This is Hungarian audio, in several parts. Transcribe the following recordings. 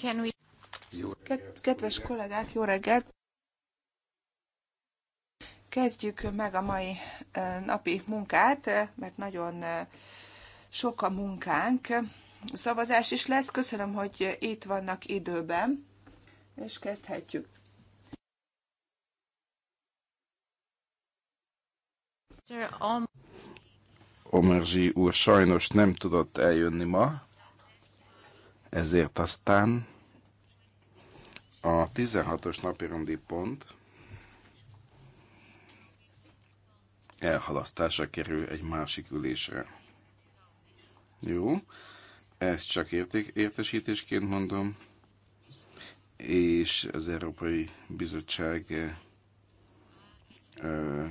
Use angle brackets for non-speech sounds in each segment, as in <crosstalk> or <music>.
Can we... Kedves kollégák, jó reggelt! Kezdjük meg a mai napi munkát, mert nagyon sok a munkánk. Szavazás is lesz. Köszönöm, hogy itt vannak időben, és kezdhetjük. Omerzsi úr sajnos nem tudott eljönni ma, ezért aztán a 16-os napirendi pont elhalasztása kerül egy másik ülésre. Jó, ezt csak érték, értesítésként mondom, és az Európai Bizottság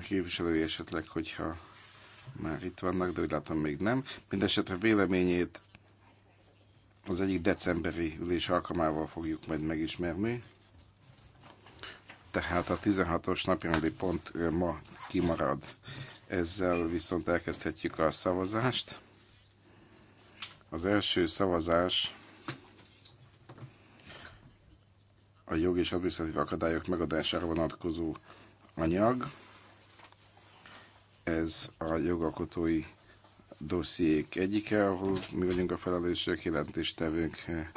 képviselői esetleg, hogyha már itt vannak, de úgy látom még nem. Mindenesetre véleményét az egyik decemberi ülés alkalmával fogjuk majd megismerni. Tehát a 16-os napirendi pont ma kimarad. Ezzel viszont elkezdhetjük a szavazást. Az első szavazás a jog és adminisztratív akadályok megadására vonatkozó anyag. Ez a jogalkotói dossziék egyike, ahol mi vagyunk a felelősök, jelentéstevőnk eh,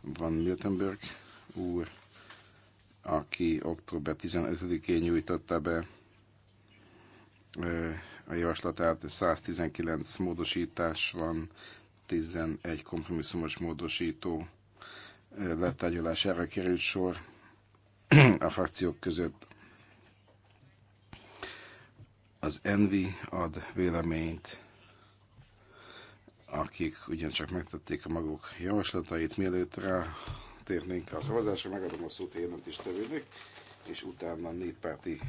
van Miltenberg úr, aki október 15-én nyújtotta be eh, a javaslatát, 119 módosítás van, 11 kompromisszumos módosító erre eh, került sor <clears throat> a frakciók között. Az Envi ad véleményt akik ugyancsak megtették a maguk javaslatait, mielőtt rá térnénk a szavazásra, megadom a szót én, jelentéstevőnek, és utána a néppárti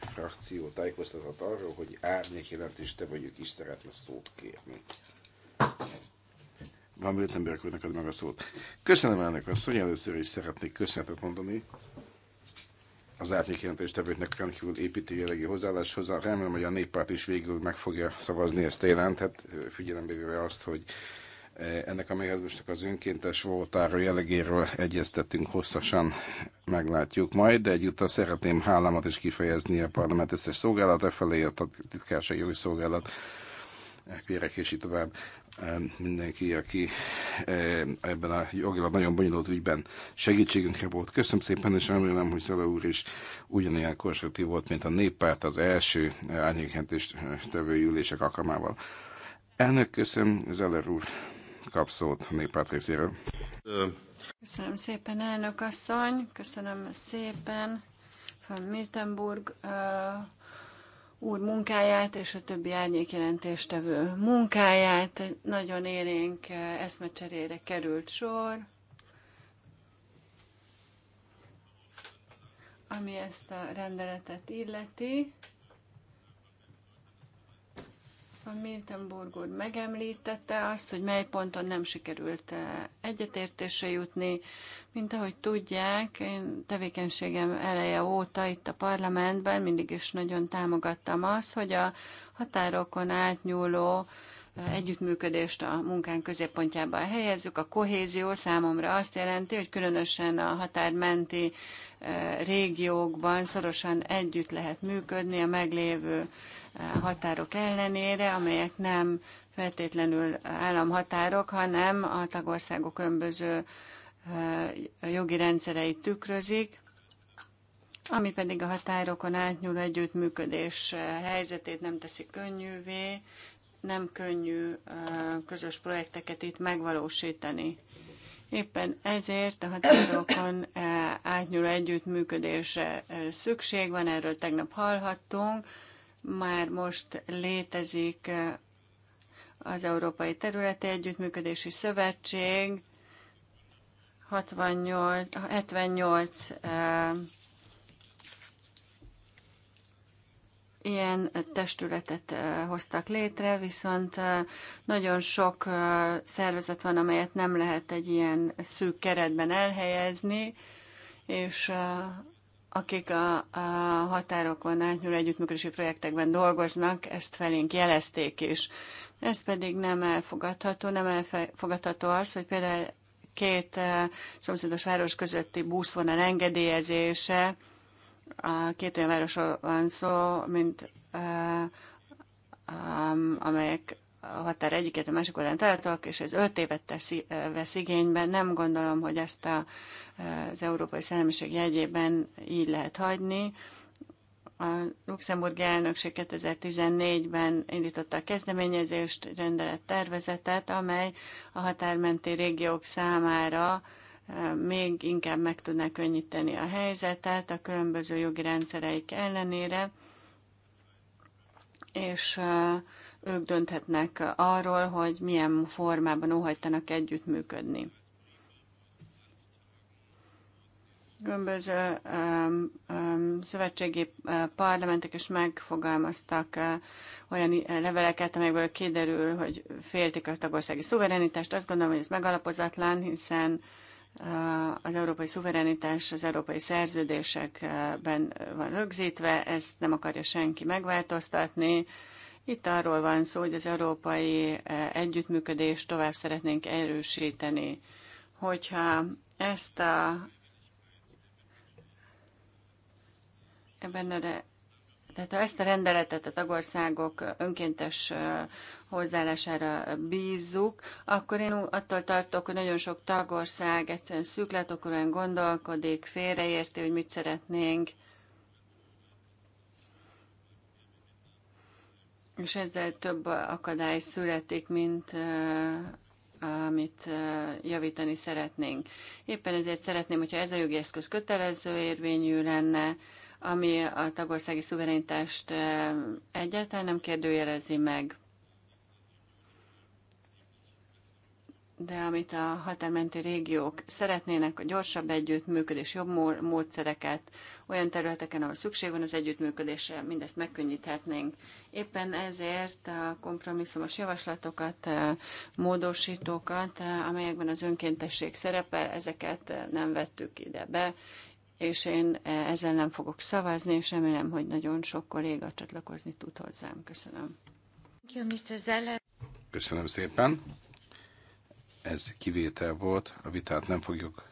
frakció tájékoztatott arról, hogy árnyék jelentéstevőjük is szeretne szót kérni. Van Württemberg hogy neked meg a szót. Köszönöm elnök hogy először is szeretnék köszönetet mondani az tevőknek rendkívül építő jellegű hozzáálláshoz. Remélem, hogy a néppárt is végül meg fogja szavazni ezt télen, tehát figyelembe véve azt, hogy ennek a mechanizmusnak az önkéntes voltára jellegéről egyeztettünk hosszasan, meglátjuk majd, de egyúttal szeretném hálámat is kifejezni a parlament összes szolgálata felé, a titkársai jogi szolgálat pérek és így tovább mindenki, aki ebben a jogilag nagyon bonyolult ügyben segítségünkre volt. Köszönöm szépen, és remélem, hogy Szele úr is ugyanilyen konstruktív volt, mint a néppárt az első árnyékentést tevő ülések alkalmával. Elnök, köszönöm, Zeller úr kap szót a néppárt részéről. Köszönöm szépen, elnök asszony, köszönöm szépen. Van Mirtenburg uh úr munkáját és a többi árnyékjelentéstevő munkáját. Nagyon élénk eh, eszmecserére került sor, ami ezt a rendeletet illeti. A Miltenburg úr megemlítette azt, hogy mely ponton nem sikerült eh, egyetértésre jutni, mint ahogy tudják, én tevékenységem eleje óta itt a parlamentben mindig is nagyon támogattam azt, hogy a határokon átnyúló együttműködést a munkánk középpontjába helyezzük. A kohézió számomra azt jelenti, hogy különösen a határmenti régiókban szorosan együtt lehet működni a meglévő határok ellenére, amelyek nem feltétlenül államhatárok, hanem a tagországok különböző jogi rendszereit tükrözik, ami pedig a határokon átnyúló együttműködés helyzetét nem teszi könnyűvé, nem könnyű közös projekteket itt megvalósítani. Éppen ezért a határokon átnyúló együttműködésre szükség van, erről tegnap hallhattunk, már most létezik az Európai Területi Együttműködési Szövetség, 68, 78 ilyen testületet hoztak létre, viszont nagyon sok szervezet van, amelyet nem lehet egy ilyen szűk keretben elhelyezni, és akik a, a határokon átnyúló együttműködési projektekben dolgoznak, ezt felénk jelezték is. Ez pedig nem elfogadható, nem elfogadható az, hogy például két szomszédos város közötti buszvonal engedélyezése. A két olyan városról van szó, mint amelyek a határ egyiket a másik oldalán találtak, és ez öt évet tesz, vesz igénybe. Nem gondolom, hogy ezt a, az európai szellemiség jegyében így lehet hagyni. A Luxemburgi elnökség 2014-ben indította a kezdeményezést, rendelet tervezetet, amely a határmenti régiók számára eh, még inkább meg tudná könnyíteni a helyzetet a különböző jogi rendszereik ellenére, és eh, ők dönthetnek arról, hogy milyen formában óhajtanak együttműködni. Különböző um, um, szövetségi uh, parlamentek is megfogalmaztak uh, olyan eh, leveleket, amelyekből kiderül, hogy féltik a tagországi szuverenitást. Azt gondolom, hogy ez megalapozatlan, hiszen uh, az európai szuverenitás az európai szerződésekben van rögzítve, ezt nem akarja senki megváltoztatni. Itt arról van szó, hogy az európai együttműködést tovább szeretnénk erősíteni. Hogyha ezt a ebben a Tehát ha ezt a rendeletet a tagországok önkéntes hozzáállására bízzuk, akkor én attól tartok, hogy nagyon sok tagország egyszerűen szűklátokorán gondolkodik, félreérti, hogy mit szeretnénk. És ezzel több akadály születik, mint amit javítani szeretnénk. Éppen ezért szeretném, hogyha ez a jogi eszköz kötelező érvényű lenne, ami a tagországi szuverenitást eh, egyáltalán nem kérdőjelezi meg. De amit a határmenti régiók szeretnének, a gyorsabb együttműködés, jobb módszereket, olyan területeken, ahol szükség van az együttműködésre, mindezt megkönnyíthetnénk. Éppen ezért a kompromisszumos javaslatokat, eh, módosítókat, eh, amelyekben az önkéntesség szerepel, ezeket nem vettük ide be, és én e, ezzel nem fogok szavazni, és remélem, hogy nagyon sok kolléga csatlakozni tud hozzám. Köszönöm. Köszönöm szépen. Ez kivétel volt, a vitát nem fogjuk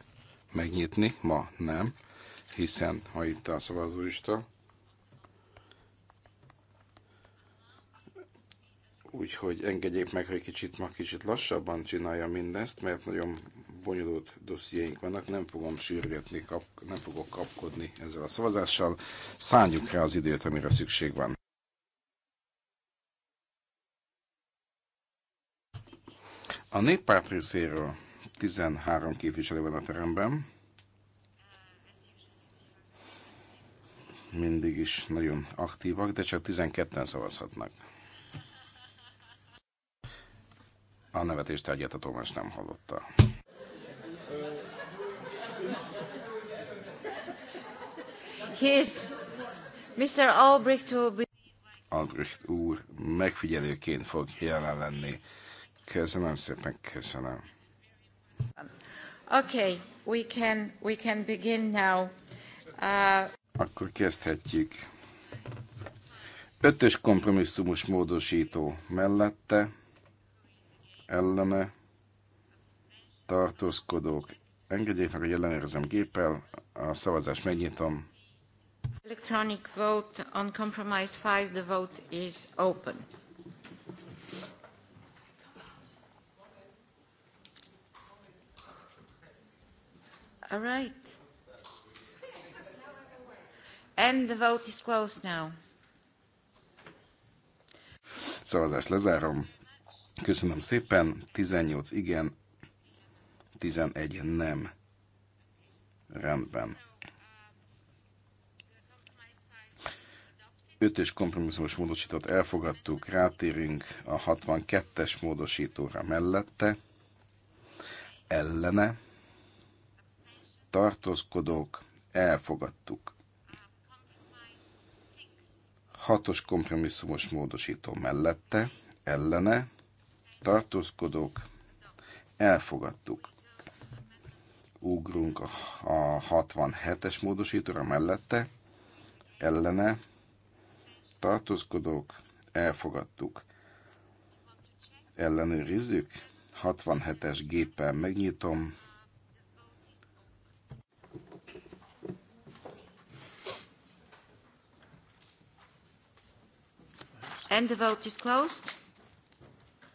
megnyitni, ma nem, hiszen ha itt a szavazóista, úgyhogy engedjék meg, hogy kicsit ma kicsit lassabban csinálja mindezt, mert nagyon bonyolult dossziéink vannak, nem fogom sürgetni, kap, nem fogok kapkodni ezzel a szavazással. Szálljuk rá az időt, amire szükség van. A néppárt részéről 13 képviselő van a teremben. Mindig is nagyon aktívak, de csak 12-en szavazhatnak. A nevetést egyet a Tomás nem hallotta. His, Mr. Albrecht will be... Albrecht úr megfigyelőként fog jelen lenni. Köszönöm szépen, köszönöm. Okay, we can, we can begin now. Uh... Akkor kezdhetjük. Ötös kompromisszumos módosító mellette, ellene, tartózkodók. Engedjék meg, hogy ellenőrzem géppel. A szavazást megnyitom. Electronic vote on compromise 5. The vote is open. All right. And the vote is closed now. Szavazást lezárom. Köszönöm szépen. 18 igen, 11 nem. Rendben. Ötös kompromisszumos módosítót elfogadtuk, rátérünk a 62-es módosítóra mellette, ellene, tartózkodók, elfogadtuk. Hatos kompromisszumos módosító mellette, ellene, tartózkodók, elfogadtuk ugrunk a 67-es módosítóra mellette, ellene, tartózkodók, elfogadtuk. Ellenőrizzük, 67-es géppel megnyitom. And the vote is closed,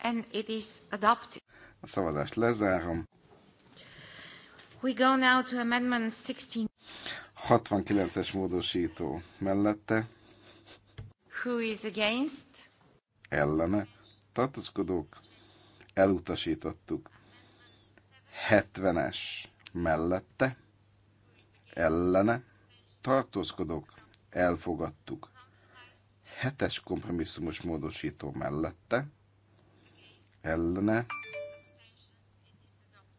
and it is adopted. A szavazást lezárom. 69-es módosító mellette. Who is against? Ellene. Tartózkodók. Elutasítottuk. 70-es mellette. Ellene. Tartózkodók. Elfogadtuk. 7-es kompromisszumos módosító mellette. Ellene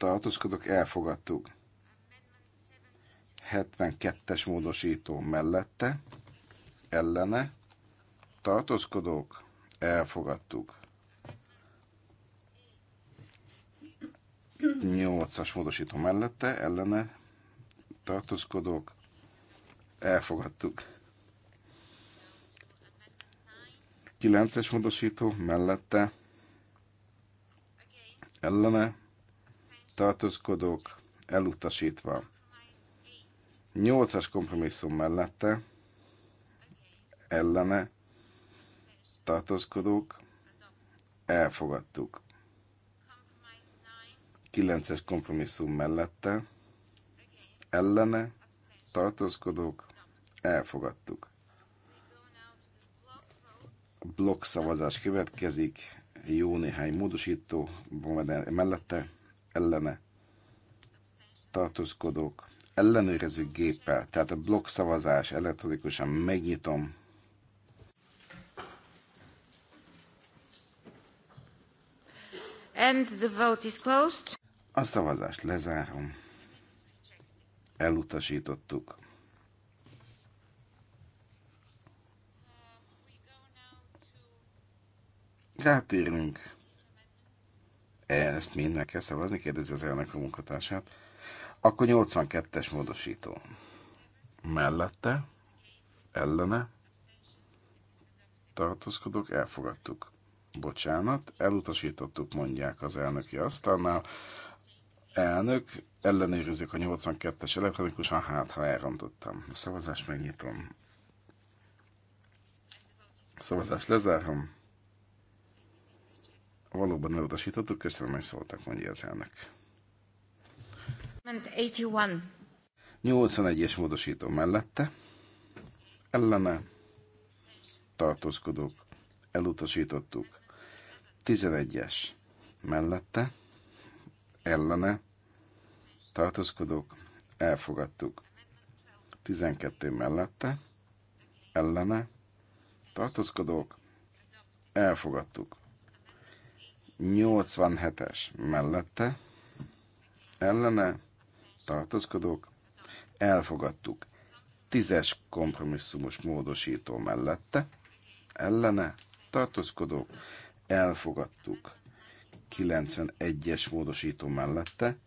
tartózkodok, elfogadtuk. 72-es módosító mellette, ellene, tartózkodók, elfogadtuk. 8-as módosító mellette, ellene, tartózkodók, elfogadtuk. 9-es módosító mellette, ellene, tartózkodók elutasítva. nyolcas kompromisszum mellette ellene tartózkodók elfogadtuk. kilences kompromisszum mellette ellene tartózkodók elfogadtuk. A blokk szavazás következik, jó néhány módosító mellette ellene tartózkodók, ellenőrző géppel, tehát a blokk szavazás elektronikusan megnyitom. And the vote is closed. A szavazást lezárom. Elutasítottuk. Rátérünk E ezt mind meg kell szavazni, kérdezi az elnök a munkatársát. Akkor 82-es módosító. Mellette, ellene, tartózkodok, elfogadtuk. Bocsánat, elutasítottuk, mondják az elnöki asztalnál. Elnök, ellenőrizzük a 82-es elektronikusan, hát ha elrontottam. A szavazást megnyitom. A szavazást lezárom. Valóban elutasítottuk, köszönöm, hogy szóltak, mondja az elnök. 81. es módosító mellette, ellene tartózkodók, elutasítottuk. 11-es mellette, ellene tartózkodók, elfogadtuk. 12 mellette, ellene tartózkodók, elfogadtuk. 87-es mellette, ellene tartózkodók, elfogadtuk. 10-es kompromisszumos módosító mellette, ellene tartózkodók, elfogadtuk. 91-es módosító mellette,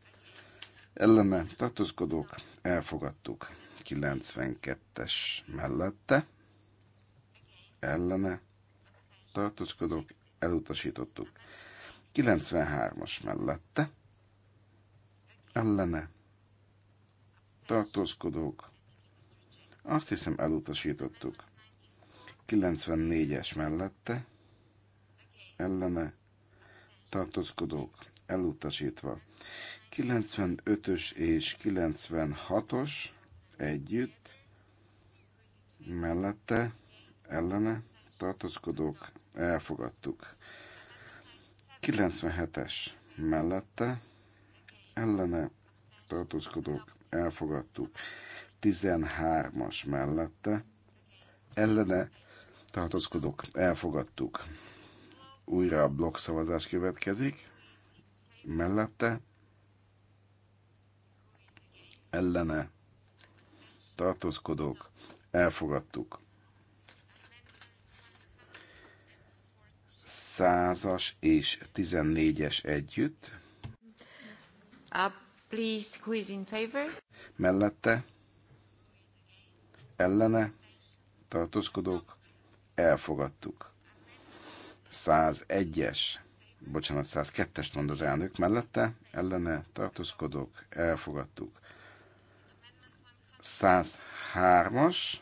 ellene tartózkodók, elfogadtuk. 92-es mellette, ellene tartózkodók, elutasítottuk. 93-as mellette ellene tartózkodók. Azt hiszem elutasítottuk. 94-es mellette ellene tartózkodók elutasítva. 95-ös és 96-os együtt mellette ellene tartózkodók elfogadtuk. 97-es mellette ellene tartózkodók elfogadtuk. 13-as mellette ellene tartózkodók elfogadtuk. Újra a blokkszavazás következik. Mellette ellene tartózkodók elfogadtuk. százas és tizennégyes együtt. Uh, please, who is in favor? Mellette, ellene, tartózkodók, elfogadtuk. 101-es, bocsánat, 102-es mond az elnök, mellette, ellene, tartózkodók, elfogadtuk. 103-as,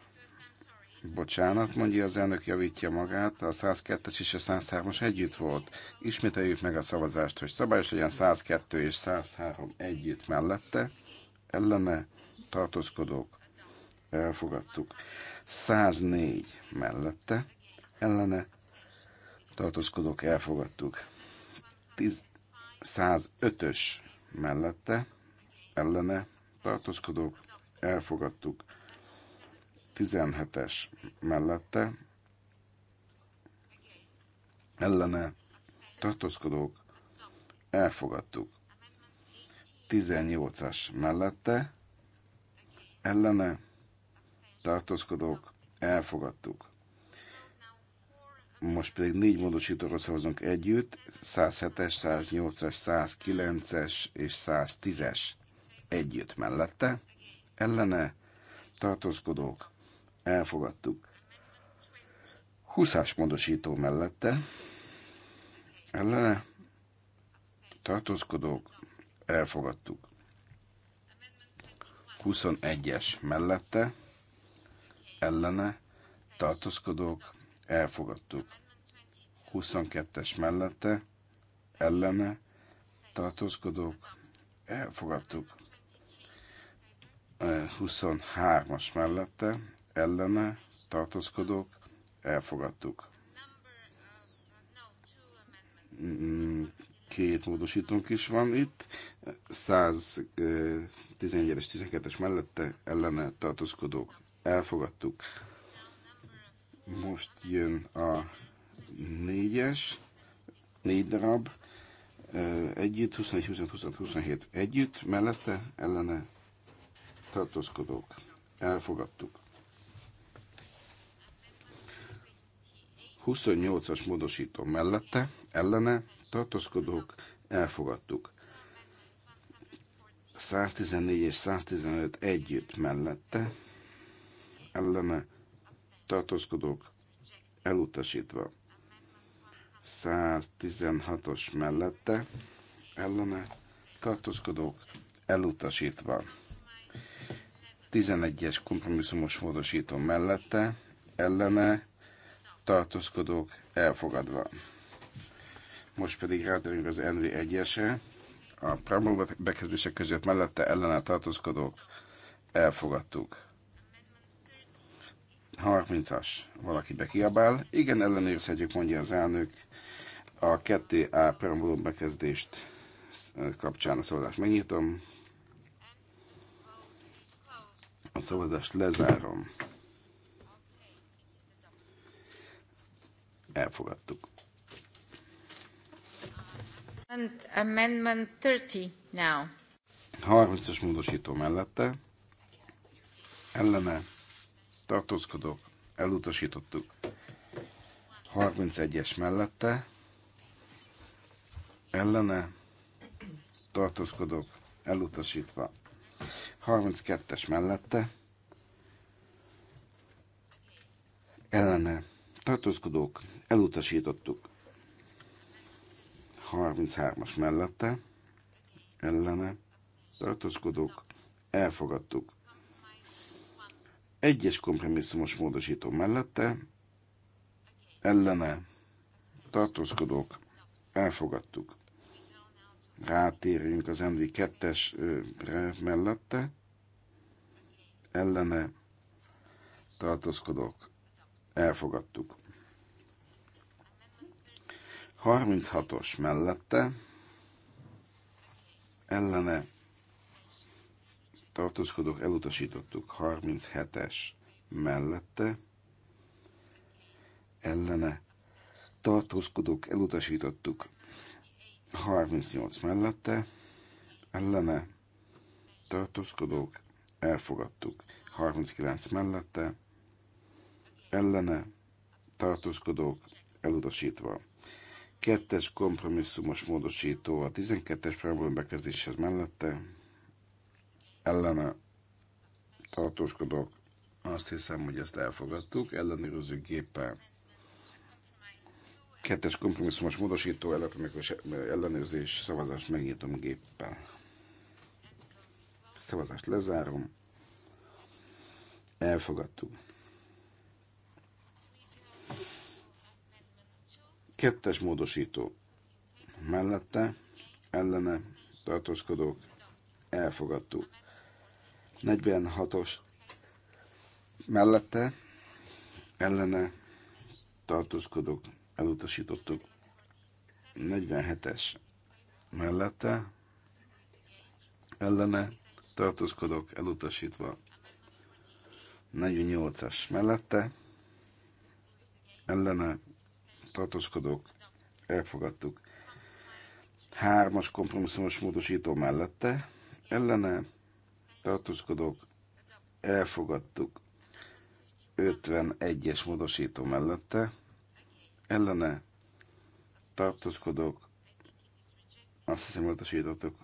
Bocsánat, mondja az elnök, javítja magát, a 102-es és a 103-as együtt volt. Ismételjük meg a szavazást, hogy szabályos legyen 102 és 103 együtt mellette, ellene tartózkodók, elfogadtuk. 104 mellette, ellene tartózkodók, elfogadtuk. 105-ös mellette, ellene tartózkodók, elfogadtuk. 17-es mellette ellene tartózkodók elfogadtuk. 18-as mellette ellene tartózkodók elfogadtuk. Most pedig négy módosítóra szavazunk együtt, 107-es, 108-as, 109-es és 110-es együtt mellette, ellene tartózkodók elfogadtuk. 20 módosító mellette ellene tartózkodók elfogadtuk. 21-es mellette ellene tartózkodók elfogadtuk. 22-es mellette ellene tartózkodók elfogadtuk. 23-as eh, mellette ellene tartózkodók elfogadtuk. Két módosítónk is van itt, 111-es, 12-es mellette ellene tartózkodók elfogadtuk. Most jön a négyes, négy darab, együtt, 21, 25, 26, 27 együtt, mellette ellene tartózkodók. Elfogadtuk. 28-as módosító mellette, ellene, tartózkodók, elfogadtuk. 114 és 115 együtt mellette, ellene, tartózkodók, elutasítva. 116-os mellette, ellene, tartózkodók, elutasítva. 11-es kompromisszumos módosító mellette, ellene, tartózkodók elfogadva. Most pedig ráterünk az NV1-esre. A preambul bekezdések között mellette ellene tartózkodók elfogadtuk. 30-as. Valaki bekiabál. Igen, ellenőrzhetjük, mondja az elnök. A 2A preambulum bekezdést kapcsán a szavazást megnyitom. A szavazást lezárom. Elfogadtuk. And amendment 30 now. 30-as módosító mellette. Ellene tartózkodok, elutasítottuk. 31-es mellette. Ellene tartózkodok, elutasítva. 32-es mellette. Ellene tartózkodók, elutasítottuk. 33-as mellette, ellene, tartózkodók, elfogadtuk. Egyes kompromisszumos módosító mellette, ellene, tartózkodók, elfogadtuk. Rátérjünk az MV2-esre mellette, ellene, tartózkodók, Elfogadtuk. 36-os mellette ellene tartózkodók elutasítottuk. 37-es mellette ellene tartózkodók elutasítottuk. 38 mellette ellene tartózkodók elfogadtuk. 39 mellette ellene tartózkodók elutasítva. Kettes kompromisszumos módosító a 12-es preambulum bekezdéshez mellette ellene tartózkodók. Azt hiszem, hogy ezt elfogadtuk. Ellenőrző géppel kettes kompromisszumos módosító elektronikus ellenőrzés szavazást megnyitom géppel. Szavazást lezárom. Elfogadtuk. Kettes módosító mellette, ellene tartózkodók elfogadtuk. 46-os mellette, ellene tartózkodók elutasítottuk. 47-es mellette, ellene tartózkodók elutasítva. 48-as mellette, ellene tartózkodók elfogadtuk. Hármas kompromisszumos módosító mellette ellene tartózkodók elfogadtuk. 51-es módosító mellette ellene tartózkodók azt hiszem utasítottuk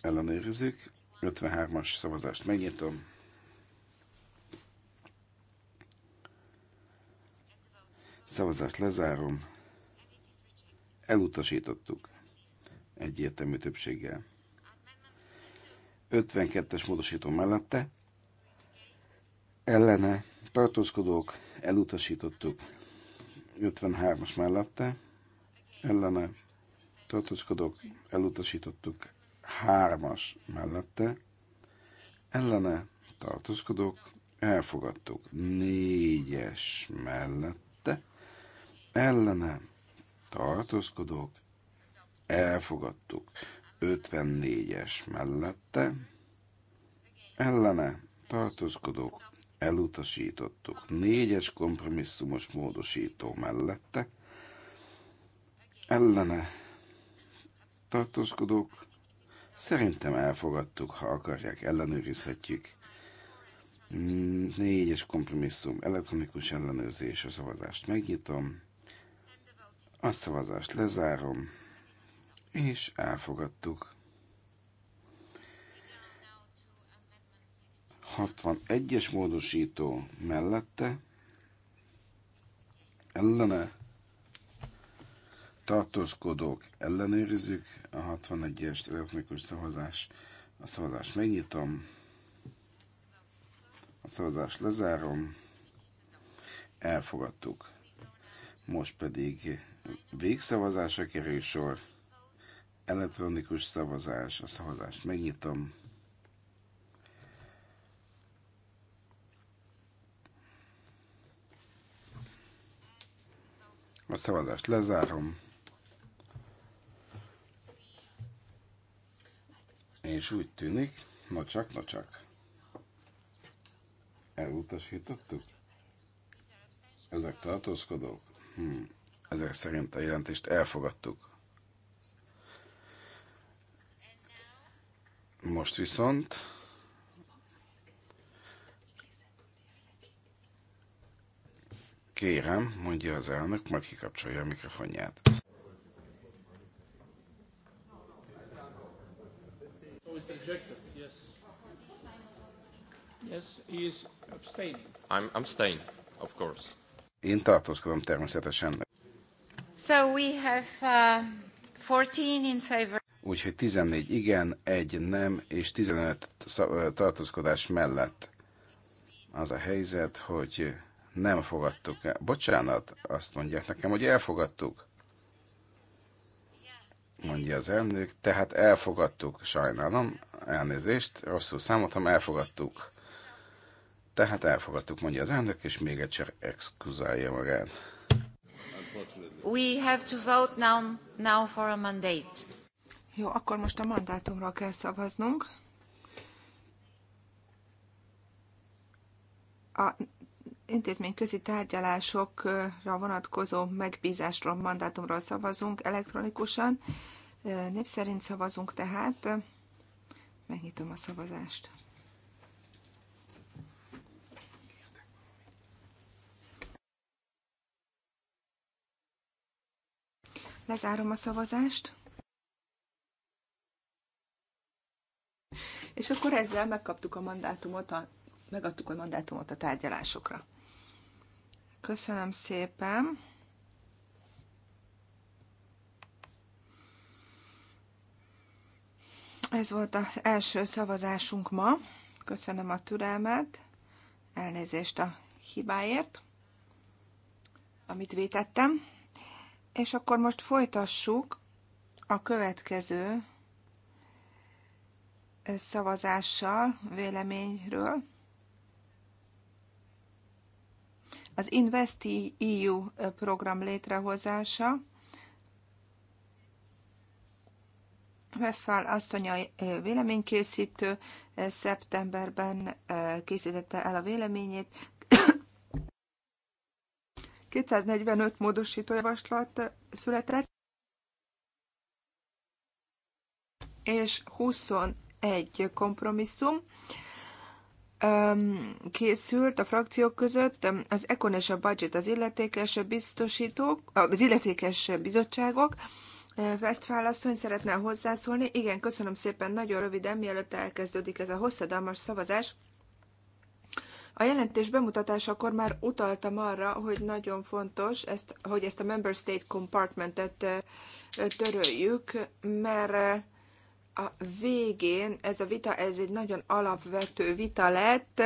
ellenőrizik. 53-as szavazást megnyitom. Szavazást lezárom. Elutasítottuk egyértelmű többséggel. 52-es módosító mellette ellene tartózkodók elutasítottuk. 53-as mellette ellene tartózkodók elutasítottuk. 3-as mellette ellene tartózkodók elfogadtuk. 4-es mellett ellene tartózkodók elfogadtuk. 54-es mellette ellene tartózkodók elutasítottuk. 4-es kompromisszumos módosító mellette ellene tartózkodók szerintem elfogadtuk, ha akarják, ellenőrizhetjük. Négyes kompromisszum, elektronikus ellenőrzés, a szavazást megnyitom. A szavazást lezárom, és elfogadtuk. 61-es módosító mellette, ellene, tartózkodók ellenőrizzük a 61-es elektronikus szavazás. A szavazást megnyitom, a szavazást lezárom, elfogadtuk. Most pedig Végszavazásra kerül sor. Elektronikus szavazás. A szavazást megnyitom. A szavazást lezárom. És úgy tűnik, na csak. Elutasítottuk? Ezek tartózkodók? Hmm. Ezek szerint a jelentést elfogadtuk. Most viszont kérem, mondja az elnök, majd kikapcsolja a mikrofonját. Yes. he is abstaining. I'm of course. Én tartózkodom természetesen, So we have uh, 14 in favor. Úgyhogy 14 igen, egy nem, és 15 tartózkodás mellett az a helyzet, hogy nem fogadtuk el. Bocsánat, azt mondják nekem, hogy elfogadtuk. Mondja az elnök, tehát elfogadtuk, sajnálom, elnézést, rosszul számoltam, elfogadtuk. Tehát elfogadtuk, mondja az elnök, és még egyszer exkuzálja magát. We have to vote now, now for a mandate. Jó, akkor most a mandátumra kell szavaznunk. A intézményközi tárgyalásokra vonatkozó megbízásról, mandátumról szavazunk elektronikusan. Népszerint szavazunk tehát. Megnyitom a szavazást. Lezárom a szavazást. És akkor ezzel megkaptuk a mandátumot, a, megadtuk a mandátumot a tárgyalásokra. Köszönöm szépen. Ez volt az első szavazásunk ma. Köszönöm a türelmet, elnézést a hibáért, amit vétettem. És akkor most folytassuk a következő szavazással, véleményről. Az Invest EU program létrehozása. Westphal asszonya véleménykészítő szeptemberben készítette el a véleményét, 245 módosító javaslat született, és 21 kompromisszum készült a frakciók között, az Econ és a Budget az illetékes biztosítók, az illetékes bizottságok, Westphal asszony szeretne hozzászólni. Igen, köszönöm szépen, nagyon röviden, mielőtt elkezdődik ez a hosszadalmas szavazás. A jelentés bemutatásakor már utaltam arra, hogy nagyon fontos, ezt, hogy ezt a Member State Compartmentet töröljük, mert a végén ez a vita, ez egy nagyon alapvető vita lett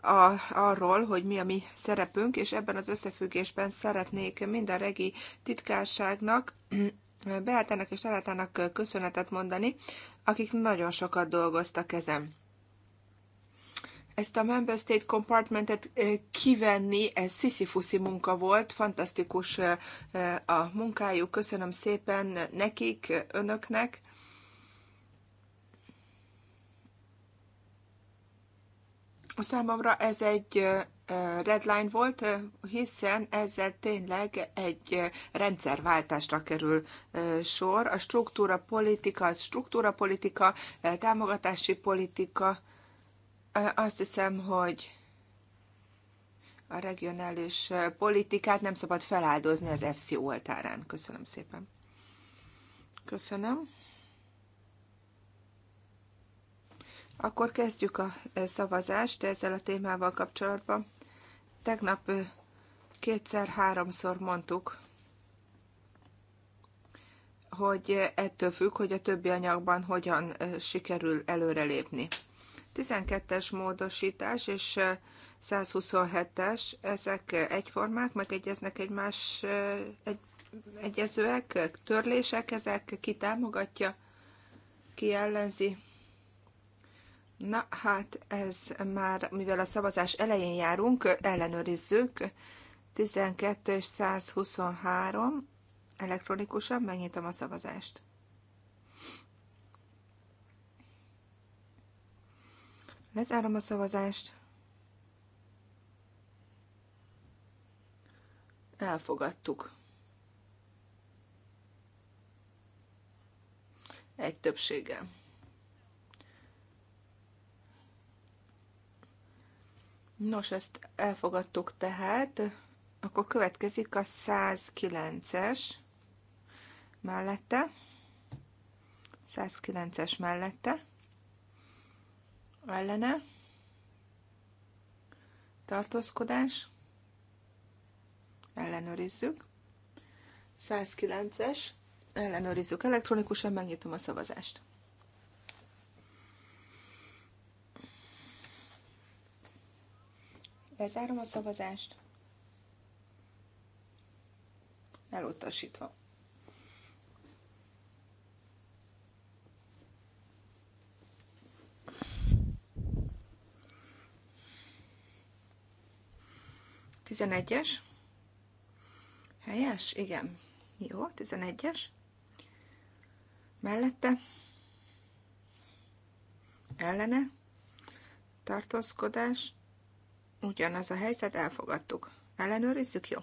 a, arról, hogy mi a mi szerepünk, és ebben az összefüggésben szeretnék mind a regi titkárságnak, Beátának és Talátának köszönetet mondani, akik nagyon sokat dolgoztak ezen ezt a Member State Compartmentet eh, kivenni, ez sziszifuszi munka volt, fantasztikus eh, eh, a munkájuk, köszönöm szépen nekik, önöknek. A Számomra ez egy red line volt, hiszen ezzel tényleg egy rendszerváltásra kerül sor. A struktúra politika, a struktúra politika, támogatási politika, azt hiszem, hogy a regionális politikát nem szabad feláldozni az FC oltárán. Köszönöm szépen. Köszönöm. Akkor kezdjük a szavazást ezzel a témával kapcsolatban. Tegnap kétszer-háromszor mondtuk, hogy ettől függ, hogy a többi anyagban hogyan sikerül előrelépni. 12-es módosítás és 127-es, ezek egyformák, megegyeznek egymás egy, egyezőek, törlések ezek, ki támogatja, ki ellenzi. Na hát ez már, mivel a szavazás elején járunk, ellenőrizzük. 12 és 123 elektronikusan megnyitom a szavazást. Lezárom a szavazást. Elfogadtuk. Egy többséggel. Nos, ezt elfogadtuk tehát. Akkor következik a 109-es mellette. 109-es mellette ellene, tartózkodás, ellenőrizzük. 109-es, ellenőrizzük elektronikusan, megnyitom a szavazást. Lezárom a szavazást. Elutasítva. 11-es. Helyes? Igen. Jó, 11-es. Mellette. Ellene. Tartózkodás. Ugyanaz a helyzet, elfogadtuk. Ellenőrizzük, jó?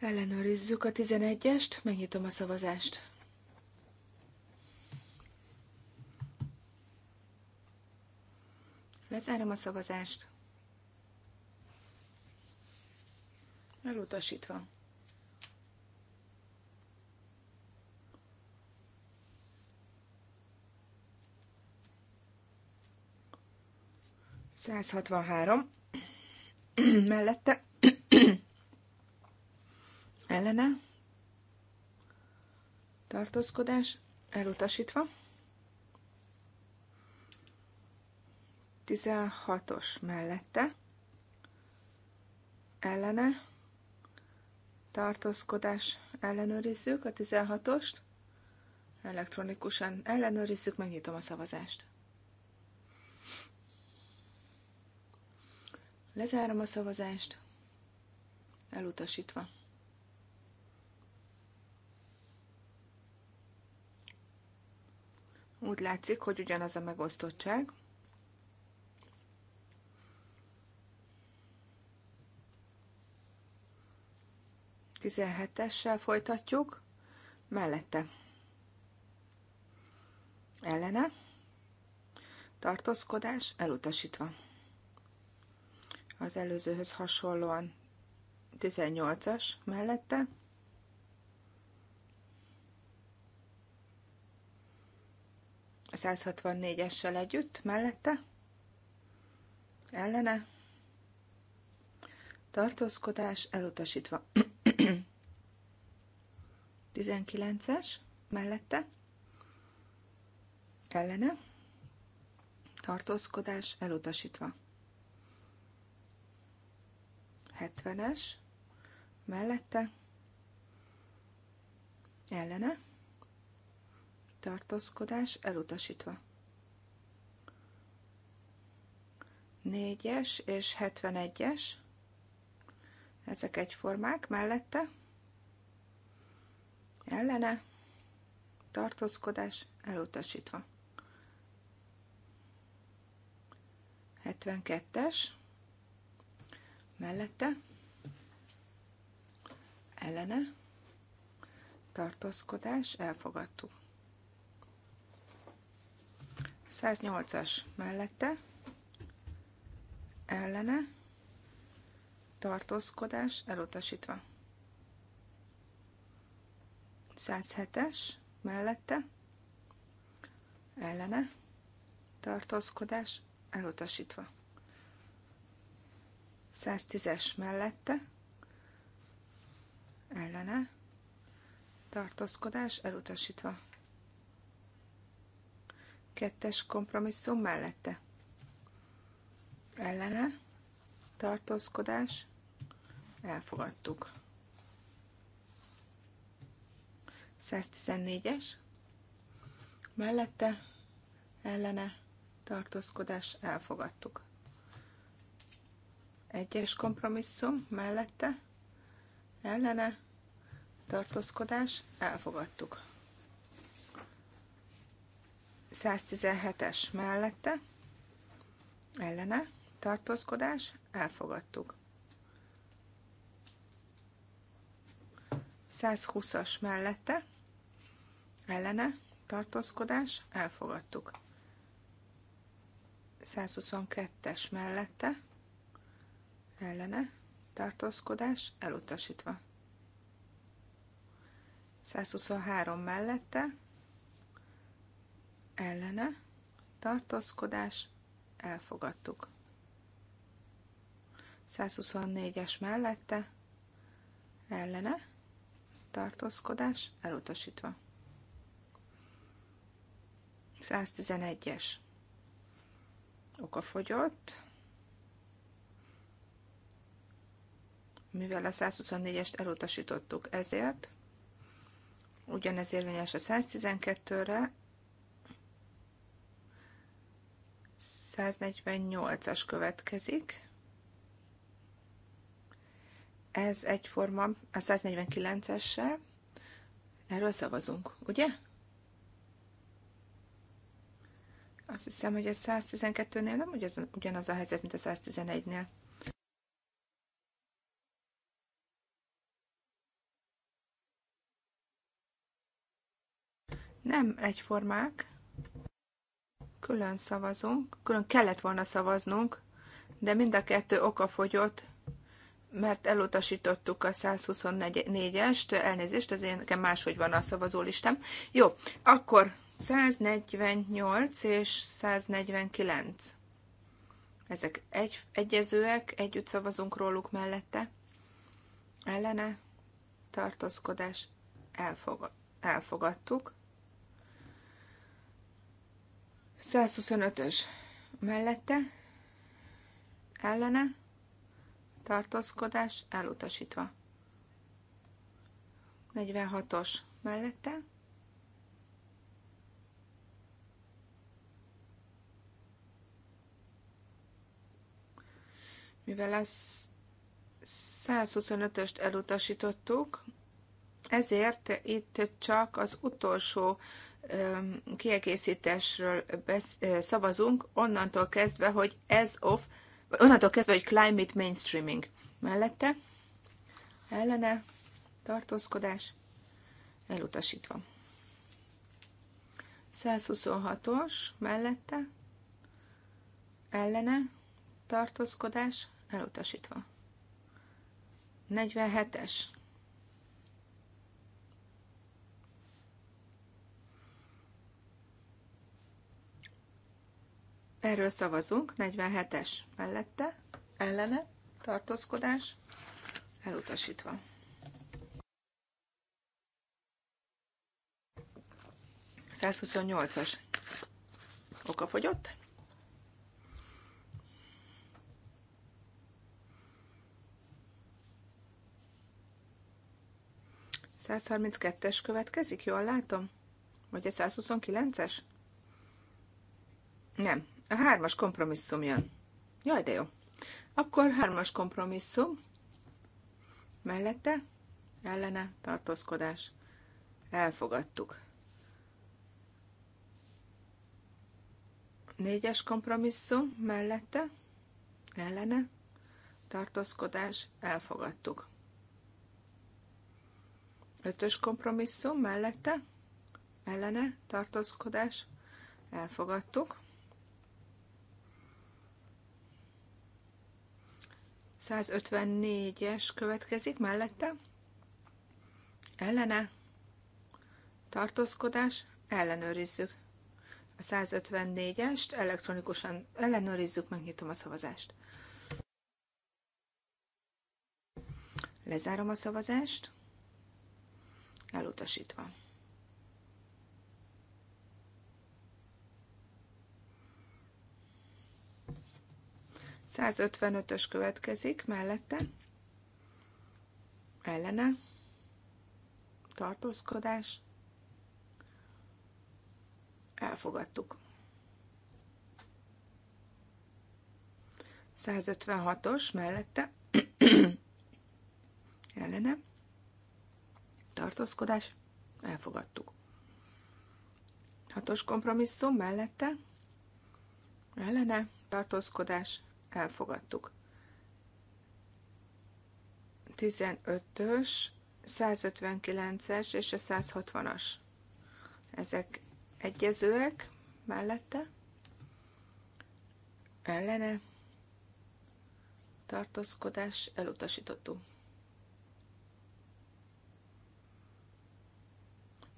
Ellenőrizzük a 11-est, megnyitom a szavazást. Lezárom a szavazást. Elutasítva. Százhatvanhárom <clears throat> mellette <clears throat> ellene tartózkodás elutasítva. 16-os mellette ellene tartózkodás ellenőrizzük a 16-ost. Elektronikusan ellenőrizzük, megnyitom a szavazást. Lezárom a szavazást, elutasítva. Úgy látszik, hogy ugyanaz a megosztottság. 17-essel folytatjuk, mellette. Ellene. Tartózkodás elutasítva. Az előzőhöz hasonlóan 18-as mellette. A 164-essel együtt mellette. Ellene. Tartózkodás elutasítva. 19-es mellette ellene tartózkodás elutasítva. 70-es mellette ellene tartózkodás elutasítva. 4-es és 71-es ezek egyformák, mellette, ellene, tartózkodás elutasítva. 72-es, mellette, ellene, tartózkodás, elfogadtuk. 108-as mellette, ellene, tartózkodás elutasítva. 107-es mellette ellene tartózkodás elutasítva. 110-es mellette ellene tartózkodás elutasítva. Kettes kompromisszum mellette ellene tartózkodás, elfogadtuk. 114-es, mellette, ellene, tartózkodás, elfogadtuk. Egyes kompromisszum, mellette, ellene, tartózkodás, elfogadtuk. 117-es mellette, ellene, tartózkodás, elfogadtuk. 120-as mellette, ellene, tartózkodás, elfogadtuk. 122-es mellette, ellene, tartózkodás, elutasítva. 123 mellette, ellene, tartózkodás, elfogadtuk. 124-es mellette ellene tartózkodás elutasítva. 111-es okafogyott, mivel a 124-est elutasítottuk ezért, ugyanez érvényes a 112-re, 148-as következik, ez egyforma a 149-essel. Erről szavazunk, ugye? Azt hiszem, hogy a 112-nél nem ugyanaz a helyzet, mint a 111-nél. Nem egyformák. Külön szavazunk. Külön kellett volna szavaznunk, de mind a kettő okafogyott, mert elutasítottuk a 124-est, elnézést, az én nekem máshogy van a szavazólistám. Jó, akkor 148 és 149. Ezek egy, egyezőek, együtt szavazunk róluk mellette. Ellene tartózkodás elfog, elfogadtuk. 125-ös mellette, ellene tartózkodás elutasítva. 46-os mellette. Mivel az 125-öst elutasítottuk, ezért itt csak az utolsó kiegészítésről szavazunk, onnantól kezdve, hogy ez of onnantól kezdve, hogy climate mainstreaming mellette, ellene, tartózkodás, elutasítva. 126-os mellette, ellene, tartózkodás, elutasítva. 47-es Erről szavazunk, 47-es mellette, ellene, tartózkodás, elutasítva. as oka fogyott. es következik, jól látom? Vagy a 129-es? Nem, a hármas kompromisszum jön. Jaj, de jó. Akkor hármas kompromisszum. Mellette, ellene, tartózkodás. Elfogadtuk. Négyes kompromisszum, mellette, ellene, tartózkodás. Elfogadtuk. Ötös kompromisszum, mellette, ellene, tartózkodás. Elfogadtuk. 154-es következik mellette. Ellene. Tartózkodás. Ellenőrizzük. A 154-est elektronikusan ellenőrizzük, megnyitom a szavazást. Lezárom a szavazást. Elutasítva. 155-ös következik mellette. Ellene. Tartózkodás. Elfogadtuk. 156-os mellette. <clears throat> Ellene. Tartózkodás. Elfogadtuk. 6-os kompromisszum mellette. Ellene. Tartózkodás elfogadtuk. 15-ös, 159-es és a 160-as. Ezek egyezőek mellette, ellene, tartózkodás elutasítottú.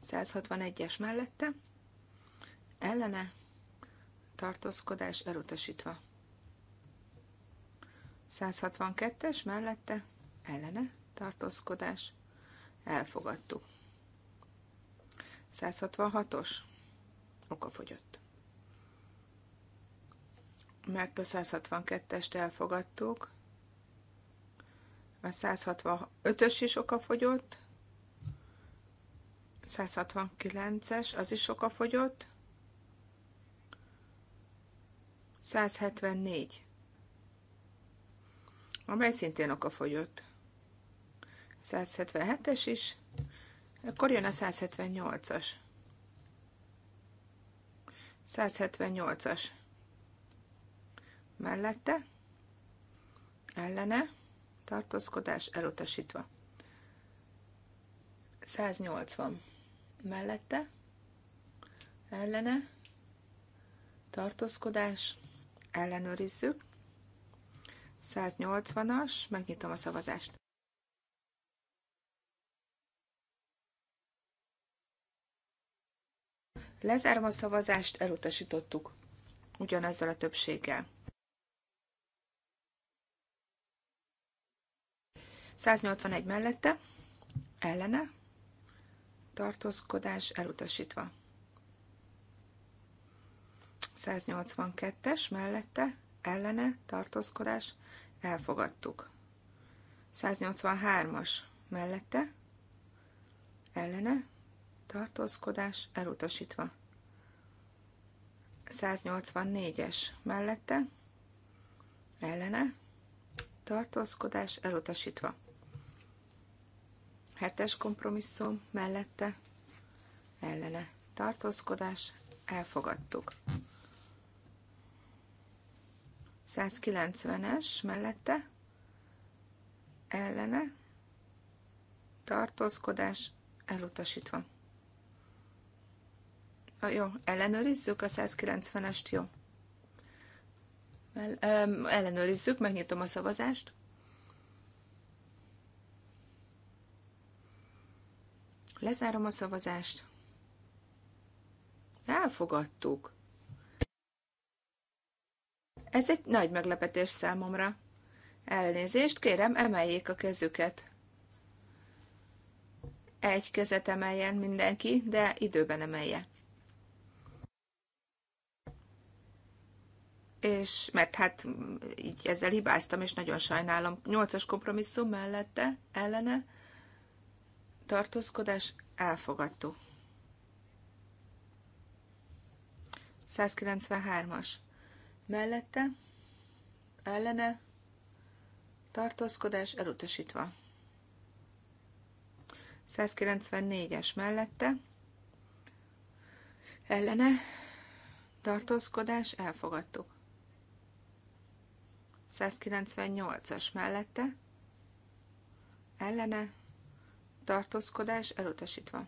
161-es mellette, ellene, tartózkodás elutasítva. 162-es mellette ellene tartózkodás elfogadtuk. 166-os fogyott. Mert a 162-est elfogadtuk, a 165-ös is fogyott, 169-es, az is fogyott, 174 amely szintén okafogyott. 177-es is, akkor jön a 178-as. 178-as mellette, ellene, tartózkodás elutasítva. 180 mellette, ellene, tartózkodás, ellenőrizzük. 180-as, megnyitom a szavazást. Lezárom a szavazást, elutasítottuk. Ugyanezzel a többséggel. 181 mellette, ellene, tartózkodás elutasítva. 182-es mellette, ellene tartózkodás elfogadtuk. 183-as mellette ellene tartózkodás elutasítva. 184-es mellette ellene tartózkodás elutasítva. 7-es kompromisszum mellette ellene tartózkodás elfogadtuk. 190-es mellette ellene tartózkodás elutasítva. A, jó, ellenőrizzük a 190-est, jó. El, ö, ellenőrizzük, megnyitom a szavazást. Lezárom a szavazást. Elfogadtuk. Ez egy nagy meglepetés számomra. Elnézést, kérem, emeljék a kezüket. Egy kezet emeljen mindenki, de időben emelje. és mert hát így ezzel hibáztam, és nagyon sajnálom. Nyolcas kompromisszum mellette, ellene tartózkodás elfogadtuk. 193-as mellette, ellene, tartózkodás elutasítva. 194-es mellette, ellene, tartózkodás elfogadtuk. 198-as mellette, ellene, tartózkodás elutasítva.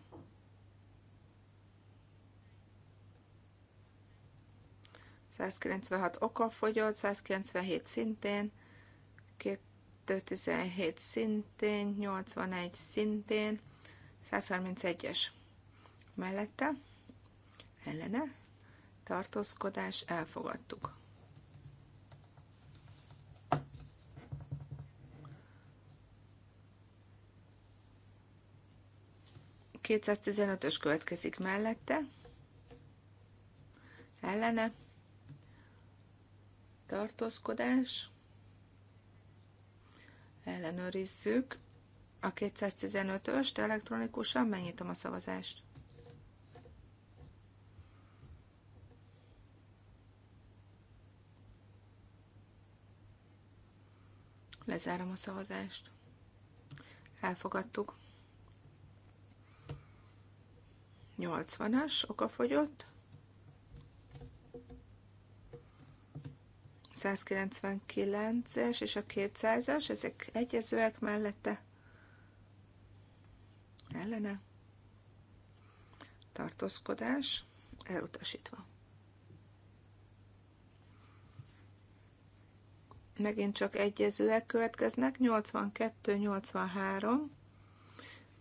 196 oka fogyott, 197 szintén, 217 szintén, 81 szintén, 131-es mellette, ellene, tartózkodás, elfogadtuk. Kétszáztizenötös következik mellette, ellene, tartózkodás, ellenőrizzük a 215-öst elektronikusan, megnyitom a szavazást. Lezárom a szavazást. Elfogadtuk. 80-as okafogyott. 199-es és a 200-as, ezek egyezőek mellette. Ellene. Tartózkodás elutasítva. Megint csak egyezőek következnek, 82-83.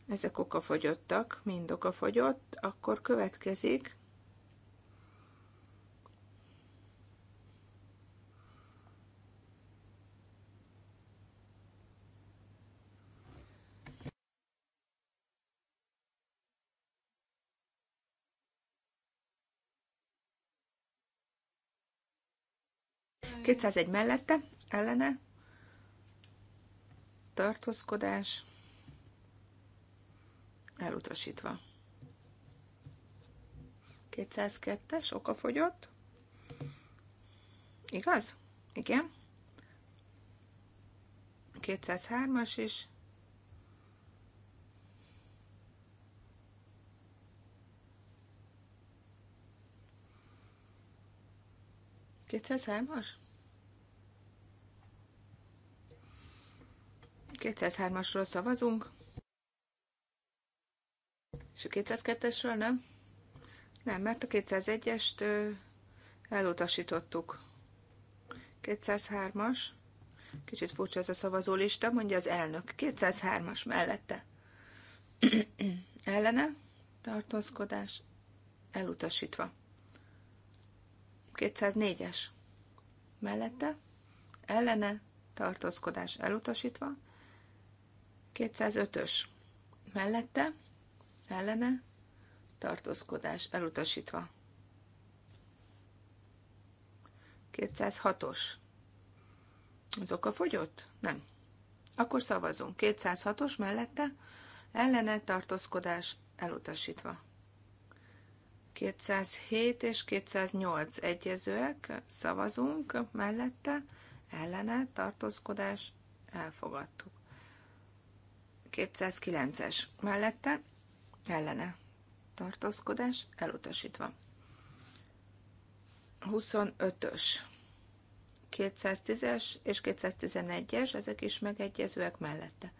Ezek okafogyottak, mind okafogyott, akkor következik 201 mellette, ellene, tartózkodás, elutasítva. 202-es, okafogyott. Igaz? Igen. 203-as is. Kétszázhármas? 203-asról szavazunk. És a 202-esről nem? Nem, mert a 201-est elutasítottuk. 203-as. Kicsit furcsa ez a szavazólista, mondja az elnök. 203-as mellette. Ellene tartózkodás elutasítva. 204-es. Mellette ellene tartózkodás elutasítva. 205-ös mellette, ellene, tartózkodás elutasítva. 206-os. Az oka fogyott? Nem. Akkor szavazunk. 206-os mellette, ellene, tartózkodás elutasítva. 207 és 208 egyezőek, szavazunk mellette, ellene, tartózkodás, elfogadtuk. 209-es mellette ellene tartózkodás elutasítva. 25-ös 210-es és 211-es, ezek is megegyezőek mellette.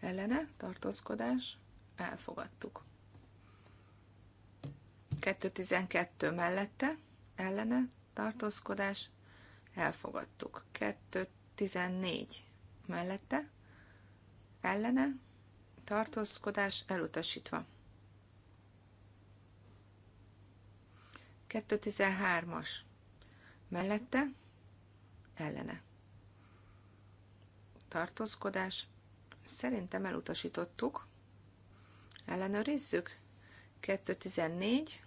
Ellene tartózkodás elfogadtuk. 212 mellette ellene tartózkodás elfogadtuk. 214 mellette ellene, tartózkodás elutasítva. 213-as mellette, ellene. Tartózkodás, szerintem elutasítottuk. Ellenőrizzük. 214,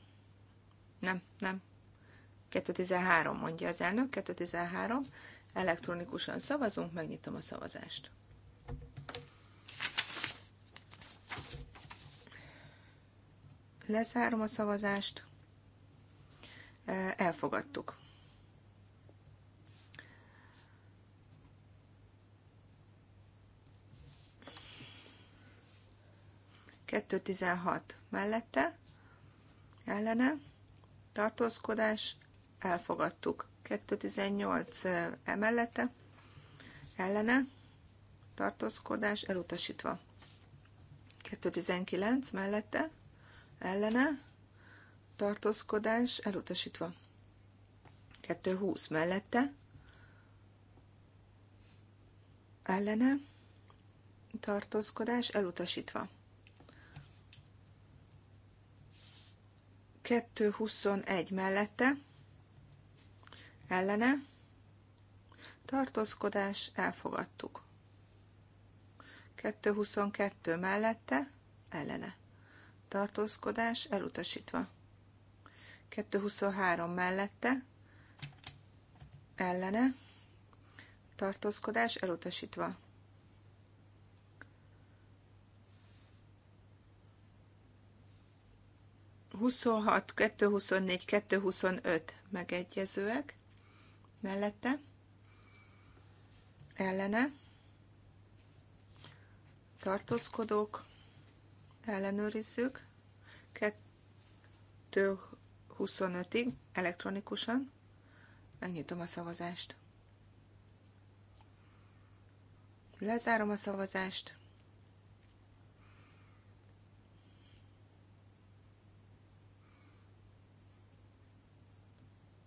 nem, nem, 213 mondja az elnök, 213, elektronikusan szavazunk, megnyitom a szavazást. Lezárom a szavazást. Elfogadtuk. Kettő tizenhat mellette, ellene, tartózkodás, elfogadtuk. 218 emellette, ellene, tartózkodás elutasítva. 219 mellette, ellene, tartózkodás elutasítva. 220 mellette, ellene, tartózkodás elutasítva. 221 mellette, ellene, tartózkodás elfogadtuk. 222 mellette, ellene tartózkodás elutasítva. 223 mellette, ellene, tartózkodás elutasítva. Huszonhat, 224, 225 megegyezőek mellette, ellene, tartózkodók, ellenőrizzük. 2.25-ig elektronikusan megnyitom a szavazást. Lezárom a szavazást.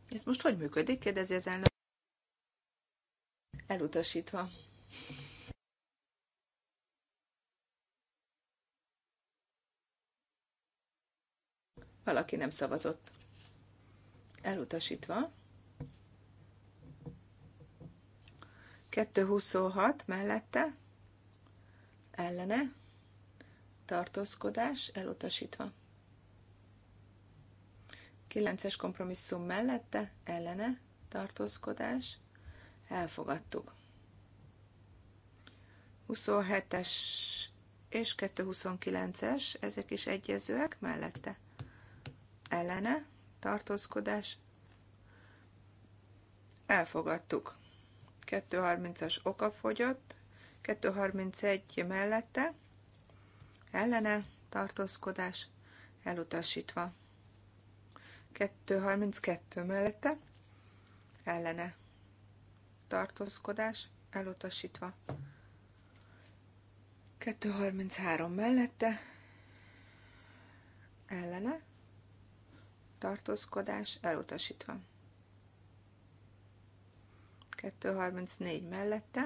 Ez most hogy működik? kérdezi az elnök. Elutasítva. Valaki nem szavazott. Elutasítva. 226 mellette. Ellene. Tartózkodás elutasítva. 9-es kompromisszum mellette. Ellene. Tartózkodás. Elfogadtuk. 27-es és 229-es, ezek is egyezőek mellette ellene tartózkodás elfogadtuk. 230-as oka fogyott, 231 mellette ellene tartózkodás elutasítva. 232 mellette ellene tartózkodás elutasítva. 233 mellette ellene tartózkodás elutasítva. 234 mellette,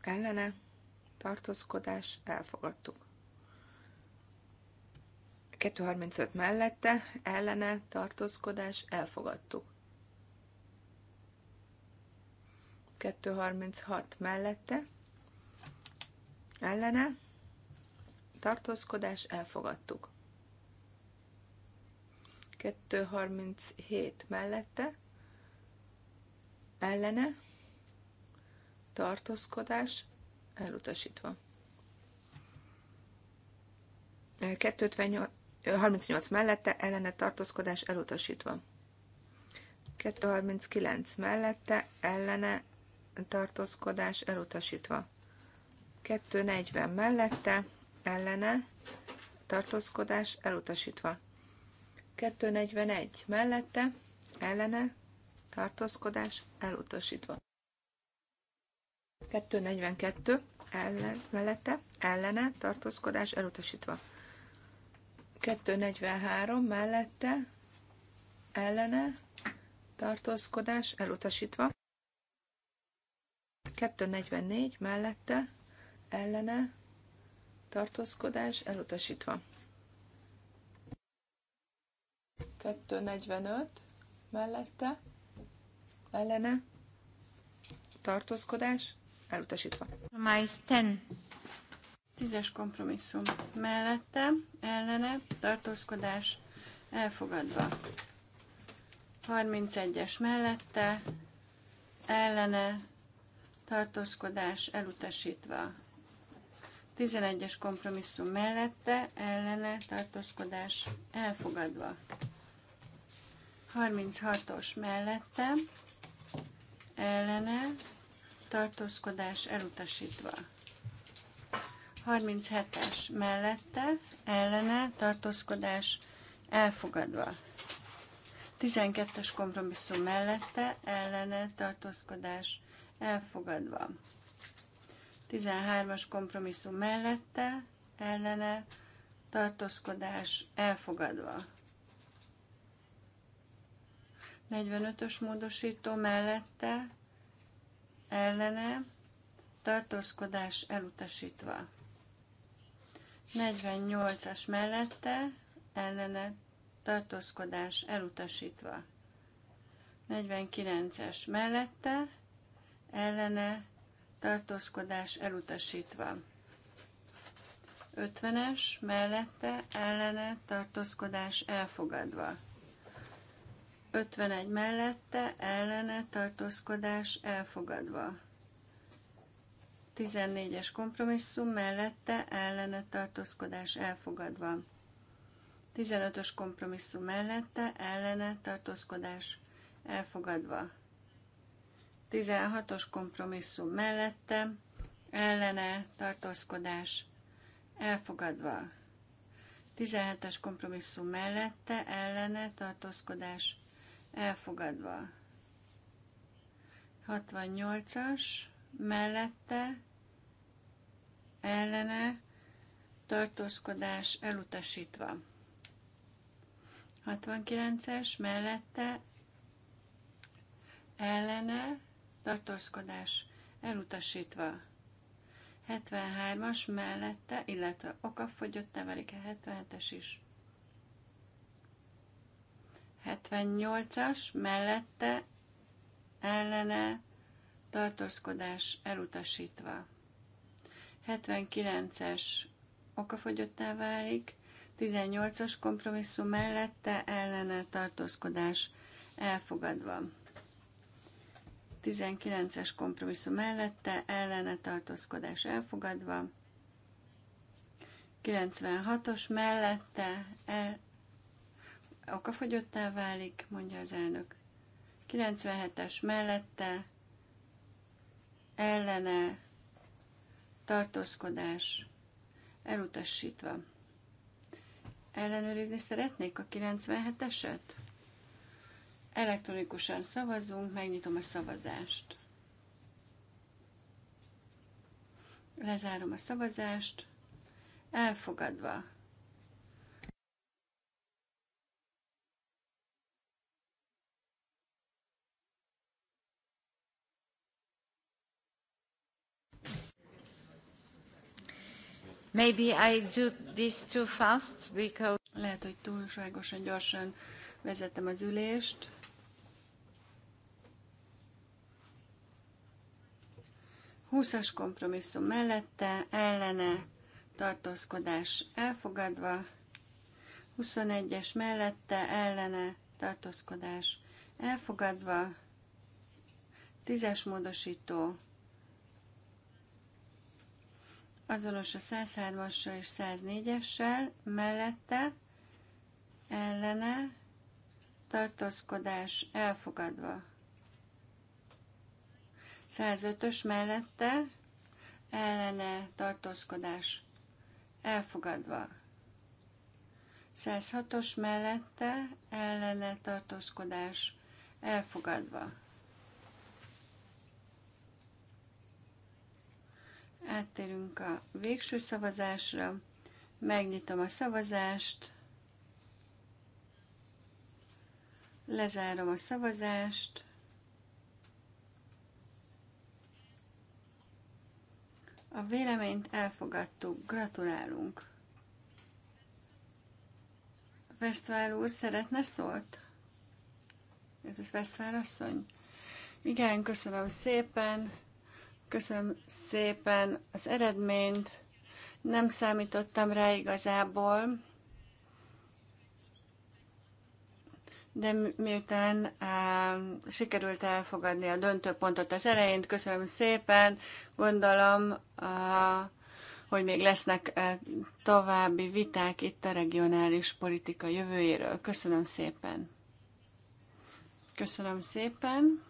ellene, tartózkodás elfogadtuk. 235 mellette, ellene, tartózkodás elfogadtuk. 236 mellette, ellene, tartózkodás elfogadtuk. 237 mellette, ellene, tartózkodás, elutasítva. 238 mellette, ellene, tartózkodás, elutasítva. 239 mellette, ellene, tartózkodás, elutasítva. 240 mellette, ellene, tartózkodás, elutasítva. 241 mellette, ellene, tartózkodás elutasítva. 242 ellen, mellette, ellene, tartózkodás elutasítva. 243 mellette, ellene, tartózkodás elutasítva. 244 mellette, ellene, tartózkodás elutasítva. 245 mellette, ellene, tartózkodás, elutasítva. Májsz 10. Tízes kompromisszum. Mellette, ellene, tartózkodás, elfogadva. 31-es mellette, ellene, tartózkodás, elutasítva. 11-es kompromisszum mellette, ellene, tartózkodás, elfogadva. 36-os mellette ellene tartózkodás elutasítva. 37-es mellette ellene tartózkodás elfogadva. 12-es kompromisszum mellette ellene tartózkodás elfogadva. 13-as kompromisszum mellette ellene tartózkodás elfogadva. 45-ös módosító mellette ellene tartózkodás elutasítva. 48-as mellette ellene tartózkodás elutasítva. 49-es mellette ellene tartózkodás elutasítva. 50-es mellette ellene tartózkodás elfogadva. 51 mellette, ellene, tartózkodás elfogadva. 14-es kompromisszum mellette, ellene, tartózkodás elfogadva. 15-ös kompromisszum mellette, ellene, tartózkodás elfogadva. 16-os kompromisszum mellette, ellene, tartózkodás elfogadva. 17-es kompromisszum mellette, ellene, tartózkodás elfogadva elfogadva. 68-as, mellette, ellene, tartózkodás elutasítva. 69-es, mellette, ellene, tartózkodás elutasítva. 73-as mellette, illetve okafogyott válik a 77-es is. 78-as mellette ellene tartózkodás elutasítva. 79-es okafogyottá válik, 18-as kompromisszum mellette ellene tartózkodás elfogadva. 19-es kompromisszum mellette ellene tartózkodás elfogadva. 96-os mellette el, okafogyottá válik, mondja az elnök. 97-es mellette ellene tartózkodás elutasítva. Ellenőrizni szeretnék a 97-eset? Elektronikusan szavazunk, megnyitom a szavazást. Lezárom a szavazást. Elfogadva Maybe I do this too fast because... Lehet, hogy túlságosan gyorsan vezettem az ülést. Húszas kompromisszum mellette, ellene, tartózkodás elfogadva. 21-es mellette, ellene, tartózkodás elfogadva. 10-es módosító azonos a 103-assal és 104-essel, mellette, ellene, tartózkodás elfogadva. 105-ös mellette, ellene, tartózkodás elfogadva. 106-os mellette, ellene, tartózkodás elfogadva. Áttérünk a végső szavazásra. Megnyitom a szavazást. Lezárom a szavazást. A véleményt elfogadtuk. Gratulálunk. Vesztvár úr szeretne szólt? Ez Vesztvár asszony? Igen, köszönöm szépen. Köszönöm szépen az eredményt. Nem számítottam rá igazából, de miután á, sikerült elfogadni a döntőpontot az elején, köszönöm szépen, gondolom, á, hogy még lesznek á, további viták itt a regionális politika jövőjéről. Köszönöm szépen. Köszönöm szépen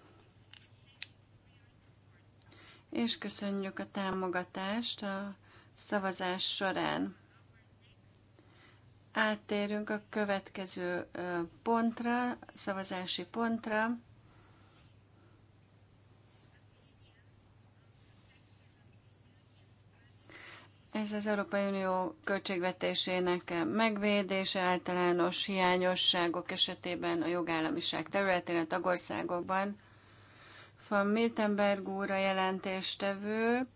és köszönjük a támogatást a szavazás során. Áttérünk a következő pontra, szavazási pontra. Ez az Európai Unió költségvetésének megvédése általános hiányosságok esetében a jogállamiság területén a tagországokban van Miltenberg úr a jelentéstevő,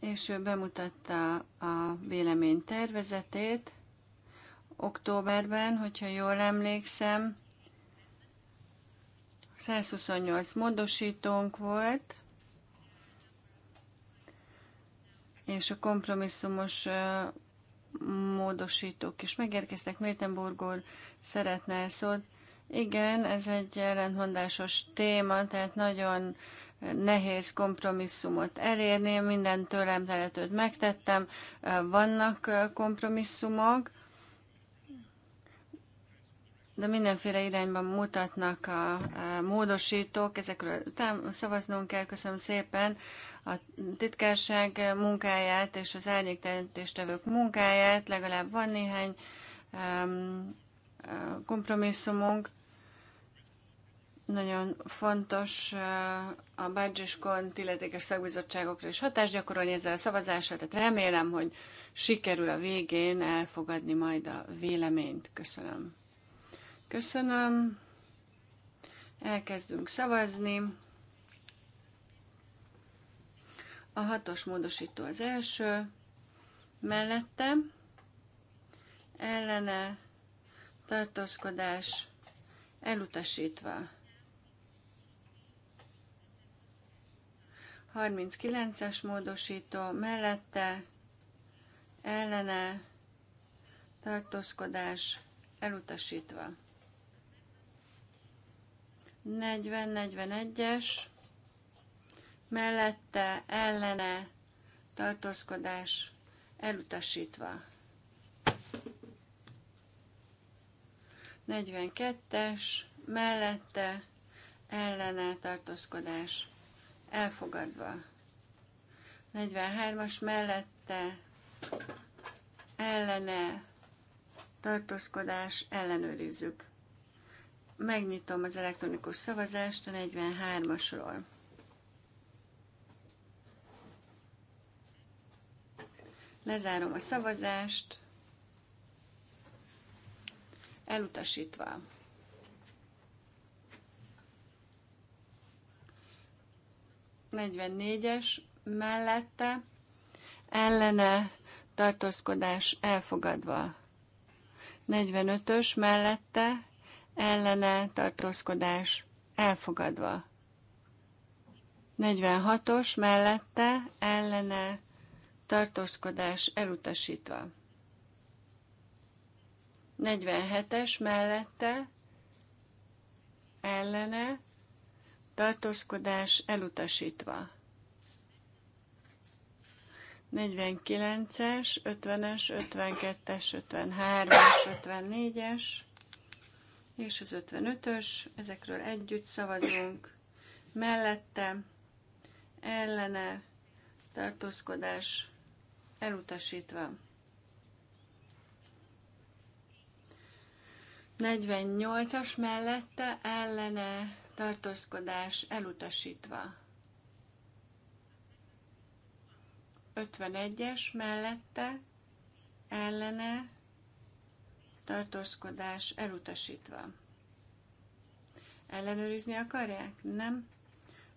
és ő bemutatta a vélemény tervezetét októberben, hogyha jól emlékszem, 128 módosítónk volt, és a kompromisszumos módosítók is megérkeztek. Miltenburg úr szeretne szólt. Igen, ez egy ellentmondásos téma, tehát nagyon nehéz kompromisszumot elérni, minden tőlem telhetőt megtettem, vannak kompromisszumok, de mindenféle irányban mutatnak a, módosítók, ezekről tám- szavaznunk kell. Köszönöm szépen a titkárság munkáját és az árnyéktelentéstevők munkáját, legalább van néhány um, kompromisszumunk. Nagyon fontos eh, a Bárcsiskont illetékes szakbizottságokra is hatást gyakorolni ezzel a szavazással, tehát remélem, hogy sikerül a végén elfogadni majd a véleményt. Köszönöm. Köszönöm. Elkezdünk szavazni. A hatos módosító az első, mellette, ellene tartózkodás elutasítva. 39-es módosító mellette ellene tartózkodás elutasítva. 40-41-es mellette ellene tartózkodás elutasítva. 42-es, mellette ellene tartózkodás elfogadva. 43-as mellette ellene tartózkodás ellenőrizzük. Megnyitom az elektronikus szavazást a 43-asról. Lezárom a szavazást elutasítva. Negyvennégyes mellette ellene tartózkodás elfogadva. 45-ös mellette ellene tartózkodás elfogadva. 46-os mellette ellene tartózkodás elutasítva. 47-es mellette ellene tartózkodás elutasítva. 49-es, 50-es, 52-es, 53-es, 54-es és az 55-ös. Ezekről együtt szavazunk. Mellette ellene tartózkodás elutasítva. 48-as mellette ellene tartózkodás elutasítva. 51-es mellette ellene tartózkodás elutasítva. Ellenőrizni akarják? Nem.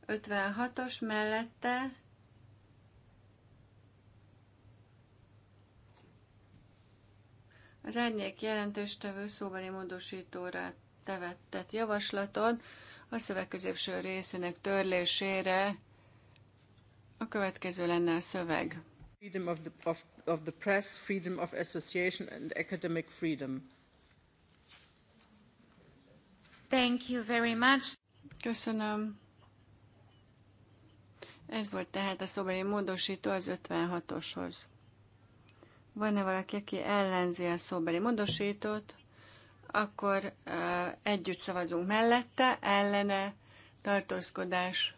56-os mellette Az árnyék jelentéstevő szóbeli módosítóra tevettet javaslaton a szöveg középső részének törlésére a következő lenne a szöveg. Freedom of the, of, of the press, freedom of association and academic freedom. Thank you very much. Köszönöm. Ez volt tehát a szobai módosító az 56-oshoz van-e valaki, aki ellenzi a szóbeli módosítót, akkor együtt szavazunk mellette, ellene, tartózkodás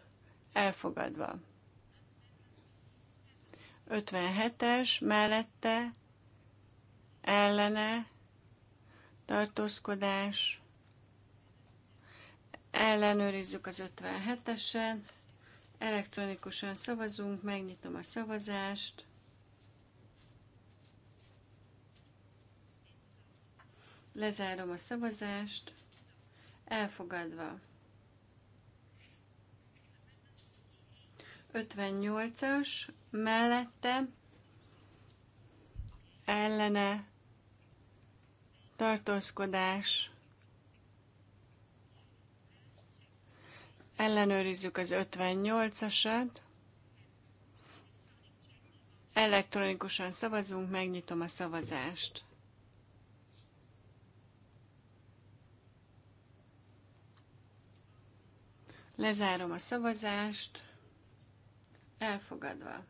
elfogadva. 57-es mellette, ellene, tartózkodás, ellenőrizzük az 57-esen, elektronikusan szavazunk, megnyitom a szavazást, Lezárom a szavazást. Elfogadva. 58-as mellette ellene tartózkodás ellenőrizzük az 58-asat elektronikusan szavazunk megnyitom a szavazást Lezárom a szavazást. Elfogadva.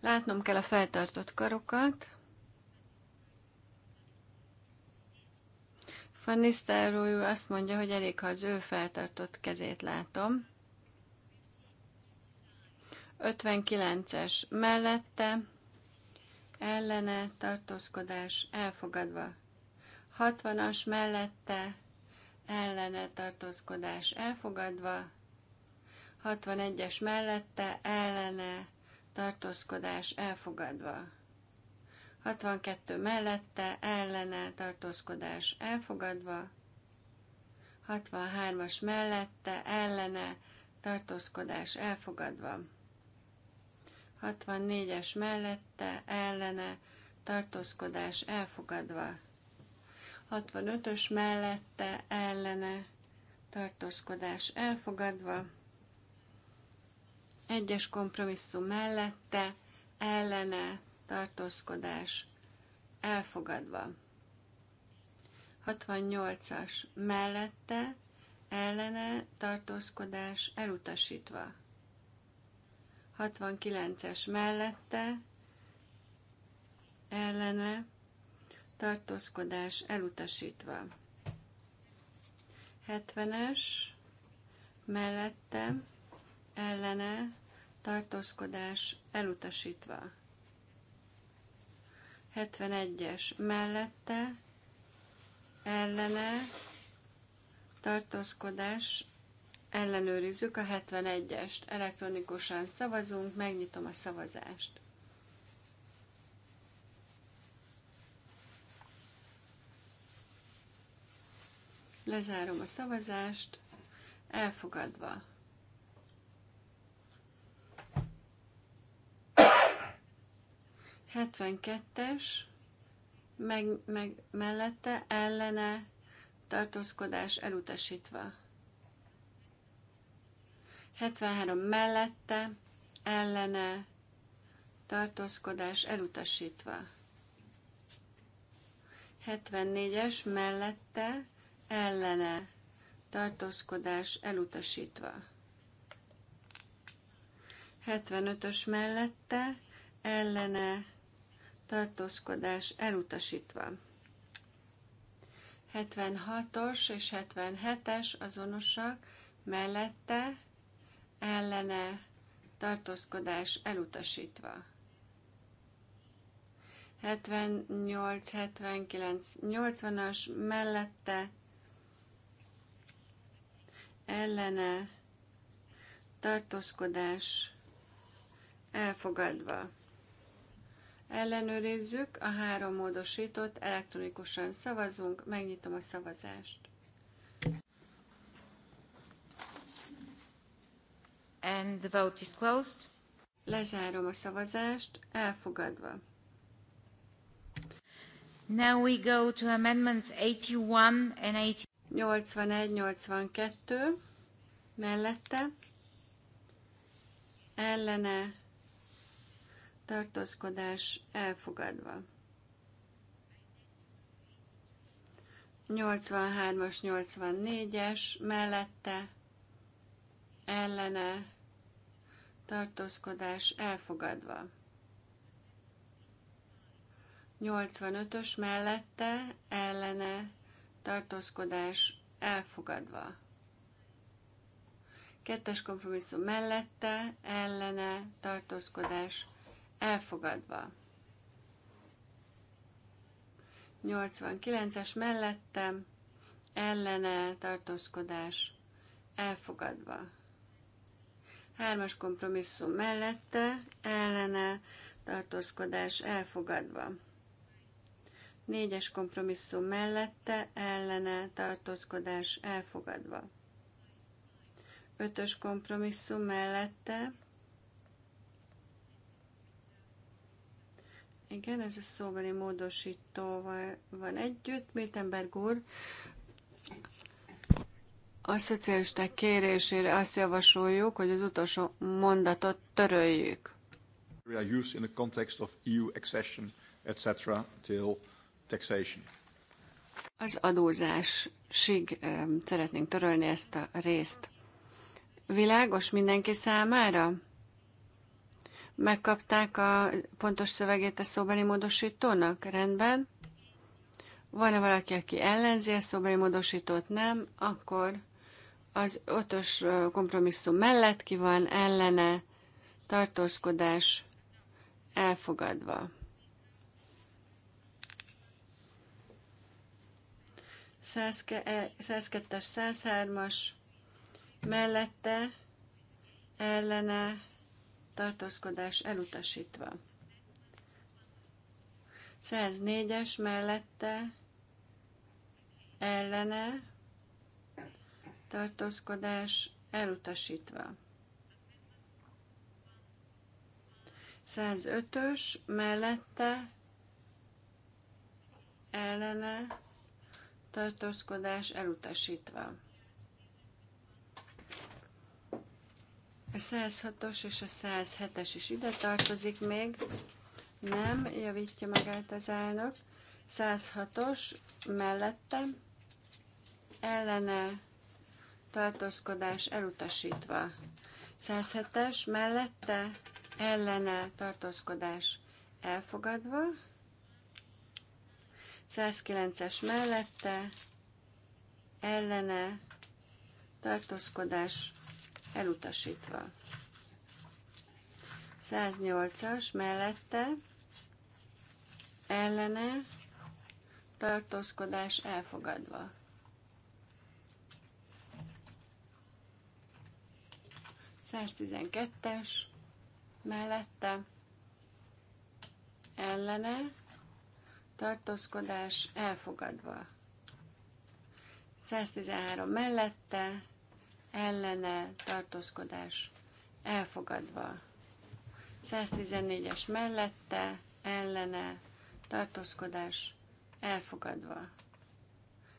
Látnom kell a feltartott karokat. Van Nisztelrooy azt mondja, hogy elég, ha az ő feltartott kezét látom. 59-es mellette, ellene, tartózkodás, elfogadva. 60-as mellette ellene tartózkodás elfogadva, 61-es mellette ellene tartózkodás elfogadva, 62 mellette ellene tartózkodás elfogadva, 63-as mellette ellene tartózkodás elfogadva, 64-es mellette ellene tartózkodás elfogadva. 65-ös mellette ellene tartózkodás elfogadva, egyes kompromisszum mellette ellene tartózkodás elfogadva. 68-as mellette ellene tartózkodás elutasítva. 69-es mellette ellene tartózkodás elutasítva. 70-es mellette ellene tartózkodás elutasítva. 71-es mellette ellene tartózkodás ellenőrizzük a 71-est. Elektronikusan szavazunk, megnyitom a szavazást. Lezárom a szavazást. Elfogadva. Hetvenkettes, meg, meg mellette ellene tartózkodás elutasítva. 73 mellette ellene tartózkodás elutasítva. 74-es mellette ellene tartózkodás elutasítva. 75-ös mellette ellene tartózkodás elutasítva. 76-os és 77-es azonosak mellette ellene tartózkodás elutasítva. 78, 79, 80-as mellette ellene tartózkodás elfogadva. Ellenőrizzük a három módosított, elektronikusan szavazunk, megnyitom a szavazást. And the vote is closed. Lezárom a szavazást, elfogadva. Now we go to amendments 81 and 82. 81-82 mellette ellene tartózkodás elfogadva. 83-as, 84-es mellette ellene tartózkodás elfogadva. 85-ös mellette ellene tartózkodás elfogadva. Kettes kompromisszum mellette, ellene, tartózkodás elfogadva. 89-es mellette, ellene, tartózkodás elfogadva. Hármas kompromisszum mellette, ellene, tartózkodás elfogadva. Négyes kompromisszum mellette ellene tartózkodás elfogadva. Ötös kompromisszum mellette Igen, ez a szóbeli módosítóval van együtt. Miltenberg úr a szocialisták kérésére azt javasoljuk, hogy az utolsó mondatot töröljük. We are used in the context of EU accession, etc. till taxation. Az adózásig szeretnénk törölni ezt a részt. Világos mindenki számára? Megkapták a pontos szövegét a szóbeli módosítónak? Rendben. Van-e valaki, aki ellenzi a szóbeli módosítót? Nem. Akkor az ötös kompromisszum mellett ki van ellene tartózkodás elfogadva. 102-es, e, 103-as mellette ellene tartózkodás elutasítva. 104-es mellette ellene tartózkodás elutasítva. 105-ös mellette ellene tartózkodás elutasítva. A 106-os és a 107-es is ide tartozik még. Nem, javítja magát az elnök. 106-os mellette ellene tartózkodás elutasítva. 107-es mellette ellene tartózkodás elfogadva. 109-es mellette, ellene, tartózkodás elutasítva. 108-as mellette, ellene, tartózkodás elfogadva. 112-es mellette, ellene, tartózkodás elfogadva. 113 mellette, ellene tartózkodás elfogadva. 114-es mellette, ellene tartózkodás elfogadva.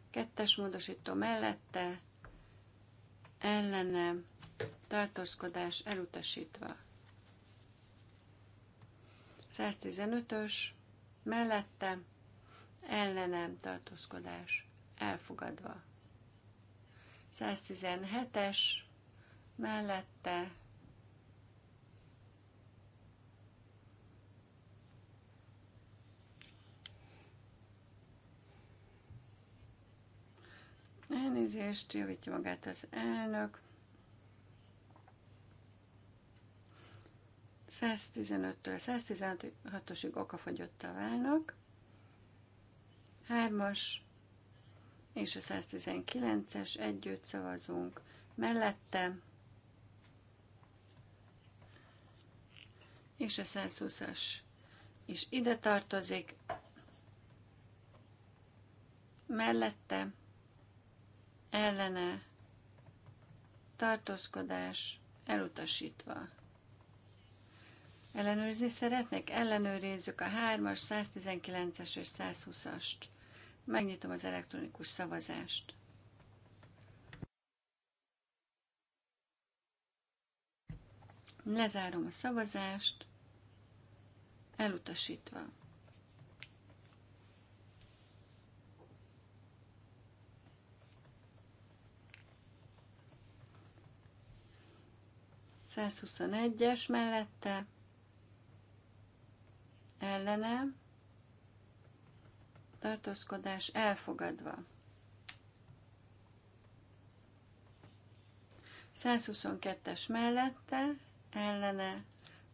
Kettes módosító mellette, ellene tartózkodás elutasítva. 115-ös mellette, ellenem tartózkodás elfogadva. 117-es mellette Elnézést, javítja magát az elnök. 115-től 116-osig okafogyottá válnak. 3-as és a 119-es együtt szavazunk mellette, és a 120-as is ide tartozik, mellette, ellene, tartózkodás, elutasítva. Ellenőrizni szeretnék? Ellenőrizzük a 3-as, 119-es és 120-ast. Megnyitom az elektronikus szavazást. Lezárom a szavazást, elutasítva. Százhuszonegyes mellette ellenem tartózkodás elfogadva. 122-es mellette, ellene,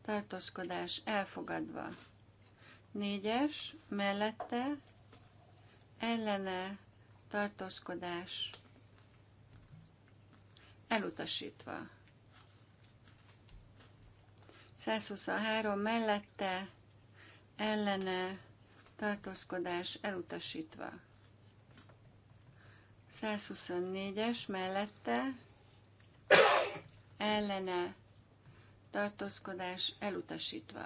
tartózkodás elfogadva. 4-es mellette, ellene, tartózkodás elutasítva. 123 mellette, ellene, tartózkodás elutasítva. 124-es mellette ellene tartózkodás elutasítva.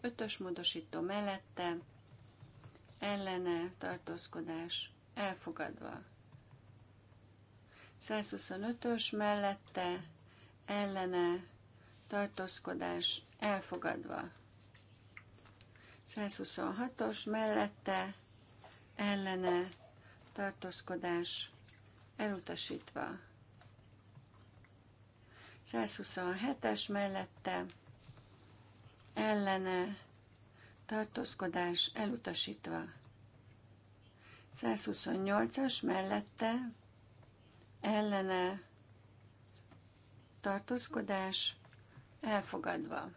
5 5-ös módosító mellette ellene tartózkodás elfogadva. 125-ös mellette ellene tartózkodás elfogadva. 126-os mellette ellene tartózkodás elutasítva. 127-es mellette ellene tartózkodás elutasítva. 128-as mellette ellene tartózkodás elfogadva.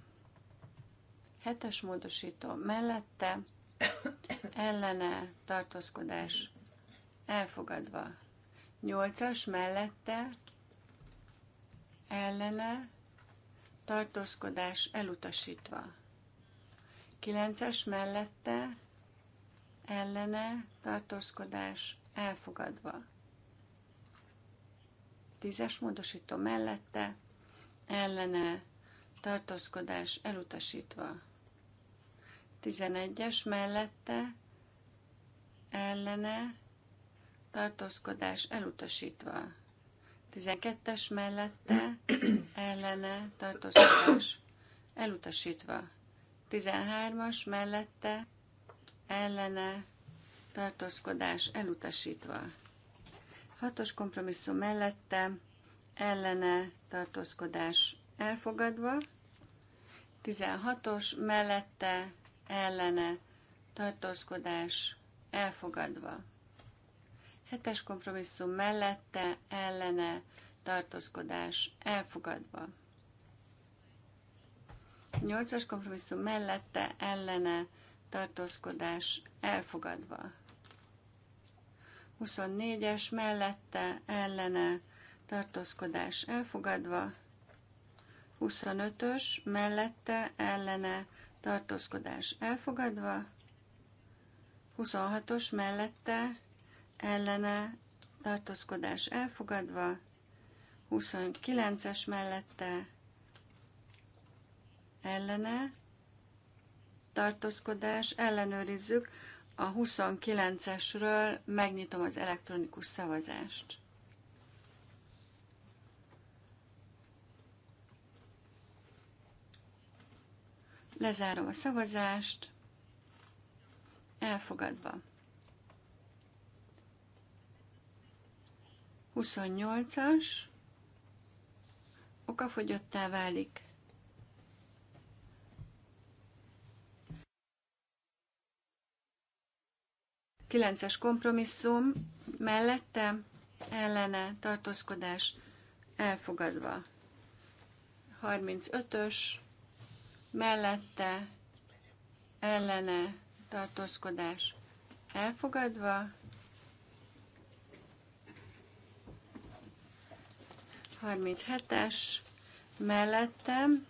Hetes módosító mellette, ellene tartózkodás elfogadva. Nyolcas mellette, ellene tartózkodás elutasítva. Kilences mellette, ellene tartózkodás elfogadva. Tízes módosító mellette, ellene tartózkodás elutasítva. 11-es mellette ellene tartózkodás elutasítva. 12-es <coughs> mellette ellene tartózkodás elutasítva. 13-as mellette ellene tartózkodás elutasítva. 6-os kompromisszum mellette ellene tartózkodás elfogadva. 16-os mellette ellene tartózkodás elfogadva. Hetes kompromisszum mellette ellene tartózkodás elfogadva. Nyolcas kompromisszum mellette ellene tartózkodás elfogadva. 24-es mellette ellene tartózkodás elfogadva. 25-ös mellette ellene tartózkodás elfogadva, 26-os mellette ellene tartózkodás elfogadva, 29-es mellette ellene tartózkodás ellenőrizzük, a 29-esről megnyitom az elektronikus szavazást. Lezárom a szavazást. Elfogadva. 28-as. Okafogyottá válik. Kilences kompromisszum mellette ellene tartózkodás elfogadva. 35-ös mellette ellene tartózkodás elfogadva, Harminc hetes, mellettem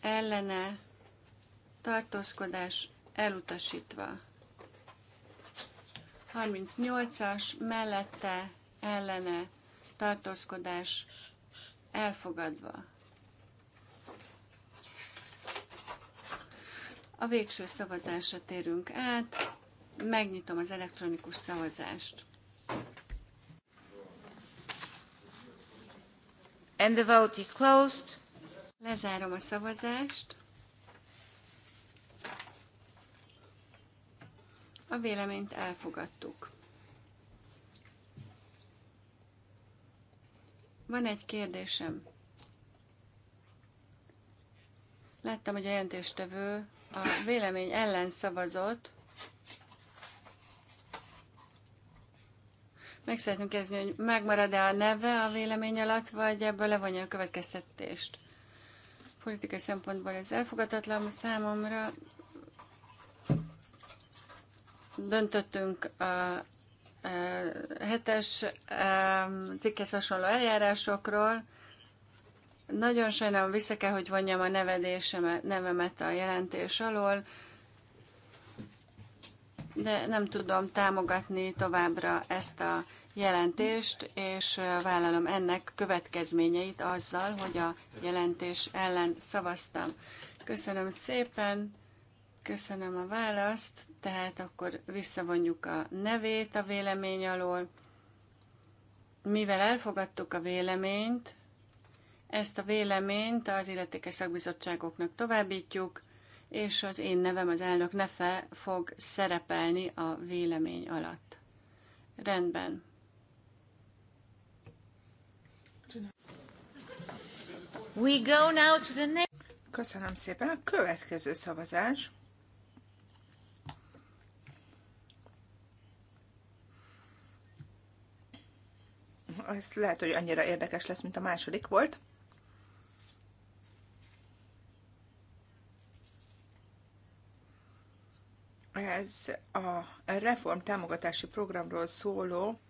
ellene tartózkodás elutasítva. 38-as mellette ellene tartózkodás elfogadva. A végső szavazásra térünk át. Megnyitom az elektronikus szavazást. And the vote is closed. Lezárom a szavazást. A véleményt elfogadtuk. Van egy kérdésem. Láttam, hogy a jelentéstevő a vélemény ellen szavazott. Meg szeretném kezdeni, hogy megmarad-e a neve a vélemény alatt, vagy ebből levonja a következtetést. Politikai szempontból ez elfogadhatatlan számomra. Döntöttünk a hetes cikkhez hasonló eljárásokról, nagyon sajnálom, vissza kell, hogy vonjam a nevedésemet, nevemet a jelentés alól, de nem tudom támogatni továbbra ezt a jelentést, és vállalom ennek következményeit azzal, hogy a jelentés ellen szavaztam. Köszönöm szépen, köszönöm a választ, tehát akkor visszavonjuk a nevét a vélemény alól. Mivel elfogadtuk a véleményt, ezt a véleményt az illetékes szakbizottságoknak továbbítjuk, és az én nevem az elnök nefe fog szerepelni a vélemény alatt. Rendben. We go now to the next... Köszönöm szépen. A következő szavazás. Ez lehet, hogy annyira érdekes lesz, mint a második volt. Ez a reform támogatási programról szóló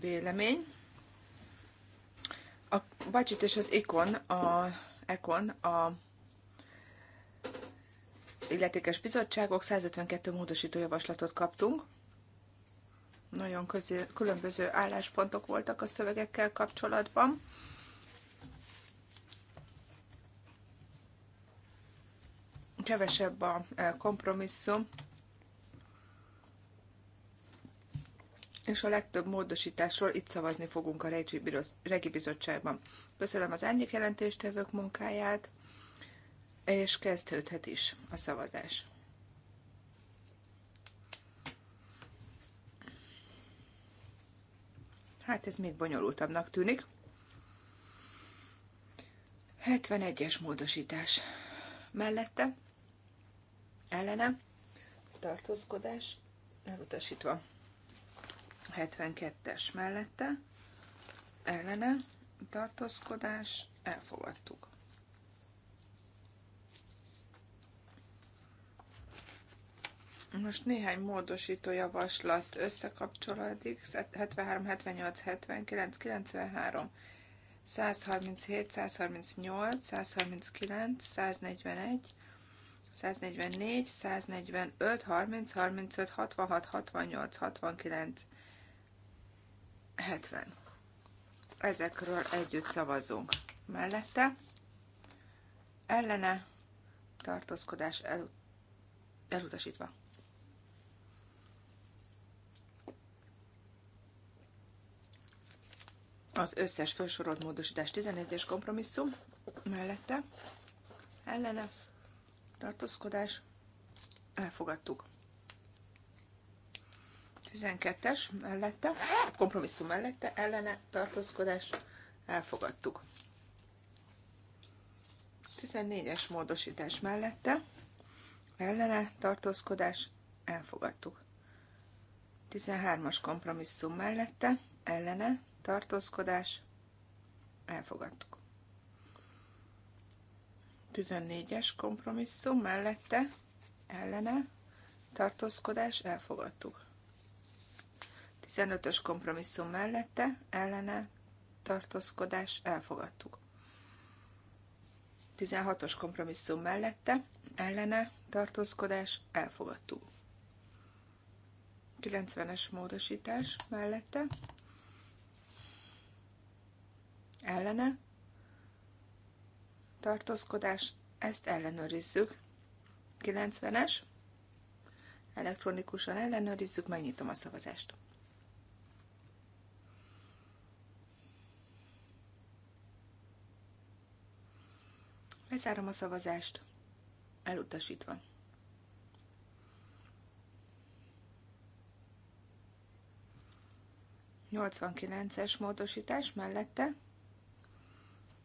vélemény. A budget és az ikon, a, ekon, a illetékes bizottságok 152 módosító javaslatot kaptunk. Nagyon közé, különböző álláspontok voltak a szövegekkel kapcsolatban. kevesebb a e, kompromisszum, és a legtöbb módosításról itt szavazni fogunk a Regi Bizottságban. Köszönöm az árnyék jelentéstevők munkáját, és kezdődhet is a szavazás. Hát ez még bonyolultabbnak tűnik. 71-es módosítás mellette ellene, tartózkodás elutasítva. 72-es mellette, ellene, tartózkodás, elfogadtuk. Most néhány módosító javaslat összekapcsolódik, 73, 78, 79, 93, 137, 138, 139, 141, 144, 145, 30, 35, 66, 68, 69, 70. Ezekről együtt szavazunk. Mellette ellene tartózkodás el, elutasítva. Az összes felsorolt módosítás 11-es kompromisszum mellette ellene tartózkodás, elfogadtuk. 12-es mellette, kompromisszum mellette, ellene tartózkodás, elfogadtuk. 14-es módosítás mellette, ellene tartózkodás, elfogadtuk. 13-as kompromisszum mellette, ellene tartózkodás, elfogadtuk. 14-es kompromisszum mellette ellene tartózkodás elfogadtuk. 15-ös kompromisszum mellette ellene tartózkodás elfogadtuk. 16-os kompromisszum mellette ellene tartózkodás elfogadtuk. 90-es módosítás mellette ellene tartózkodás, ezt ellenőrizzük. 90-es, elektronikusan ellenőrizzük, megnyitom a szavazást. Lezárom a szavazást, elutasítva. Nyolcvankilences módosítás mellette,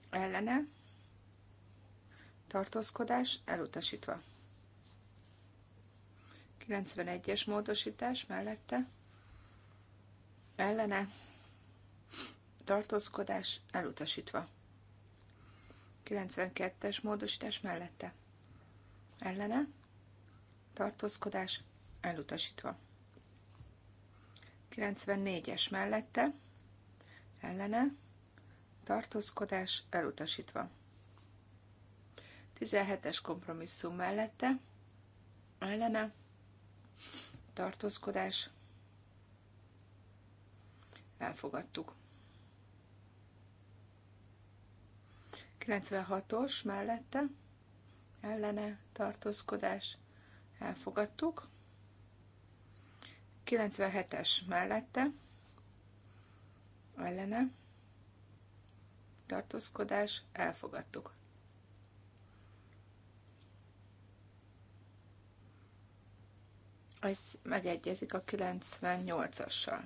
ellene, tartózkodás elutasítva. 91-es módosítás mellette ellene tartózkodás elutasítva. 92-es módosítás mellette ellene tartózkodás elutasítva. 94-es mellette ellene tartózkodás elutasítva. 17-es kompromisszum mellette, ellene, tartózkodás, elfogadtuk. 96-os mellette, ellene, tartózkodás, elfogadtuk. 97-es mellette, ellene, tartózkodás, elfogadtuk. ez megegyezik a 98-assal.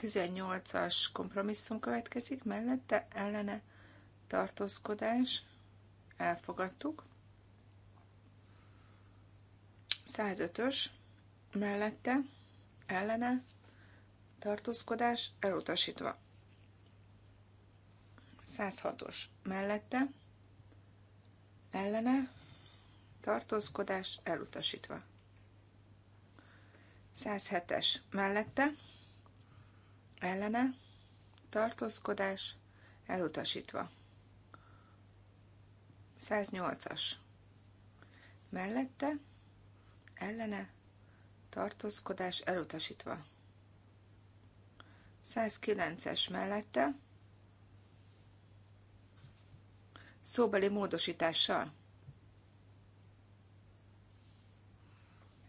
18-as kompromisszum következik, mellette ellene tartózkodás, elfogadtuk. 105-ös, mellette ellene tartózkodás, elutasítva. 106-os, mellette ellene tartózkodás elutasítva. 107-es mellette, ellene, tartózkodás elutasítva. 108-as mellette, ellene, tartózkodás elutasítva. 109-es mellette, szóbeli módosítással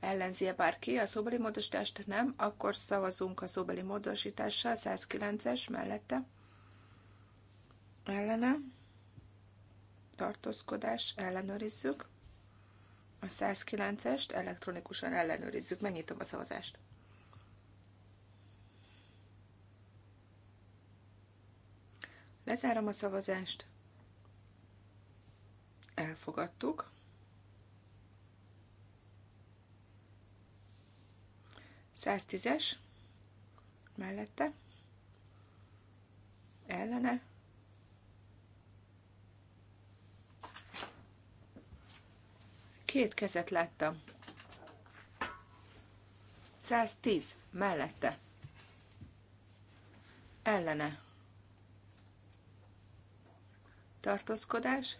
ellenzi -e bárki a szóbeli módosítást? Nem. Akkor szavazunk a szóbeli módosítással. 109-es mellette. Ellene. Tartózkodás. Ellenőrizzük. A 109-est elektronikusan ellenőrizzük. Megnyitom a szavazást. Lezárom a szavazást. Elfogadtuk. 110-es mellette, ellene, két kezet láttam. 110 mellette. Ellene. Tartózkodás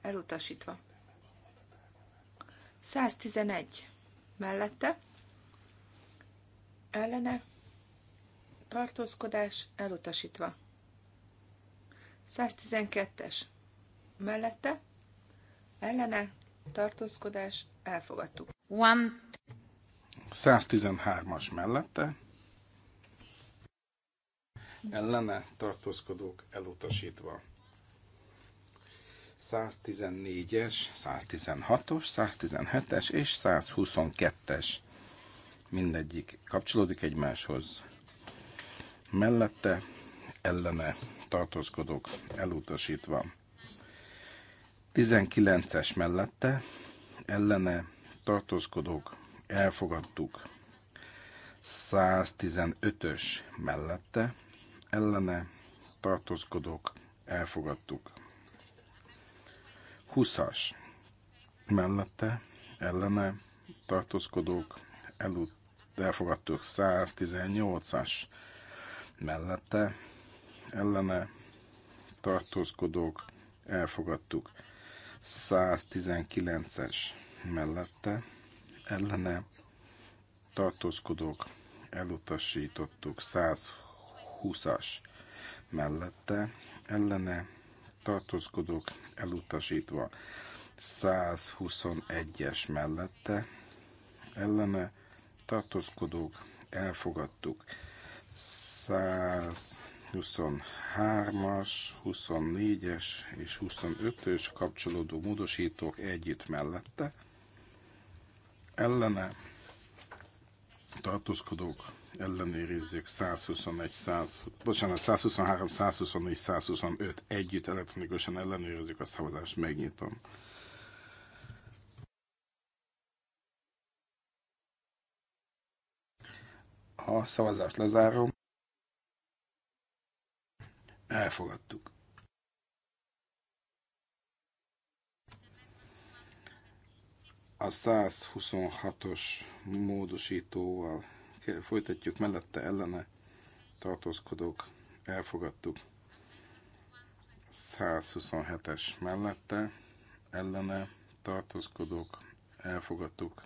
elutasítva. 111 mellette ellene tartózkodás elutasítva. 112-es mellette ellene tartózkodás elfogadtuk. One. 113-as mellette ellene tartózkodók elutasítva. 114-es, 116-os, 117-es és 122-es mindegyik kapcsolódik egymáshoz. Mellette, ellene tartózkodók elutasítva. 19-es mellette, ellene tartózkodók elfogadtuk. 115-ös mellette, ellene tartózkodók elfogadtuk. 20-as mellette, ellene tartózkodók elutasítva elfogadtuk 118-as mellette, ellene tartózkodók elfogadtuk 119-es mellette, ellene tartózkodók elutasítottuk 120-as mellette, ellene tartózkodók elutasítva 121-es mellette, ellene tartózkodók, elfogadtuk. 123-as, 24-es és 25-ös kapcsolódó módosítók együtt mellette, ellene tartózkodók, ellenőrizzük 121, 100, bocsánat, 123, 124, 125 együtt elektronikusan ellenőrizzük a szavazást, megnyitom. A szavazást lezárom. Elfogadtuk. A 126-os módosítóval folytatjuk mellette ellene tartózkodók. Elfogadtuk. 127-es mellette ellene tartózkodók. Elfogadtuk.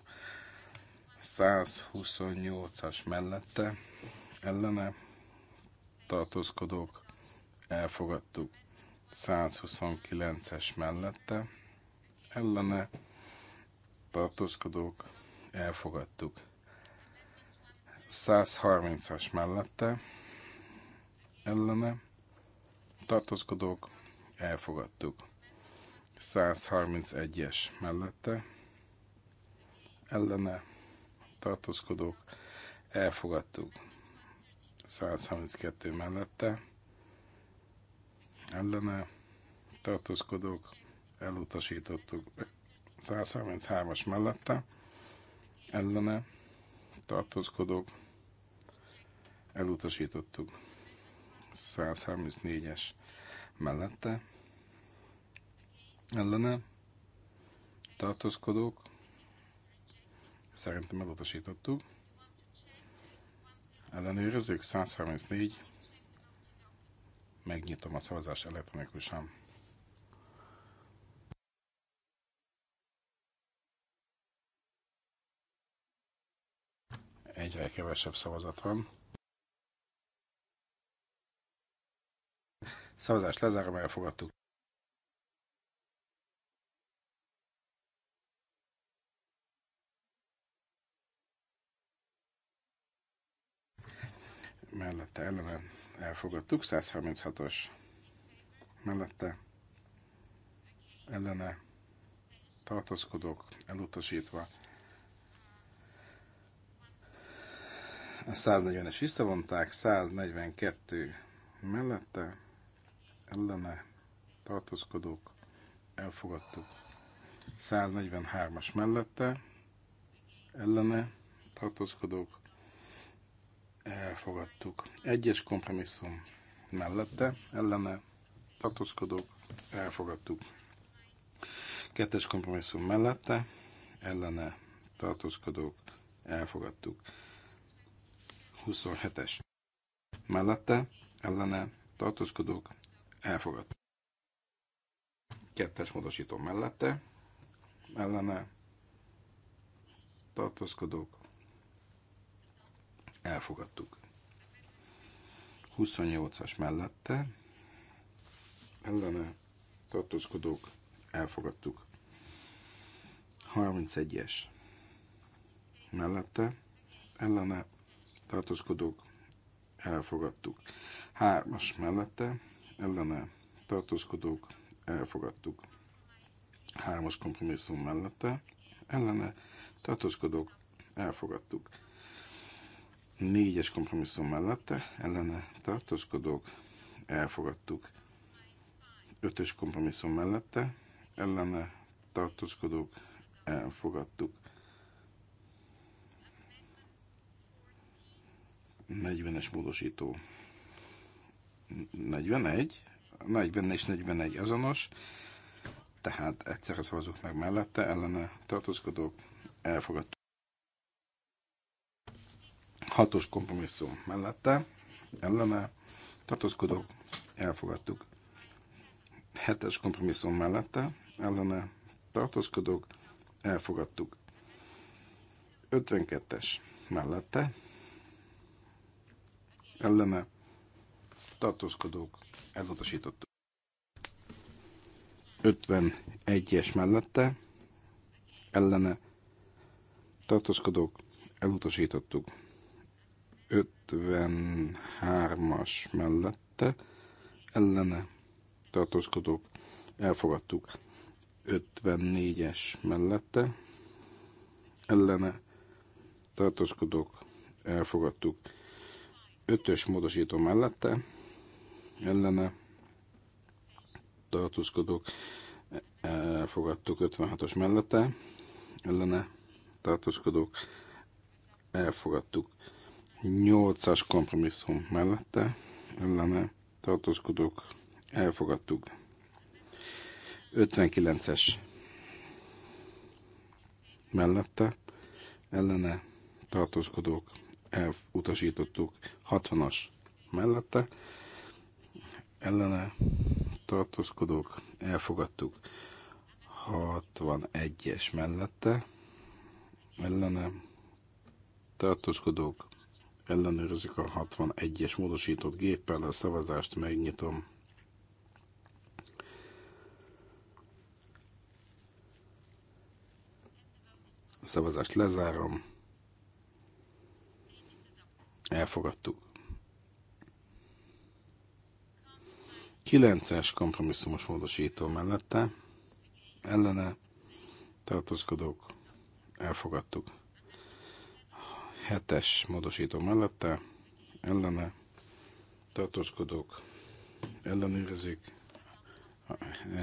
128-as mellette ellene tartózkodók elfogadtuk. 129-es mellette ellene tartózkodók elfogadtuk. 130-as mellette ellene tartózkodók elfogadtuk. 131-es mellette ellene tartózkodók, elfogadtuk. 132 mellette, ellene tartózkodók, elutasítottuk. 133-as mellette, ellene tartózkodók, elutasítottuk. 134-es mellette, ellene tartózkodók, Szerintem elutasítottuk. Ellenőrizzük, 134. Megnyitom a szavazás elektronikusan. Egyre kevesebb szavazat van. Szavazást lezárom, elfogadtuk. mellette eleve elfogadtuk, 136-os mellette ellene tartózkodók elutasítva. A 140-es visszavonták, 142 mellette ellene tartózkodók elfogadtuk. 143-as mellette ellene tartózkodók elfogadtuk. Egyes kompromisszum mellette, ellene tartózkodók, elfogadtuk. Kettes kompromisszum mellette, ellene tartózkodók, elfogadtuk. 27-es mellette, ellene tartózkodók, elfogadtuk. Kettes módosító mellette, ellene tartózkodók, Elfogadtuk. 28-as mellette ellene tartózkodók elfogadtuk. 31-es mellette ellene tartózkodók elfogadtuk. 3-as mellette ellene tartózkodók elfogadtuk. 3-as kompromisszum mellette ellene tartózkodók elfogadtuk. Négyes kompromisszum mellette, ellene tartózkodók, elfogadtuk. Ötös kompromisszum mellette, ellene tartózkodók, elfogadtuk. 40-es módosító. 41, 40 és 41 azonos, tehát egyszerre szavazok meg mellette, ellene tartózkodók, elfogadtuk. Hatos kompromisszum mellette, ellene, tartózkodok, elfogadtuk. Hetes kompromisszum mellette, ellene, tartózkodok, elfogadtuk. 52-es mellette, ellene, tartózkodók, elutasítottuk. 51-es mellette, ellene, tartózkodók, elutasítottuk. 53-as mellette ellene tartózkodók elfogadtuk. 54-es mellette ellene tartózkodók elfogadtuk. 5-ös módosító mellette ellene tartózkodók elfogadtuk 56-os mellette, ellene tartózkodók elfogadtuk 8-as kompromisszum mellette, ellene tartózkodók elfogadtuk. 59-es mellette, ellene tartózkodók elutasítottuk. 60-as mellette, ellene tartózkodók elfogadtuk. 61-es mellette, ellene tartózkodók ellenőrzik a 61-es módosított géppel, a szavazást megnyitom. A szavazást lezárom. Elfogadtuk. 9-es kompromisszumos módosító mellette, ellene tartózkodók, elfogadtuk hetes módosító mellette, ellene tartózkodók ellenőrzik,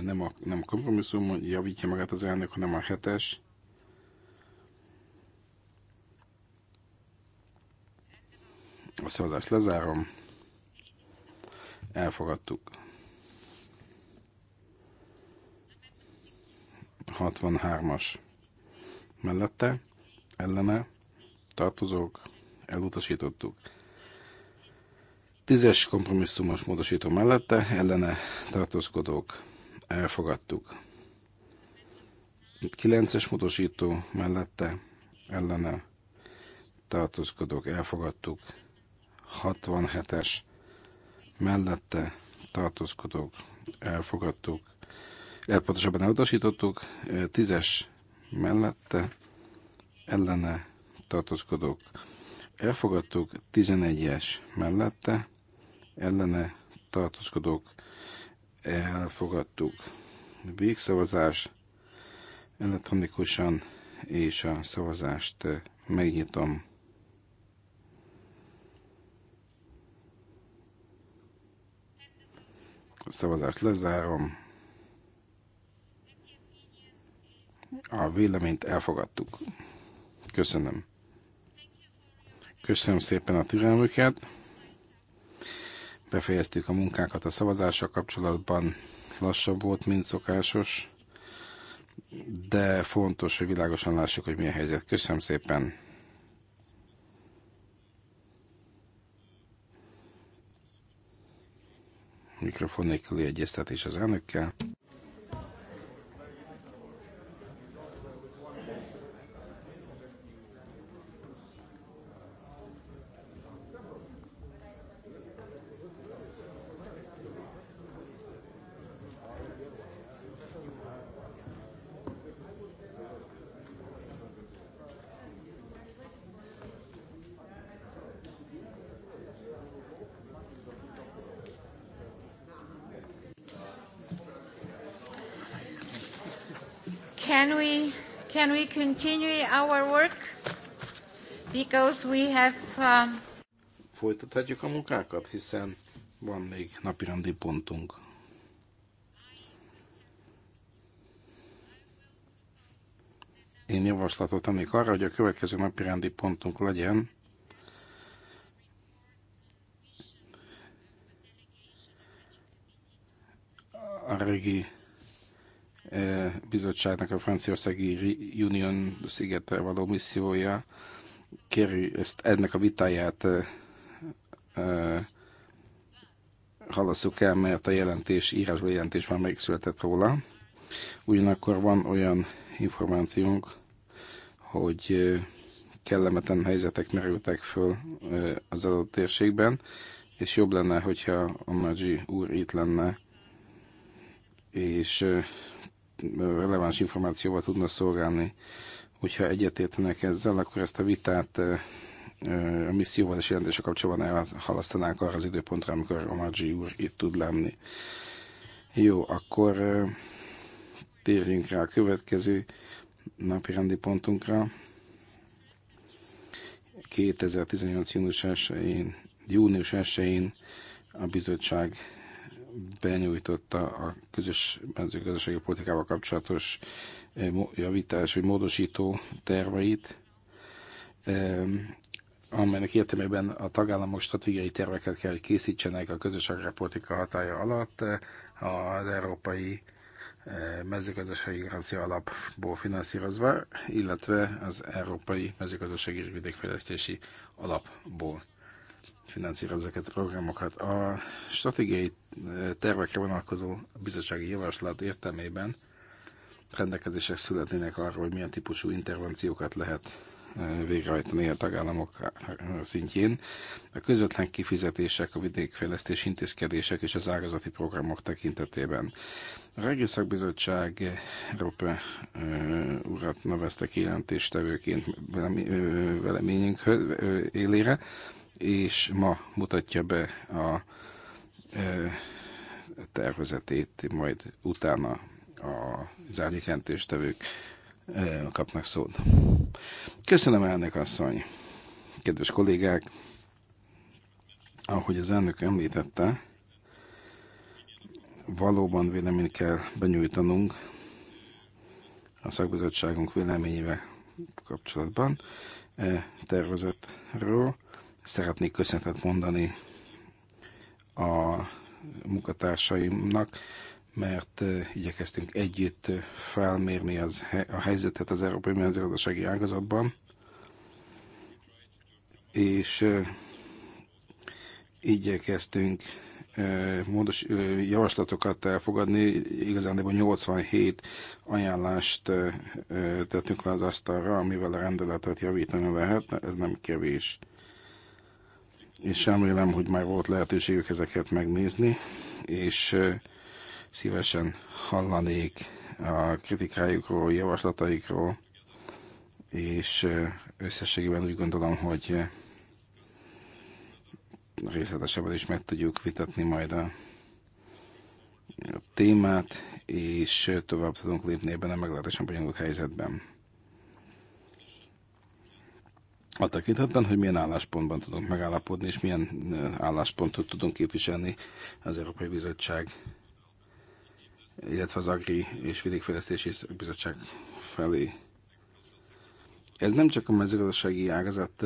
nem a, nem kompromisszum javítja magát az elnök, hanem a hetes. A szavazást lezárom. Elfogadtuk. 63-as mellette, ellene tartozók, elutasítottuk. Tízes kompromisszumos módosító mellette ellene tartózkodók elfogadtuk. Kilences módosító mellette ellene tartózkodók elfogadtuk. 67-es mellette tartózkodók elfogadtuk. E, pontosabban elutasítottuk. E, tízes mellette ellene tartózkodók elfogadtuk, 11-es mellette, ellene tartózkodók elfogadtuk. Végszavazás elektronikusan és a szavazást eh, megnyitom. A szavazást lezárom. A véleményt elfogadtuk. Köszönöm. Köszönöm szépen a türelmüket. Befejeztük a munkákat a szavazással kapcsolatban. Lassabb volt, mint szokásos, de fontos, hogy világosan lássuk, hogy milyen helyzet. Köszönöm szépen. Mikrofon nélküli egyeztetés az elnökkel. continue our work because we have... Um... Folytathatjuk a munkákat, hiszen van még napirendi pontunk. Én javaslatot tennék arra, hogy a következő napirendi pontunk legyen a régi bizottságnak a Franciaországi Union szigetre való missziója kerül ezt, ennek a vitáját e, e, el, mert a jelentés, írásban jelentés már megszületett róla. Ugyanakkor van olyan információnk, hogy kellemetlen helyzetek merültek föl az adott térségben, és jobb lenne, hogyha a Nagy úr itt lenne, és releváns információval tudna szolgálni. Hogyha egyetértenek ezzel, akkor ezt a vitát a misszióval és jelentése kapcsolatban elhalasztanánk arra az időpontra, amikor Omadzsi úr itt tud lenni. Jó, akkor térjünk rá a következő napi rendi pontunkra. 2018. június 1-én június 1-én a bizottság benyújtotta a közös mezőgazdasági politikával kapcsolatos eh, javítás vagy módosító terveit, amelynek értelmében a tagállamok stratégiai terveket kell, hogy készítsenek a közös agrárpolitika hatája alatt eh, az európai eh, mezőgazdasági garancia alapból finanszírozva, illetve az európai mezőgazdasági vidékfejlesztési alapból finanszírozza ezeket a programokat. A stratégiai eh, tervekre vonalkozó bizottsági javaslat értelmében rendelkezések születnének arról, hogy milyen típusú intervenciókat lehet eh, végrehajtani a tagállamok eh, szintjén. A közvetlen kifizetések, a vidékfejlesztés intézkedések és az ágazati programok tekintetében. A Regi Szakbizottság Európa urat nevezte kijelentéstevőként véleményünk élére, és ma mutatja be a e, tervezetét, majd utána az e, kapnak szót. Köszönöm, elnök asszony! Kedves kollégák! Ahogy az elnök említette, valóban véleményt kell benyújtanunk a szakbizottságunk véleményével kapcsolatban e, tervezetről. Szeretnék köszönetet mondani a munkatársaimnak, mert igyekeztünk együtt felmérni az, a helyzetet az európai mezőgazdasági ágazatban, és igyekeztünk módos javaslatokat elfogadni, igazán 87 ajánlást tettünk le az asztalra, amivel a rendeletet javítani lehet, ez nem kevés és remélem, hogy már volt lehetőségük ezeket megnézni, és szívesen hallanék a kritikájukról, javaslataikról, és összességében úgy gondolom, hogy részletesebben is meg tudjuk vitatni majd a témát, és tovább tudunk lépni ebben a meglehetősen bonyolult helyzetben a tekintetben, hogy milyen álláspontban tudunk megállapodni, és milyen álláspontot tudunk képviselni az Európai Bizottság, illetve az Agri és Vidékfejlesztési Bizottság felé. Ez nem csak a mezőgazdasági ágazat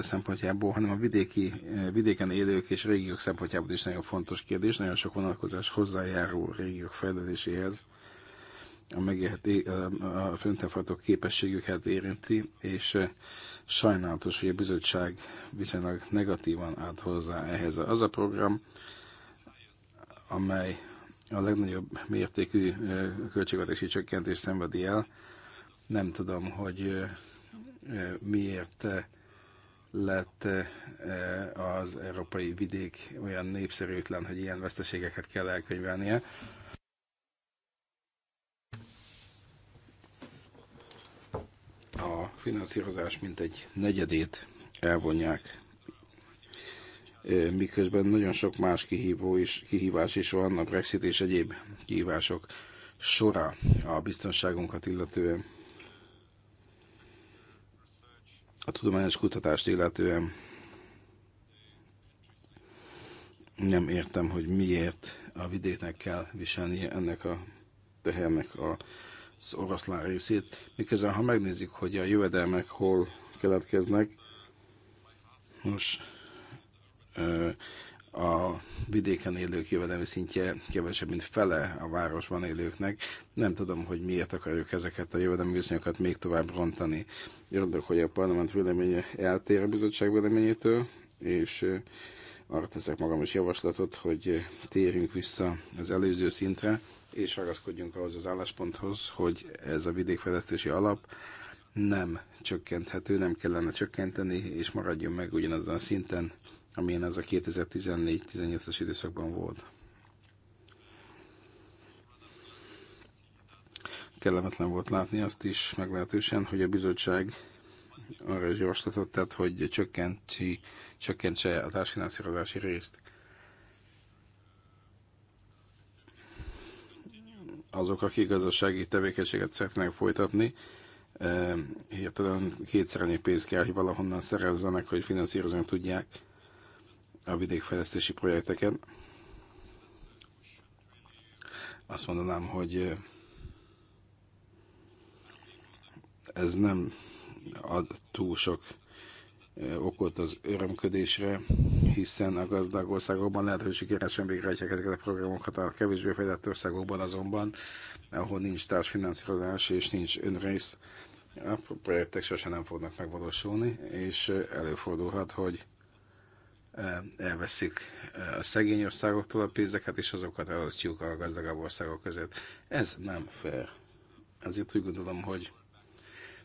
szempontjából, hanem a vidéki, vidéken élők és régiók szempontjából is nagyon fontos kérdés. Nagyon sok vonatkozás hozzájárul régiók fejlődéséhez a, megélhet, a föntefartó képességüket érinti, és Sajnálatos, hogy a bizottság viszonylag negatívan állt hozzá ehhez. Az a program, amely a legnagyobb mértékű költségvetési csökkentést szenvedi el. Nem tudom, hogy miért lett az európai vidék olyan népszerűtlen, hogy ilyen veszteségeket kell elkönyvelnie. a finanszírozás mintegy negyedét elvonják, miközben nagyon sok más kihívó is, kihívás is van, a Brexit és egyéb kihívások sora a biztonságunkat illetően, a tudományos kutatást illetően. Nem értem, hogy miért a vidéknek kell viselnie ennek a tehernek a az oroszlán részét, miközben ha megnézzük, hogy a jövedelmek hol keletkeznek, most a vidéken élők jövedelmi szintje kevesebb, mint fele a városban élőknek. Nem tudom, hogy miért akarjuk ezeket a jövedelmi viszonyokat még tovább rontani. Örülök, hogy a parlament véleménye eltér a bizottság véleményétől, és arra teszek magam is javaslatot, hogy térjünk vissza az előző szintre, és ragaszkodjunk ahhoz az állásponthoz, hogy ez a vidékfejlesztési alap nem csökkenthető, nem kellene csökkenteni, és maradjon meg ugyanazon a szinten, amilyen az a 2014-18-as időszakban volt. Kellemetlen volt látni azt is meglehetősen, hogy a bizottság arra is javaslatot tett, hogy csökkentsi, csökkentse a társfinanszírozási részt azok, akik gazdasági tevékenységet szeretnek folytatni, e, hirtelen kétszer annyi pénzt kell, hogy valahonnan szerezzenek, hogy finanszírozni tudják a vidékfejlesztési projekteken. Azt mondanám, hogy e, ez nem ad túl sok okot az örömködésre, hiszen a gazdag országokban lehet, hogy sikeresen végrehajtják ezeket a programokat, a kevésbé fejlett országokban azonban, ahol nincs társfinanszírozás és nincs önrész, a projektek sosem nem fognak megvalósulni, és előfordulhat, hogy elveszik a szegény országoktól a pénzeket, és azokat elosztjuk a gazdagabb országok között. Ez nem fair. Ezért úgy gondolom, hogy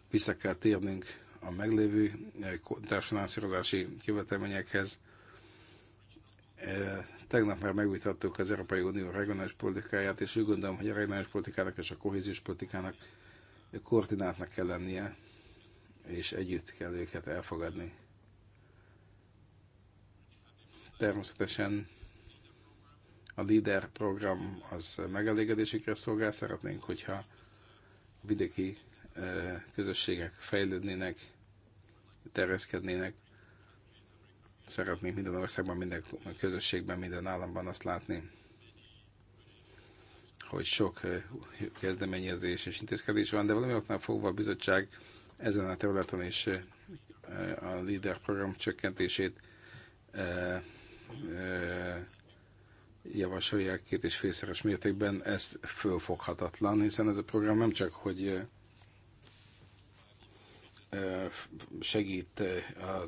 vissza kell térnünk a meglévő eh, társadalmi követelményekhez. Eh, tegnap már megvitattuk az Európai Unió regionális politikáját, és úgy gondolom, hogy a regionális politikának és a kohéziós politikának koordinátnak kell lennie, és együtt kell őket elfogadni. Természetesen a LEADER program az megelégedésükre szolgál. Szeretnénk, hogyha vidéki eh, közösségek fejlődnének, terjeszkednének. Szeretnék minden országban, minden közösségben, minden államban azt látni, hogy sok kezdeményezés és intézkedés van, de valami oknál fogva a bizottság ezen a területen is a LEADER program csökkentését javasolják két és félszeres mértékben, ez fölfoghatatlan, hiszen ez a program nem csak, hogy segít a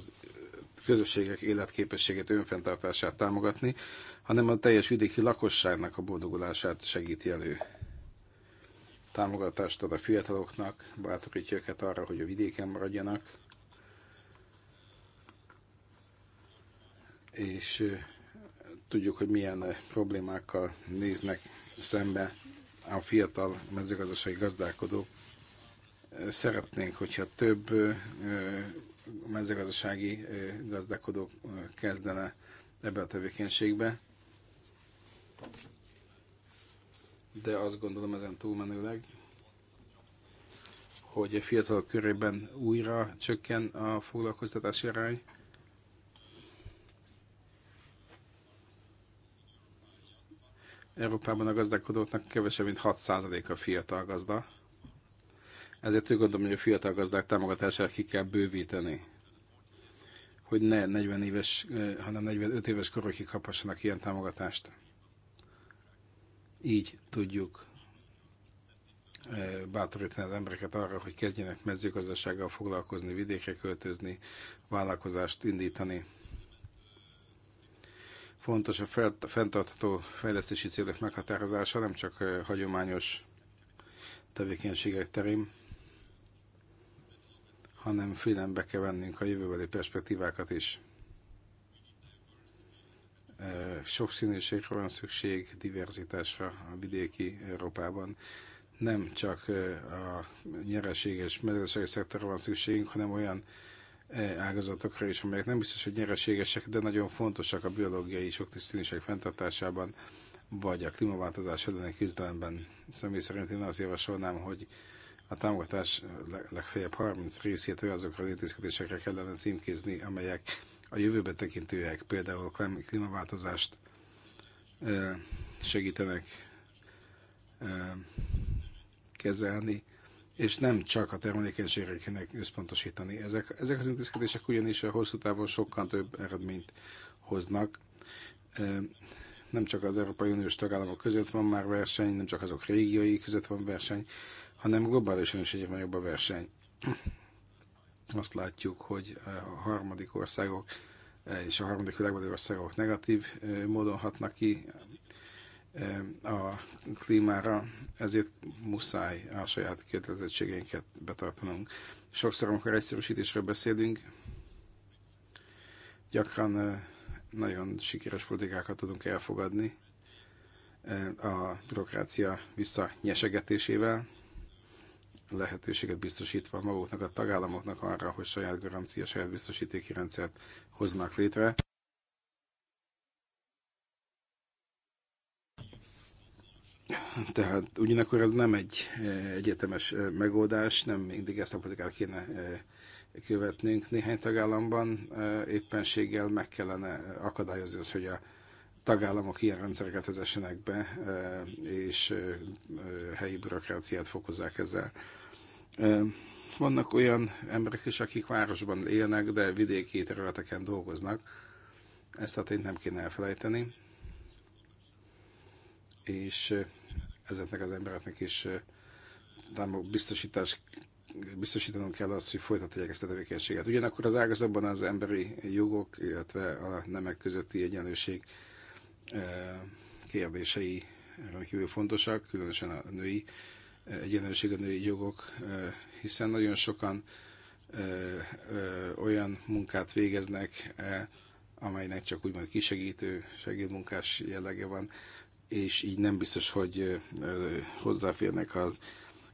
közösségek életképességét, önfenntartását támogatni, hanem a teljes vidéki lakosságnak a boldogulását segíti elő. Támogatást ad a fiataloknak, bátorítja őket arra, hogy a vidéken maradjanak, és tudjuk, hogy milyen problémákkal néznek szembe a fiatal mezőgazdasági gazdálkodók Szeretnénk, hogyha több mezőgazdasági gazdálkodó kezdene ebbe a tevékenységbe. De azt gondolom ezen túlmenőleg, hogy a fiatalok körében újra csökken a foglalkoztatás arány. Európában a gazdálkodóknak kevesebb, mint 6% a fiatal gazda. Ezért úgy gondolom, hogy a fiatal gazdák támogatását ki kell bővíteni, hogy ne 40 éves, eh, hanem 45 éves korokig kaphassanak ilyen támogatást. Így tudjuk eh, bátorítani az embereket arra, hogy kezdjenek mezőgazdasággal foglalkozni, vidékre költözni, vállalkozást indítani. Fontos a fenntartható fejlesztési célok meghatározása, nem csak eh, hagyományos tevékenységek terén hanem figyelembe kell vennünk a jövőbeli perspektívákat is. Sok színűségre van szükség, diverzitásra a vidéki Európában. Nem csak a nyereséges mezőgazdasági szektorra van szükségünk, hanem olyan ágazatokra is, amelyek nem biztos, hogy nyereségesek, de nagyon fontosak a biológiai sokszínűség fenntartásában, vagy a klímaváltozás elleni küzdelemben. Személy szerint én azt javasolnám, hogy a támogatás legfeljebb 30 részét azokra intézkedésekre kellene címkézni, amelyek a jövőbe tekintőek, például a klímaváltozást segítenek kezelni, és nem csak a termelékenységre kéne összpontosítani. Ezek, ezek az intézkedések ugyanis a hosszú távon sokkal több eredményt hoznak. Nem csak az Európai Uniós tagállamok között van már verseny, nem csak azok régiói között van verseny, hanem globálisan is egyre nagyobb a verseny. <clears throat> Azt látjuk, hogy a harmadik országok és a harmadik világbeli országok negatív módon hatnak ki a klímára, ezért muszáj a saját kötelezettségeinket betartanunk. Sokszor, amikor egyszerűsítésről beszélünk, gyakran nagyon sikeres politikákat tudunk elfogadni a bürokrácia visszanyesegetésével, lehetőséget biztosítva maguknak a tagállamoknak arra, hogy saját garancia, saját biztosítéki rendszert hoznak létre. Tehát ugyanakkor ez nem egy eh, egyetemes eh, megoldás, nem mindig ezt a politikát kéne eh, követnünk néhány tagállamban, éppenséggel meg kellene akadályozni az, hogy a tagállamok ilyen rendszereket vezessenek be, és helyi bürokráciát fokozzák ezzel. Vannak olyan emberek is, akik városban élnek, de vidéki területeken dolgoznak. Ezt a tényt nem kéne elfelejteni. És ezeknek az embereknek is biztosítás biztosítanunk kell azt, hogy folytatják ezt a tevékenységet. Ugyanakkor az ágazatban az emberi jogok, illetve a nemek közötti egyenlőség kérdései rendkívül fontosak, különösen a női egyenlőség, a női jogok, hiszen nagyon sokan olyan munkát végeznek, amelynek csak úgymond kisegítő, segédmunkás jellege van, és így nem biztos, hogy hozzáférnek az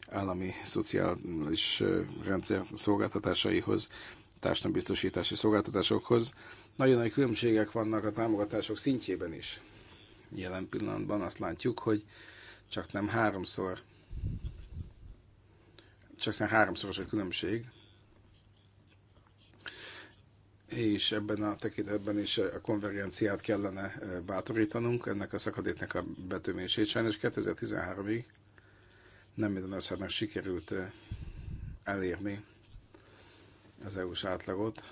állami szociális rendszer szolgáltatásaihoz, társadalombiztosítási szolgáltatásokhoz. Nagyon nagy különbségek vannak a támogatások szintjében is. Jelen pillanatban azt látjuk, hogy csak nem háromszor, csak nem háromszoros a különbség, és ebben a tekintetben is a konvergenciát kellene bátorítanunk, ennek a szakadéknek a betömését. Sajnos 2013-ig nem minden országnak sikerült elérni az EU-s átlagot,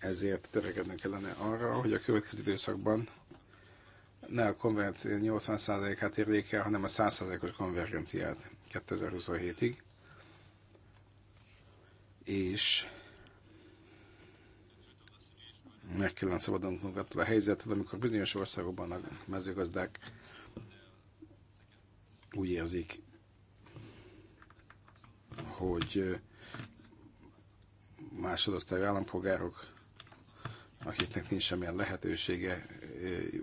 ezért törekednünk kellene arra, hogy a következő időszakban ne a konvergencia 80%-át érjék el, hanem a 100%-os konvergenciát 2027-ig. És meg kellene szabadulnunk magunktól a helyzettől, amikor bizonyos országokban a mezőgazdák úgy érzik, hogy másodosztályú állampolgárok akiknek nincs semmilyen lehetősége,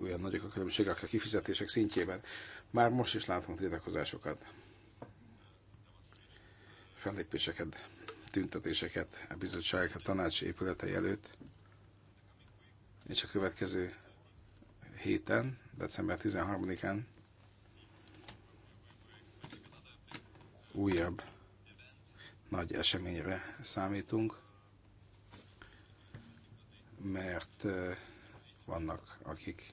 olyan nagyok a különbségek a kifizetések szintjében. Már most is látom tiltakozásokat, fellépéseket, tüntetéseket a bizottság a tanács épületei előtt, és a következő héten, december 13-án újabb nagy eseményre számítunk mert vannak, akik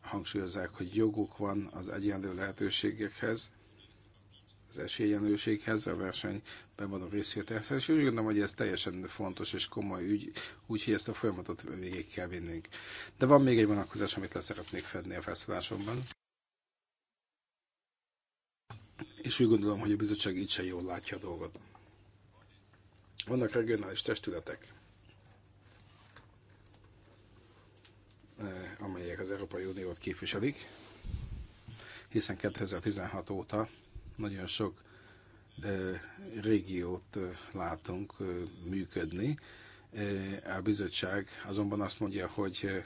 hangsúlyozzák, hogy joguk van az egyenlő lehetőségekhez, az esélyenlőséghez, a verseny bevonó részvételhez, és úgy gondolom, hogy ez teljesen fontos és komoly ügy, úgyhogy ezt a folyamatot végig kell vinnünk. De van még egy vonatkozás, amit leszeretnék fedni a felszólásomban. És úgy gondolom, hogy a bizottság itt se jól látja a dolgot. Vannak regionális testületek, Eh, amelyek az Európai Uniót képviselik, hiszen 2016 óta nagyon sok eh, régiót eh, látunk működni. A bizottság azonban azt mondja, hogy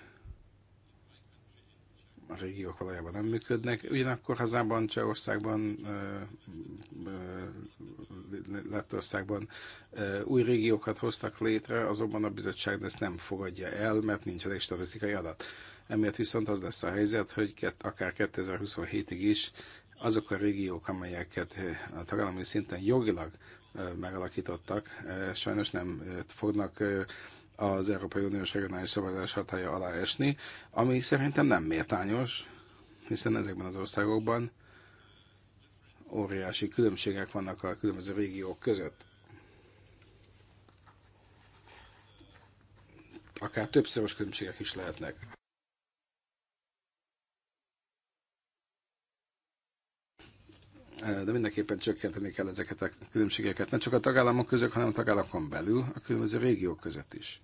a régiók valójában nem működnek. Ugyanakkor hazában, Csehországban Lettországban új régiókat hoztak létre, azonban a bizottság ezt nem fogadja el, mert nincs elég statisztikai adat. Emiatt viszont az lesz a helyzet, hogy akár 2027-ig is azok a régiók, amelyeket a tagállami szinten jogilag megalakítottak, sajnos nem fognak az Európai Uniós regionális Szabadás hatája alá esni, ami szerintem nem méltányos, hiszen ezekben az országokban óriási különbségek vannak a különböző régiók között. Akár többszörös különbségek is lehetnek. de mindenképpen csökkenteni kell ezeket a különbségeket, nem csak a tagállamok között, hanem a tagállamokon belül, a különböző régiók között is.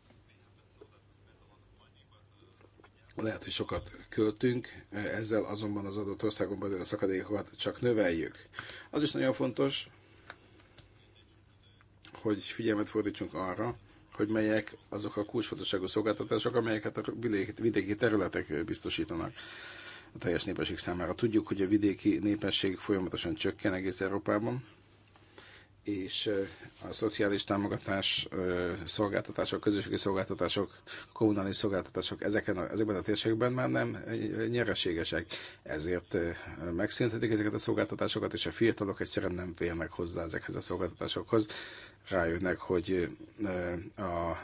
Lehet, hogy sokat költünk, e, ezzel azonban az adott országon belül a szakadékokat csak növeljük. Az is nagyon fontos, hogy figyelmet fordítsunk arra, hogy melyek azok a kulcsfontosságú szolgáltatások, amelyeket a vidéki területek biztosítanak a teljes népesség számára. Tudjuk, hogy a vidéki népesség folyamatosan csökken egész Európában, és a szociális támogatás, szolgáltatások, közösségi szolgáltatások, kommunális szolgáltatások ezeken a, ezekben a térségekben már nem nyereségesek. Ezért megszüntetik ezeket a szolgáltatásokat, és a fiatalok egyszerűen nem férnek hozzá ezekhez a szolgáltatásokhoz. Rájönnek, hogy a, a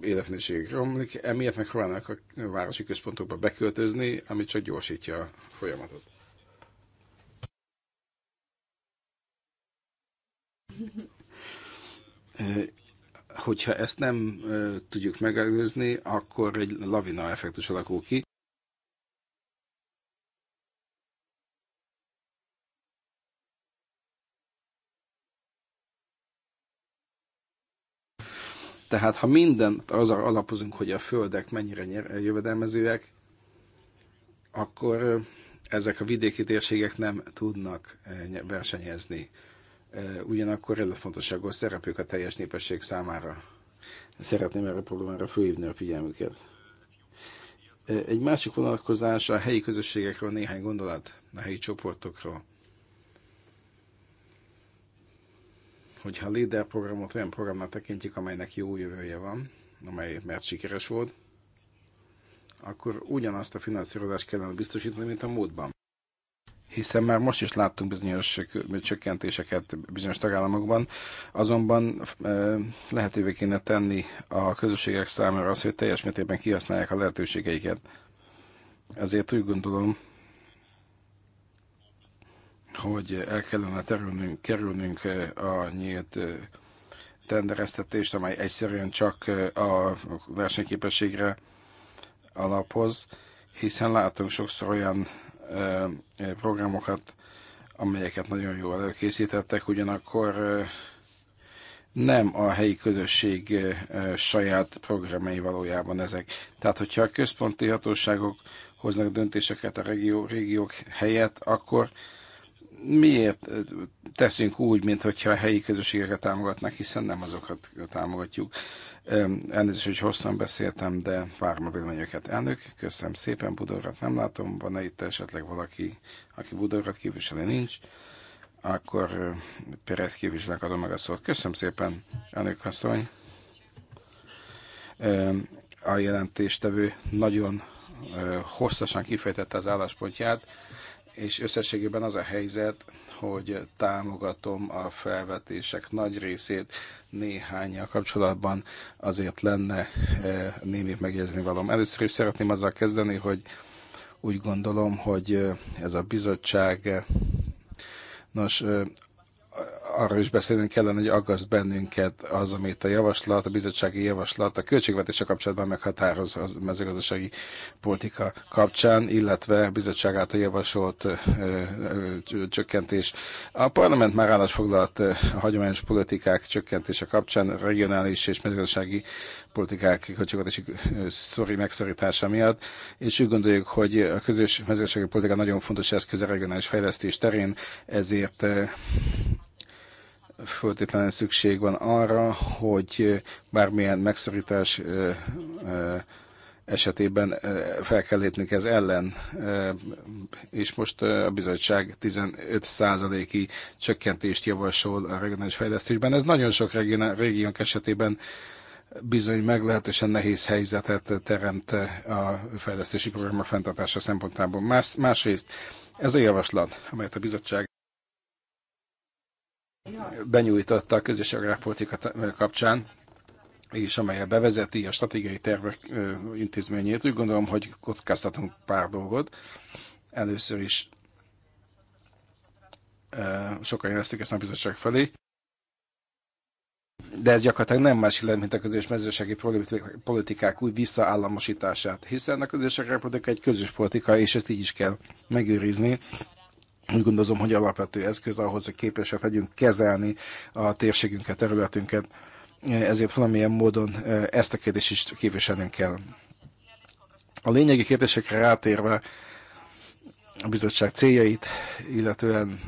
életminőség romlik, emiatt megpróbálnak a városi központokba beköltözni, ami csak gyorsítja a folyamatot. Hogyha ezt nem tudjuk megelőzni, akkor egy lavina effektus alakul ki. Tehát ha mindent az alapozunk, hogy a földek mennyire jövedelmezőek, akkor ezek a vidéki térségek nem tudnak versenyezni ugyanakkor életfontosságú szerepük a teljes népesség számára. Szeretném erre a problémára fölhívni a figyelmüket. Egy másik vonatkozás a helyi közösségekről néhány gondolat, a helyi csoportokról. Hogyha a LIDER programot olyan programnak tekintjük, amelynek jó jövője van, amely mert sikeres volt, akkor ugyanazt a finanszírozást kellene biztosítani, mint a múltban hiszen már most is láttunk bizonyos csökkentéseket bizonyos tagállamokban, azonban lehetővé kéne tenni a közösségek számára az, hogy teljes mértékben kihasználják a lehetőségeiket. Ezért úgy gondolom, hogy el kellene terülnünk, kerülnünk a nyílt tendereztetést, amely egyszerűen csak a versenyképességre alapoz, hiszen látunk sokszor olyan programokat, amelyeket nagyon jól előkészítettek, ugyanakkor nem a helyi közösség saját programjai valójában ezek. Tehát, hogyha a központi hatóságok hoznak döntéseket a régió, régiók helyett, akkor miért teszünk úgy, mint hogyha a helyi közösségeket támogatnak, hiszen nem azokat támogatjuk. Elnézést, hogy hosszan beszéltem, de várom a véleményeket. Elnök, köszönöm szépen, Budorat nem látom, van-e itt esetleg valaki, aki Budorat képviseli nincs? Akkor Perez képviselőnek adom meg a szót. Köszönöm szépen, elnök asszony. A jelentéstevő nagyon hosszasan kifejtette az álláspontját és összességében az a helyzet, hogy támogatom a felvetések nagy részét néhányjal kapcsolatban, azért lenne eh, némi megjegyezni valam. Először is szeretném azzal kezdeni, hogy úgy gondolom, hogy eh, ez a bizottság, eh, nos, arról is beszélni kellene, hogy aggaszt bennünket az, amit a javaslat, a bizottsági javaslat a költségvetése kapcsolatban meghatároz a mezőgazdasági politika kapcsán, illetve a bizottság által javasolt ö, ö, csökkentés. A parlament már állásfoglalt a hagyományos politikák csökkentése kapcsán, regionális és mezőgazdasági politikák költségvetési szori megszorítása miatt, és úgy gondoljuk, hogy a közös mezőgazdasági politika nagyon fontos eszköz a regionális fejlesztés terén, ezért föltétlenül szükség van arra, hogy bármilyen megszorítás esetében fel kell lépni ez ellen, és most a bizottság 15%-i csökkentést javasol a regionális fejlesztésben. Ez nagyon sok régiónk esetében bizony meglehetősen nehéz helyzetet teremt a fejlesztési programok fenntartása szempontából. Más, másrészt ez a javaslat, amelyet a bizottság benyújtotta a közös agrárpolitika kapcsán, és amelyel bevezeti a stratégiai tervek intézményét. Úgy gondolom, hogy kockáztatunk pár dolgot. Először is sokan jelezték ezt a bizottság felé, de ez gyakorlatilag nem más jelent, mint a közös mezőségi politikák új visszaállamosítását, hiszen a közös agrárpolitika egy közös politika, és ezt így is kell megőrizni, úgy gondozom, hogy alapvető eszköz ahhoz, hogy képesek legyünk kezelni a térségünket, területünket, ezért valamilyen módon e, ezt a kérdést is képviselnünk kell. A lényegi kérdésekre rátérve a bizottság céljait, illetően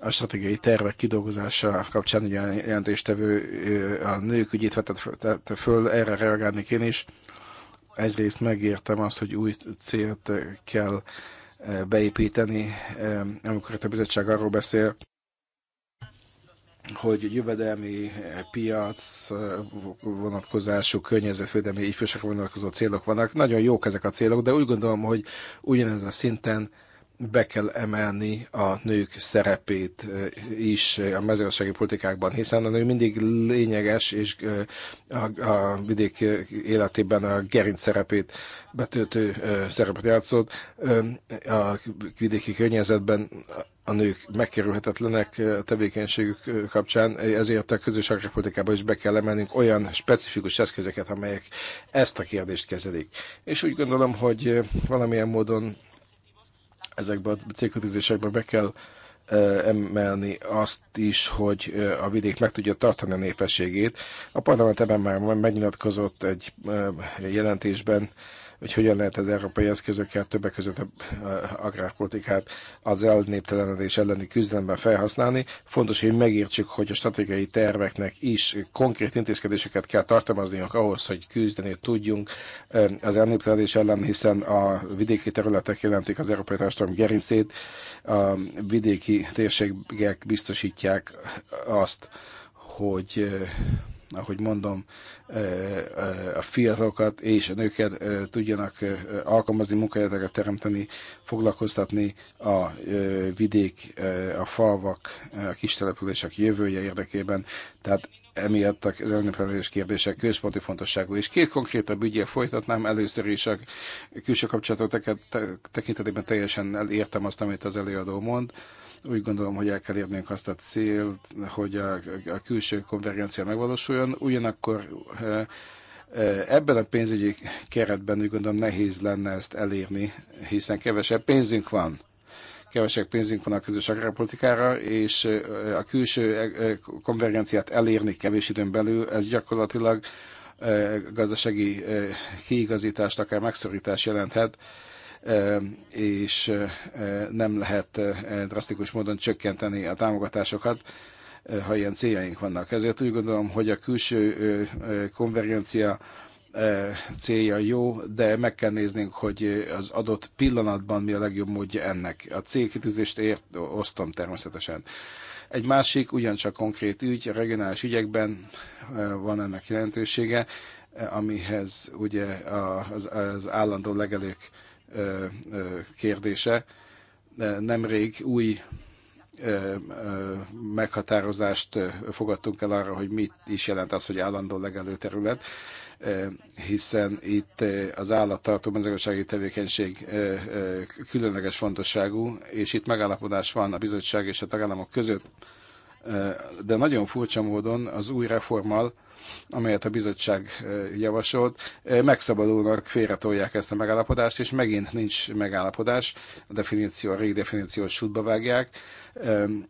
a stratégiai tervek kidolgozása kapcsán ugye a jelentéstevő a nők ügyét vetett föl, erre reagálnék én is. Egyrészt megértem azt, hogy új célt kell beépíteni, amikor a bizottság arról beszél, hogy jövedelmi, eh, piac eh, vonatkozású, környezetvédelmi, ifjúság vonatkozó célok vannak. Nagyon jók ezek a célok, de úgy gondolom, hogy ugyanezen a szinten be kell emelni a nők szerepét is a mezőgazdasági politikákban, hiszen a nő mindig lényeges, és a, a vidék életében a gerinc szerepét betöltő szerepet játszott. A vidéki környezetben a nők megkerülhetetlenek tevékenységük kapcsán, ezért a közös agrárpolitikába is be kell emelnünk olyan specifikus eszközöket, amelyek ezt a kérdést kezelik. És úgy gondolom, hogy valamilyen módon ezekbe a célkötőzésekbe be kell emelni azt is, hogy a vidék meg tudja tartani a népességét. A parlament ebben már megnyilatkozott egy jelentésben hogy hogyan lehet az európai eszközökkel többek között a agrárpolitikát az elnéptelenedés elleni küzdelemben felhasználni. Fontos, hogy megértsük, hogy a stratégiai terveknek is konkrét intézkedéseket kell tartalmazniuk ahhoz, hogy küzdeni tudjunk az elnéptelenedés ellen, hiszen a vidéki területek jelentik az európai társadalom gerincét, a vidéki térségek biztosítják azt, hogy ahogy mondom, a fiatalokat és a nőket tudjanak alkalmazni, munkahelyeket teremteni, foglalkoztatni a vidék, a falvak, a kis települések jövője érdekében. Tehát emiatt a elnökrendelés kérdések központi fontosságú. És két konkrétabb ügyel folytatnám, először is a külső kapcsolatok tekintetében teljesen elértem azt, amit az előadó mond. Úgy gondolom, hogy el kell érnünk azt a célt, hogy a, a külső konvergencia megvalósuljon. Ugyanakkor ebben a pénzügyi keretben úgy gondolom nehéz lenne ezt elérni, hiszen kevesebb pénzünk van kevesebb pénzünk van a közös agrárpolitikára, és a külső konvergenciát elérni kevés időn belül, ez gyakorlatilag gazdasági kiigazítást, akár megszorítás jelenthet és nem lehet drasztikus módon csökkenteni a támogatásokat, ha ilyen céljaink vannak. Ezért úgy gondolom, hogy a külső konvergencia célja jó, de meg kell néznünk, hogy az adott pillanatban mi a legjobb módja ennek. A célkitűzést ért, osztom természetesen. Egy másik, ugyancsak konkrét ügy, a regionális ügyekben van ennek jelentősége, amihez ugye az, az állandó legelők kérdése. Nemrég új meghatározást fogadtunk el arra, hogy mit is jelent az, hogy állandó legelőterület, hiszen itt az állattartó mezőgazdasági tevékenység különleges fontosságú, és itt megállapodás van a bizottság és a tagállamok között, de nagyon furcsa módon az új reformmal amelyet a bizottság e, javasolt, e, megszabadulnak, félretolják ezt a megállapodást, és megint nincs megállapodás, a definíció, a régi definíciót sútba vágják,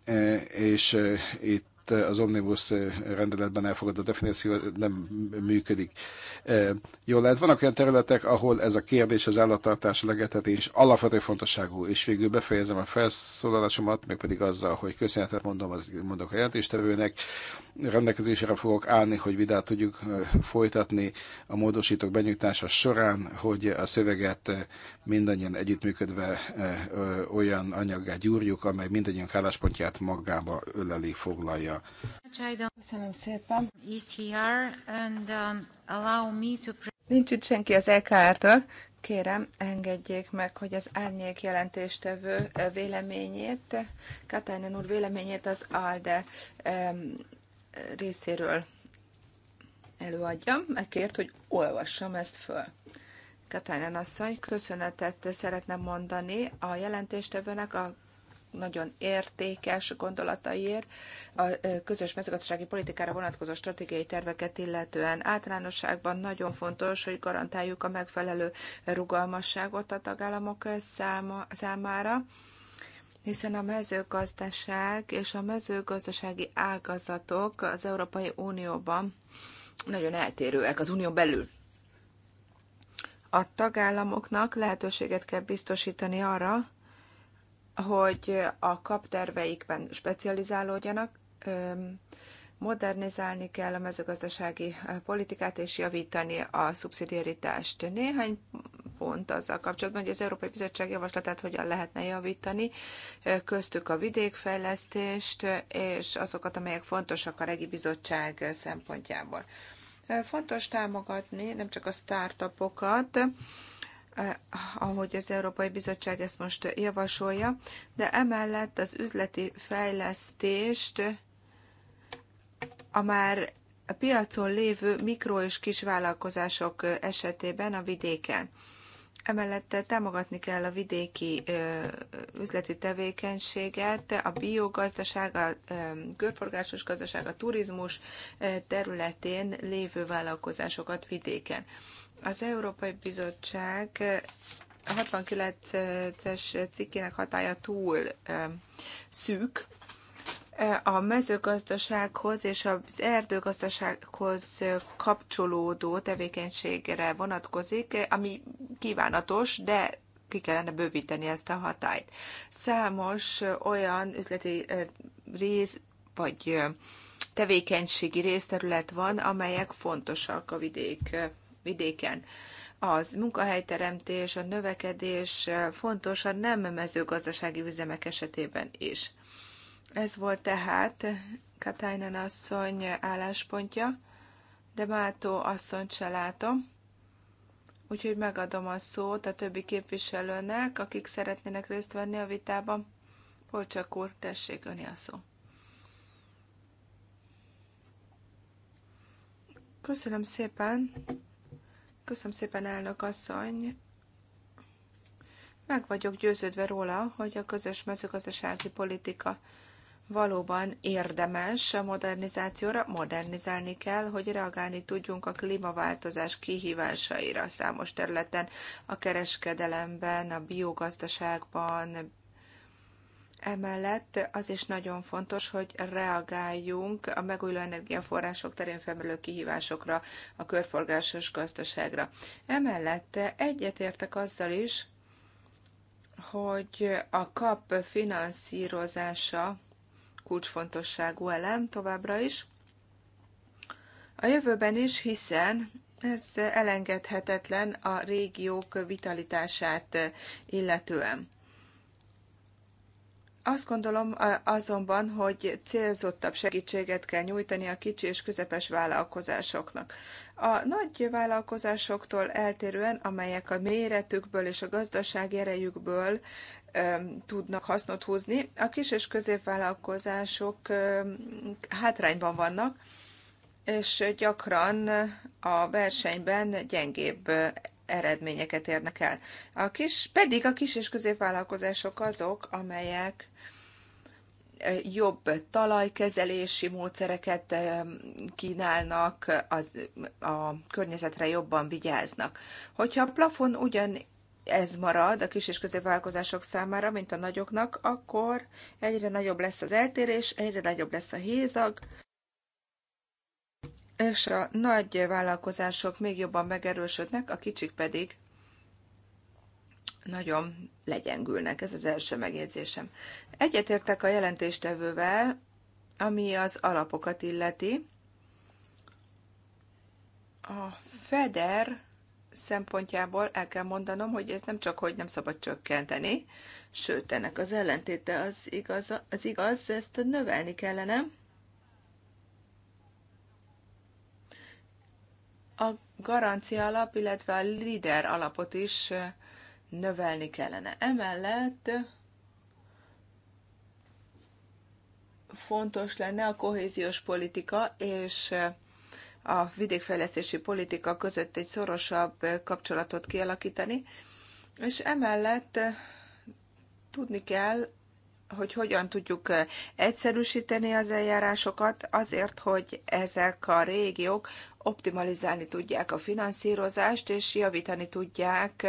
e, és itt az omnibus rendeletben elfogadott definíció nem működik. E, jól lehet, vannak olyan területek, ahol ez a kérdés, az állattartás, legetetés alapvető fontosságú, és végül befejezem a felszólalásomat, még pedig azzal, hogy köszönetet mondom, az, mondok a jelentéstevőnek, rendelkezésre fogok állni, hogy vidát tudjuk e, folytatni a módosítók benyújtása során, hogy a szöveget e, mindannyian együttműködve olyan anyaggá gyúrjuk, amely mindannyian álláspontját magába öleli, foglalja. Köszönöm szépen. Um, Nincs itt senki az EKR-től. Kérem, engedjék meg, hogy az árnyék jelentéstevő véleményét, Katainen úr véleményét az ALDE részéről előadjam. Megkért, hogy olvassam ezt föl. Katainen asszony, köszönetet szeretne mondani a jelentéstevőnek a nagyon értékes gondolataiért a közös mezőgazdasági politikára vonatkozó stratégiai terveket illetően. Általánosságban nagyon fontos, hogy garantáljuk a megfelelő rugalmasságot a tagállamok száma, számára hiszen a mezőgazdaság és a mezőgazdasági ágazatok az Európai Unióban nagyon eltérőek az unió belül. A tagállamoknak lehetőséget kell biztosítani arra, hogy a kapterveikben specializálódjanak, modernizálni kell a mezőgazdasági politikát és javítani a szubszidiaritást. Néhány pont azzal kapcsolatban, hogy az Európai Bizottság javaslatát hogyan lehetne javítani, köztük a vidékfejlesztést és azokat, amelyek fontosak a Regi Bizottság szempontjából. Fontos támogatni nem csak a startupokat, Eh, ahogy az Európai Bizottság ezt most javasolja, de emellett az üzleti fejlesztést a már a piacon lévő mikro- és kisvállalkozások eh, esetében a vidéken. Emellett eh, támogatni kell a vidéki üzleti tevékenységet, a biogazdaság, a körforgásos gazdaság, a turizmus területén lévő vállalkozásokat vidéken. Az Európai Bizottság 69-es eh, cikkének hatája túl eh, szűk, eh, a mezőgazdasághoz és az erdőgazdasághoz kapcsolódó tevékenységre vonatkozik, ami kívánatos, de ki kellene bővíteni ezt a hatályt. Számos olyan üzleti rész vagy tevékenységi részterület van, amelyek fontosak a vidék vidéken. Az munkahelyteremtés, a növekedés fontos a nem mezőgazdasági üzemek esetében is. Ez volt tehát Katájnen asszony álláspontja, de Mátó asszonyt se látom. Úgyhogy megadom a szót a többi képviselőnek, akik szeretnének részt venni a vitában. Polcsak úr, tessék öni a szó. Köszönöm szépen! Köszönöm szépen, elnök asszony. Meg vagyok győződve róla, hogy a közös mezőgazdasági politika valóban érdemes a modernizációra, modernizálni kell, hogy reagálni tudjunk a klímaváltozás kihívásaira számos területen, a kereskedelemben, a biogazdaságban, Emellett az is nagyon fontos, hogy reagáljunk a megújuló energiaforrások terén felmerülő kihívásokra, a körforgásos gazdaságra. Emellett egyetértek azzal is, hogy a kap finanszírozása kulcsfontosságú elem továbbra is, a jövőben is, hiszen ez elengedhetetlen a régiók vitalitását illetően. Azt gondolom azonban, hogy célzottabb segítséget kell nyújtani a kicsi és közepes vállalkozásoknak. A nagy vállalkozásoktól eltérően, amelyek a méretükből és a gazdaság erejükből tudnak hasznot húzni, a kis és középvállalkozások hátrányban vannak, és gyakran a versenyben gyengébb eredményeket érnek el. A kis, pedig a kis és középvállalkozások azok, amelyek jobb talajkezelési módszereket eh, kínálnak, az, a környezetre jobban vigyáznak. Hogyha a plafon ugyan ez marad a kis és középvállalkozások számára, mint a nagyoknak, akkor egyre nagyobb lesz az eltérés, egyre nagyobb lesz a hézag, és a nagy vállalkozások még jobban megerősödnek, a kicsik pedig nagyon legyengülnek. Ez az első megjegyzésem. Egyetértek a jelentéstevővel, ami az alapokat illeti. A FEDER szempontjából el kell mondanom, hogy ez nem csak, hogy nem szabad csökkenteni, sőt, ennek az ellentéte az igaz, az igaz ezt növelni kellene. A garancia alap, illetve a leader alapot is növelni kellene. Emellett fontos lenne a kohéziós politika és a vidékfejlesztési politika között egy szorosabb kapcsolatot kialakítani, és emellett tudni kell hogy hogyan tudjuk egyszerűsíteni az eljárásokat azért, hogy ezek a régiók optimalizálni tudják a finanszírozást, és javítani tudják,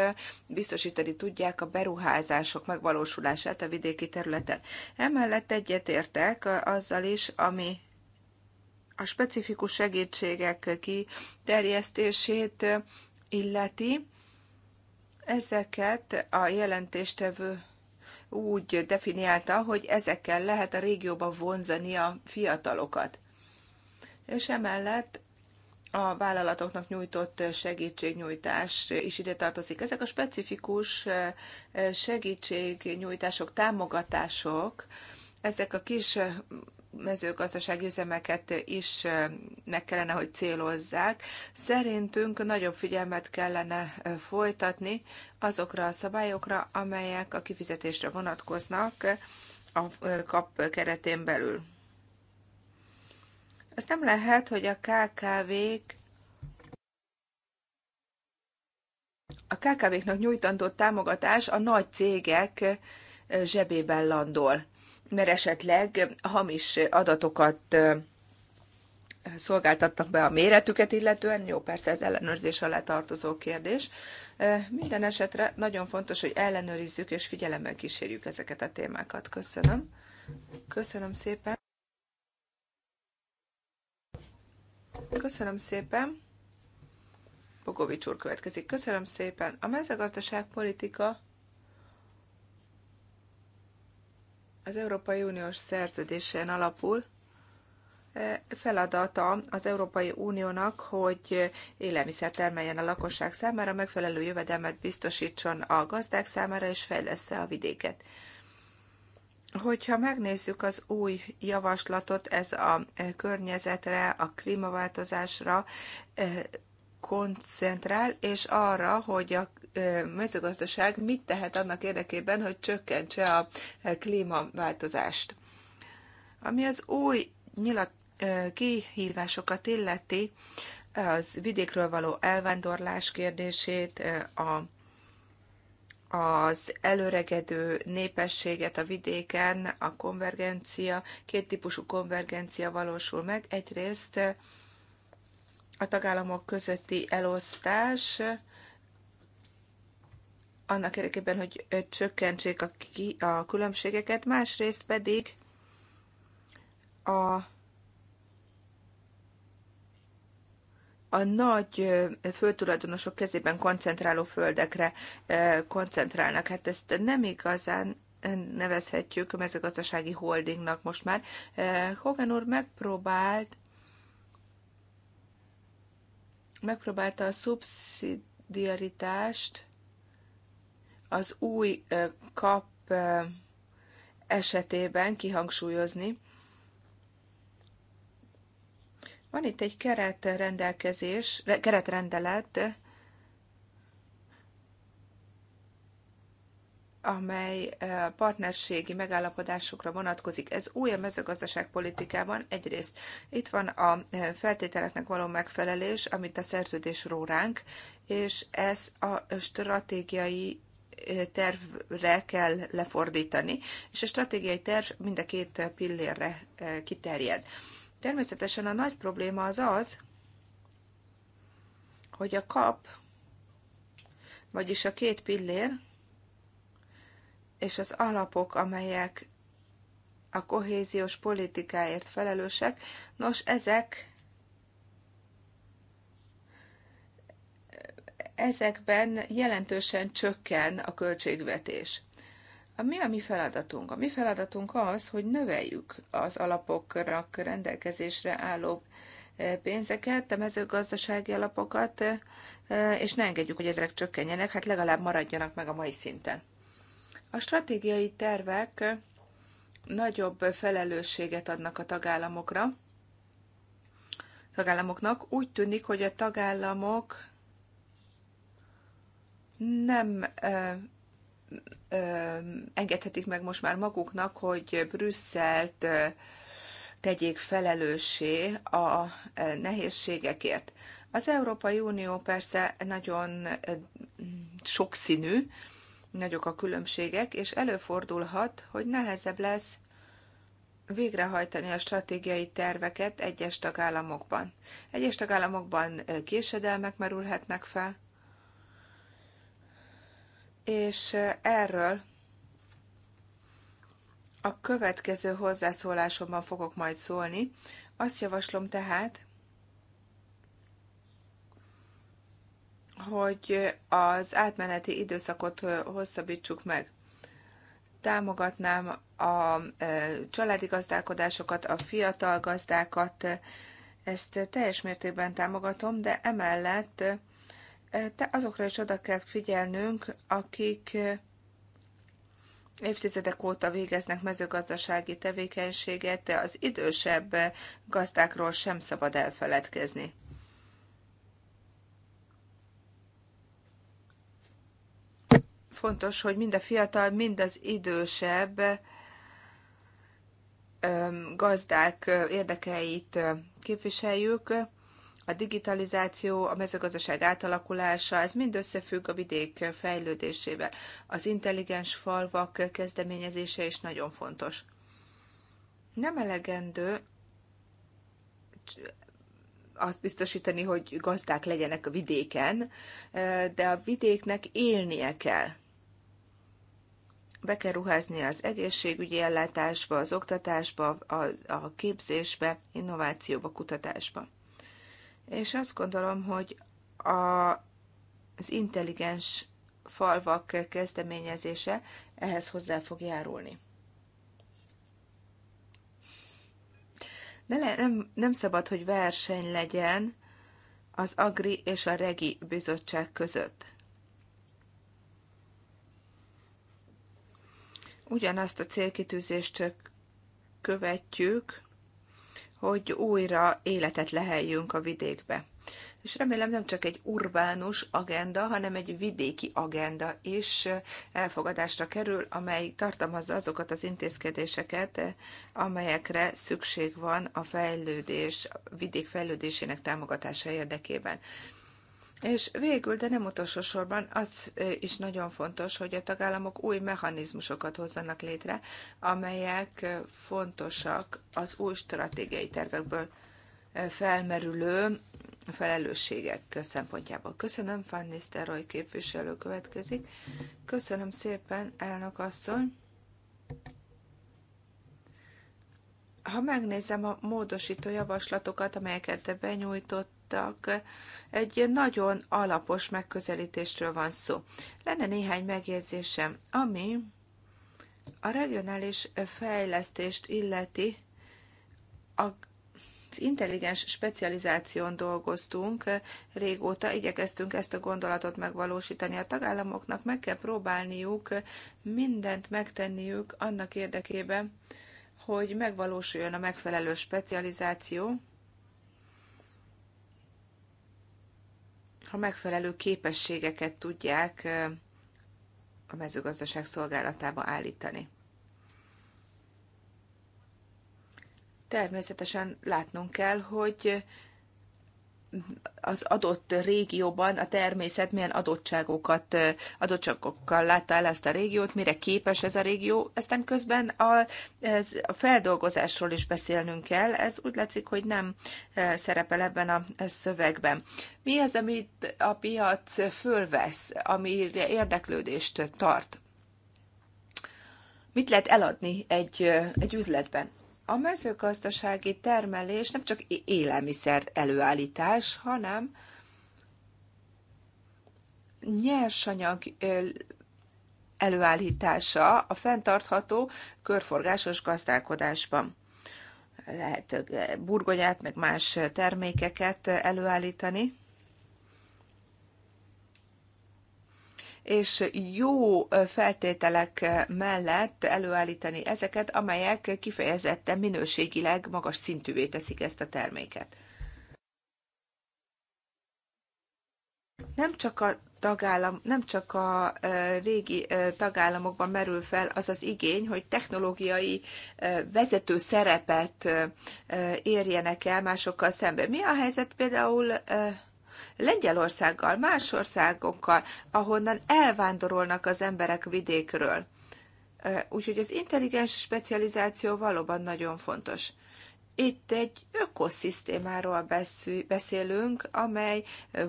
biztosítani tudják a beruházások megvalósulását a vidéki területen. Emellett egyetértek azzal is, ami a specifikus segítségek kiterjesztését illeti, ezeket a jelentéstevő úgy definiálta, hogy ezekkel lehet a régióba vonzani a fiatalokat. És emellett a vállalatoknak nyújtott segítségnyújtás is ide tartozik. Ezek a specifikus segítségnyújtások, támogatások, ezek a kis mezőgazdasági üzemeket is meg kellene, hogy célozzák. Szerintünk nagyobb figyelmet kellene folytatni azokra a szabályokra, amelyek a kifizetésre vonatkoznak a kap keretén belül. Ez nem lehet, hogy a KKV-k a KKV-knak nyújtandó támogatás a nagy cégek zsebében landol mert esetleg hamis adatokat szolgáltattak be a méretüket illetően, jó, persze ez ellenőrzés alá tartozó kérdés. Minden esetre nagyon fontos, hogy ellenőrizzük és figyelemmel kísérjük ezeket a témákat. Köszönöm. Köszönöm szépen. Köszönöm szépen. Bogovics úr következik. Köszönöm szépen. A mezőgazdaságpolitika az Európai Uniós szerződésen alapul, e, feladata az Európai Uniónak, hogy élelmiszer termeljen a lakosság számára, megfelelő jövedelmet biztosítson a gazdák számára, és fejlesz a vidéket. Hogyha megnézzük az új javaslatot, ez a e, környezetre, a klímaváltozásra e, koncentrál, és arra, hogy a mezőgazdaság mit tehet annak érdekében, hogy csökkentse a klímaváltozást. Ami az új nyilat kihívásokat illeti, az vidékről való elvándorlás kérdését, a, az előregedő népességet a vidéken, a konvergencia, két típusú konvergencia valósul meg. Egyrészt a tagállamok közötti elosztás, annak érdekében, hogy csökkentsék a, ki, a különbségeket, másrészt pedig a, a nagy földtulajdonosok kezében koncentráló földekre koncentrálnak. Hát ezt nem igazán nevezhetjük mezőgazdasági holdingnak most már. Hogan úr megpróbált megpróbálta a szubszidiaritást az új kap esetében kihangsúlyozni. Van itt egy keretrendelkezés, keretrendelet, amely partnerségi megállapodásokra vonatkozik. Ez új a mezőgazdaságpolitikában egyrészt. Itt van a feltételeknek való megfelelés, amit a szerződés róránk, és ez a stratégiai tervre kell lefordítani, és a stratégiai terv mind a két pillérre e, kiterjed. Természetesen a nagy probléma az az, hogy a kap, vagyis a két pillér, és az alapok, amelyek a kohéziós politikáért felelősek, nos, ezek ezekben jelentősen csökken a költségvetés. A mi a mi feladatunk? A mi feladatunk az, hogy növeljük az alapokra rendelkezésre álló e, pénzeket, a mezőgazdasági alapokat, e, és ne engedjük, hogy ezek csökkenjenek, hát legalább maradjanak meg a mai szinten. A stratégiai tervek nagyobb felelősséget adnak a tagállamokra, tagállamoknak. Úgy tűnik, hogy a tagállamok nem engedhetik meg most már maguknak, hogy Brüsszelt tegyék felelőssé a nehézségekért. Az Európai Unió persze nagyon sokszínű, nagyok a különbségek, és előfordulhat, hogy nehezebb lesz végrehajtani a stratégiai terveket egyes tagállamokban. Egyes tagállamokban késedelmek merülhetnek fel, és erről a következő hozzászólásomban fogok majd szólni. Azt javaslom tehát, hogy az átmeneti időszakot hosszabbítsuk meg. Támogatnám a családi gazdálkodásokat, a fiatal gazdákat, ezt teljes mértékben támogatom, de emellett te azokra is oda kell figyelnünk, akik évtizedek óta végeznek mezőgazdasági tevékenységet, de az idősebb gazdákról sem szabad elfeledkezni. Fontos, hogy mind a fiatal, mind az idősebb gazdák érdekeit képviseljük a digitalizáció, a mezőgazdaság átalakulása, ez mind összefügg a vidék fejlődésével. Az intelligens falvak kezdeményezése is nagyon fontos. Nem elegendő azt biztosítani, hogy gazdák legyenek a vidéken, de a vidéknek élnie kell. Be kell ruházni az egészségügyi ellátásba, az oktatásba, a, a képzésbe, innovációba, kutatásba. És azt gondolom, hogy a, az intelligens falvak kezdeményezése ehhez hozzá fog járulni. Ne le, nem, nem szabad, hogy verseny legyen az Agri és a Regi bizottság között. Ugyanazt a célkitűzést csak követjük, hogy újra életet leheljünk a vidékbe. És remélem nem csak egy urbánus agenda, hanem egy vidéki agenda is elfogadásra kerül, amely tartalmazza azokat az intézkedéseket, amelyekre szükség van a fejlődés, a vidék fejlődésének támogatása érdekében. És végül, de nem utolsó sorban, az is nagyon fontos, hogy a tagállamok új mechanizmusokat hozzanak létre, amelyek fontosak az új stratégiai tervekből felmerülő felelősségek szempontjából. Köszönöm, Van Nisztelrooy képviselő következik. Köszönöm szépen, elnök asszony. Ha megnézem a módosító javaslatokat, amelyeket benyújtott, hallottak. Egy nagyon alapos megközelítésről van szó. Lenne néhány megjegyzésem, ami a regionális fejlesztést illeti, a az intelligens specializáción dolgoztunk régóta, igyekeztünk ezt a gondolatot megvalósítani. A tagállamoknak meg kell próbálniuk mindent megtenniük annak érdekében, hogy megvalósuljon a megfelelő specializáció, ha megfelelő képességeket tudják a mezőgazdaság szolgálatába állítani. Természetesen látnunk kell, hogy az adott régióban a természet milyen adottságokat, adottságokkal látta el ezt a régiót, mire képes ez a régió. Aztán közben a, ez, a feldolgozásról is beszélnünk kell. Ez úgy látszik, hogy nem szerepel ebben a szövegben. Mi az, amit a piac fölvesz, amire érdeklődést tart? Mit lehet eladni egy, egy üzletben? A mezőgazdasági termelés nem csak élelmiszer előállítás, hanem nyersanyag előállítása a fenntartható körforgásos gazdálkodásban. Lehet burgonyát, meg más termékeket előállítani. és jó feltételek mellett előállítani ezeket, amelyek kifejezetten minőségileg magas szintűvé teszik ezt a terméket. Nem csak a tagállam, nem csak a régi tagállamokban merül fel az az igény, hogy technológiai vezető szerepet érjenek el másokkal szemben. Mi a helyzet például Lengyelországgal, más országokkal, ahonnan elvándorolnak az emberek vidékről. Úgyhogy az intelligens specializáció valóban nagyon fontos. Itt egy ökoszisztémáról beszélünk, amely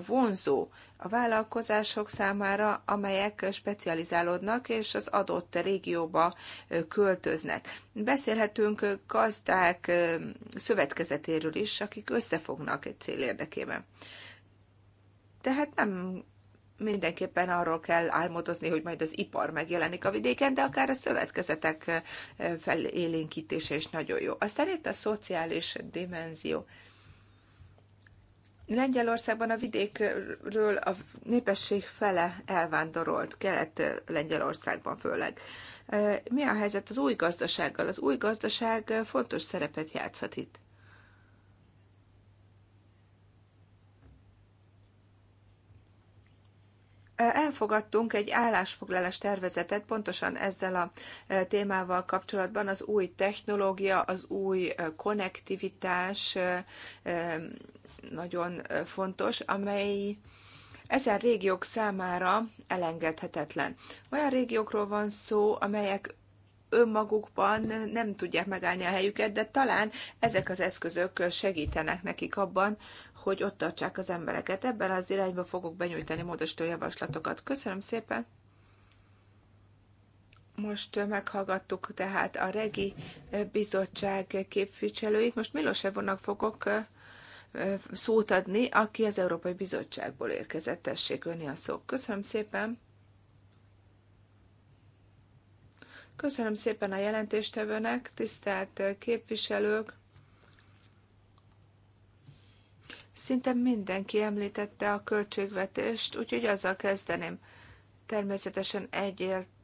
vonzó a vállalkozások számára, amelyek specializálódnak és az adott régióba költöznek. Beszélhetünk gazdák szövetkezetéről is, akik összefognak egy cél érdekében. Tehát nem mindenképpen arról kell álmodozni, hogy majd az ipar megjelenik a vidéken, de akár a szövetkezetek felélénkítése is nagyon jó. Aztán itt a szociális dimenzió. Lengyelországban a vidékről a népesség fele elvándorolt, kelet-Lengyelországban főleg. Mi a helyzet az új gazdasággal? Az új gazdaság fontos szerepet játszhat itt. Elfogadtunk egy állásfoglalás tervezetet pontosan ezzel a e, témával kapcsolatban az új technológia, az új e, konnektivitás e, nagyon fontos, amely ezen régiók számára elengedhetetlen. Olyan régiókról van szó, amelyek önmagukban nem tudják megállni a helyüket, de talán ezek az eszközök segítenek nekik abban, hogy ott tartsák az embereket. Ebben az irányba fogok benyújtani módosító javaslatokat. Köszönöm szépen! Most meghallgattuk tehát a Regi Bizottság képviselőit. Most Milosevonnak fogok szót adni, aki az Európai Bizottságból érkezett. Tessék önni a szó. Köszönöm szépen! Köszönöm szépen a jelentéstevőnek, tisztelt képviselők! Szinte mindenki említette a költségvetést, úgyhogy azzal kezdeném. Természetesen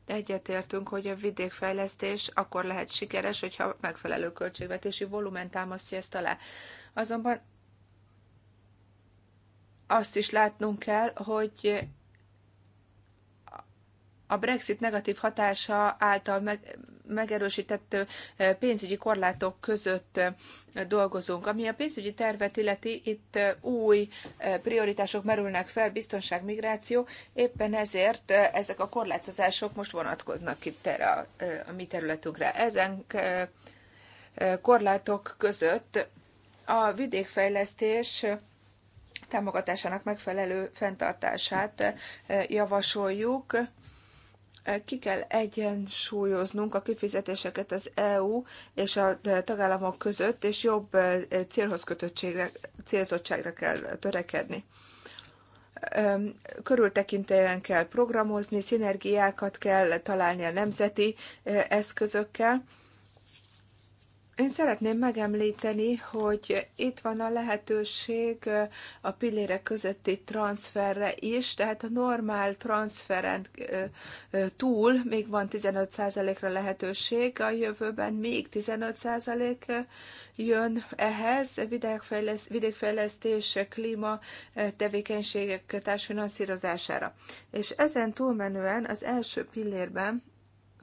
egyetértünk, hogy a vidékfejlesztés akkor lehet sikeres, hogyha megfelelő költségvetési volumen támasztja ezt alá. Azonban azt is látnunk kell, hogy a Brexit negatív hatása által meg, megerősített pénzügyi korlátok között dolgozunk. Ami a pénzügyi tervet illeti, itt új prioritások merülnek fel, biztonság, migráció, éppen ezért ezek a korlátozások most vonatkoznak itt erre a, a mi területünkre. Ezen korlátok között a vidékfejlesztés támogatásának megfelelő fenntartását javasoljuk ki kell egyensúlyoznunk a kifizetéseket az EU és a tagállamok között, és jobb eh, célhoz kötöttségre, célzottságra kell törekedni. Körültekintően kell programozni, szinergiákat kell találni a nemzeti eh, eszközökkel, én szeretném megemlíteni, hogy itt van a lehetőség a pillérek közötti transferre is, tehát a normál transferen túl még van 15%-ra lehetőség, a jövőben még 15% jön ehhez, vidékfejlesztés, klíma tevékenységek társfinanszírozására. És ezen túlmenően az első pillérben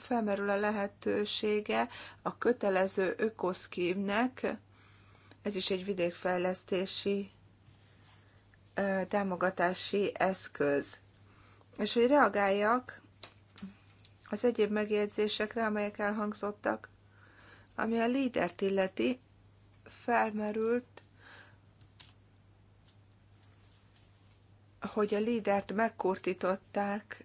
felmerül a lehetősége a kötelező ökoszkívnek, ez is egy vidékfejlesztési támogatási eszköz. És hogy reagáljak az egyéb megjegyzésekre, amelyek elhangzottak, ami a lídert illeti, felmerült, hogy a lídert megkurtították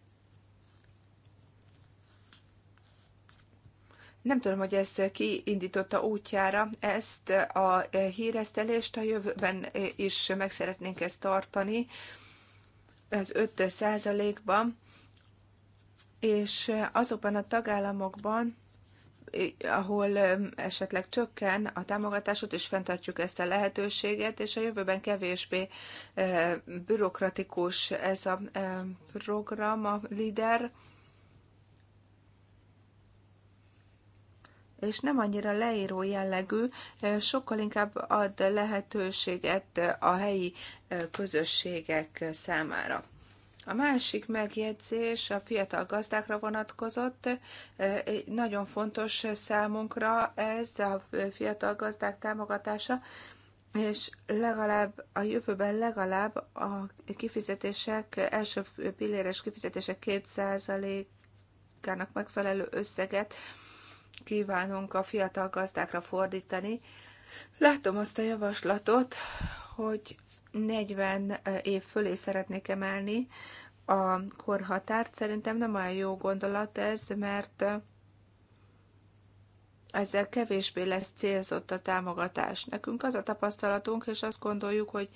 Nem tudom, hogy ez ki indította útjára ezt a híresztelést, a jövőben is meg szeretnénk ezt tartani az 5 százalékban, és azokban a tagállamokban, ahol esetleg csökken a támogatásot, és fenntartjuk ezt a lehetőséget, és a jövőben kevésbé eh, bürokratikus ez a eh, program, a LIDER, és nem annyira leíró jellegű, sokkal inkább ad lehetőséget a helyi közösségek számára. A másik megjegyzés a fiatal gazdákra vonatkozott. Nagyon fontos számunkra ez a fiatal gazdák támogatása, és legalább a jövőben legalább a kifizetések, első pilléres kifizetések 2%-ának megfelelő összeget kívánunk a fiatal gazdákra fordítani. Látom azt a javaslatot, hogy 40 eh, év fölé szeretnék emelni a korhatárt. Szerintem nem olyan jó gondolat ez, mert eh, ezzel kevésbé lesz célzott a támogatás. Nekünk az a tapasztalatunk, és azt gondoljuk, hogy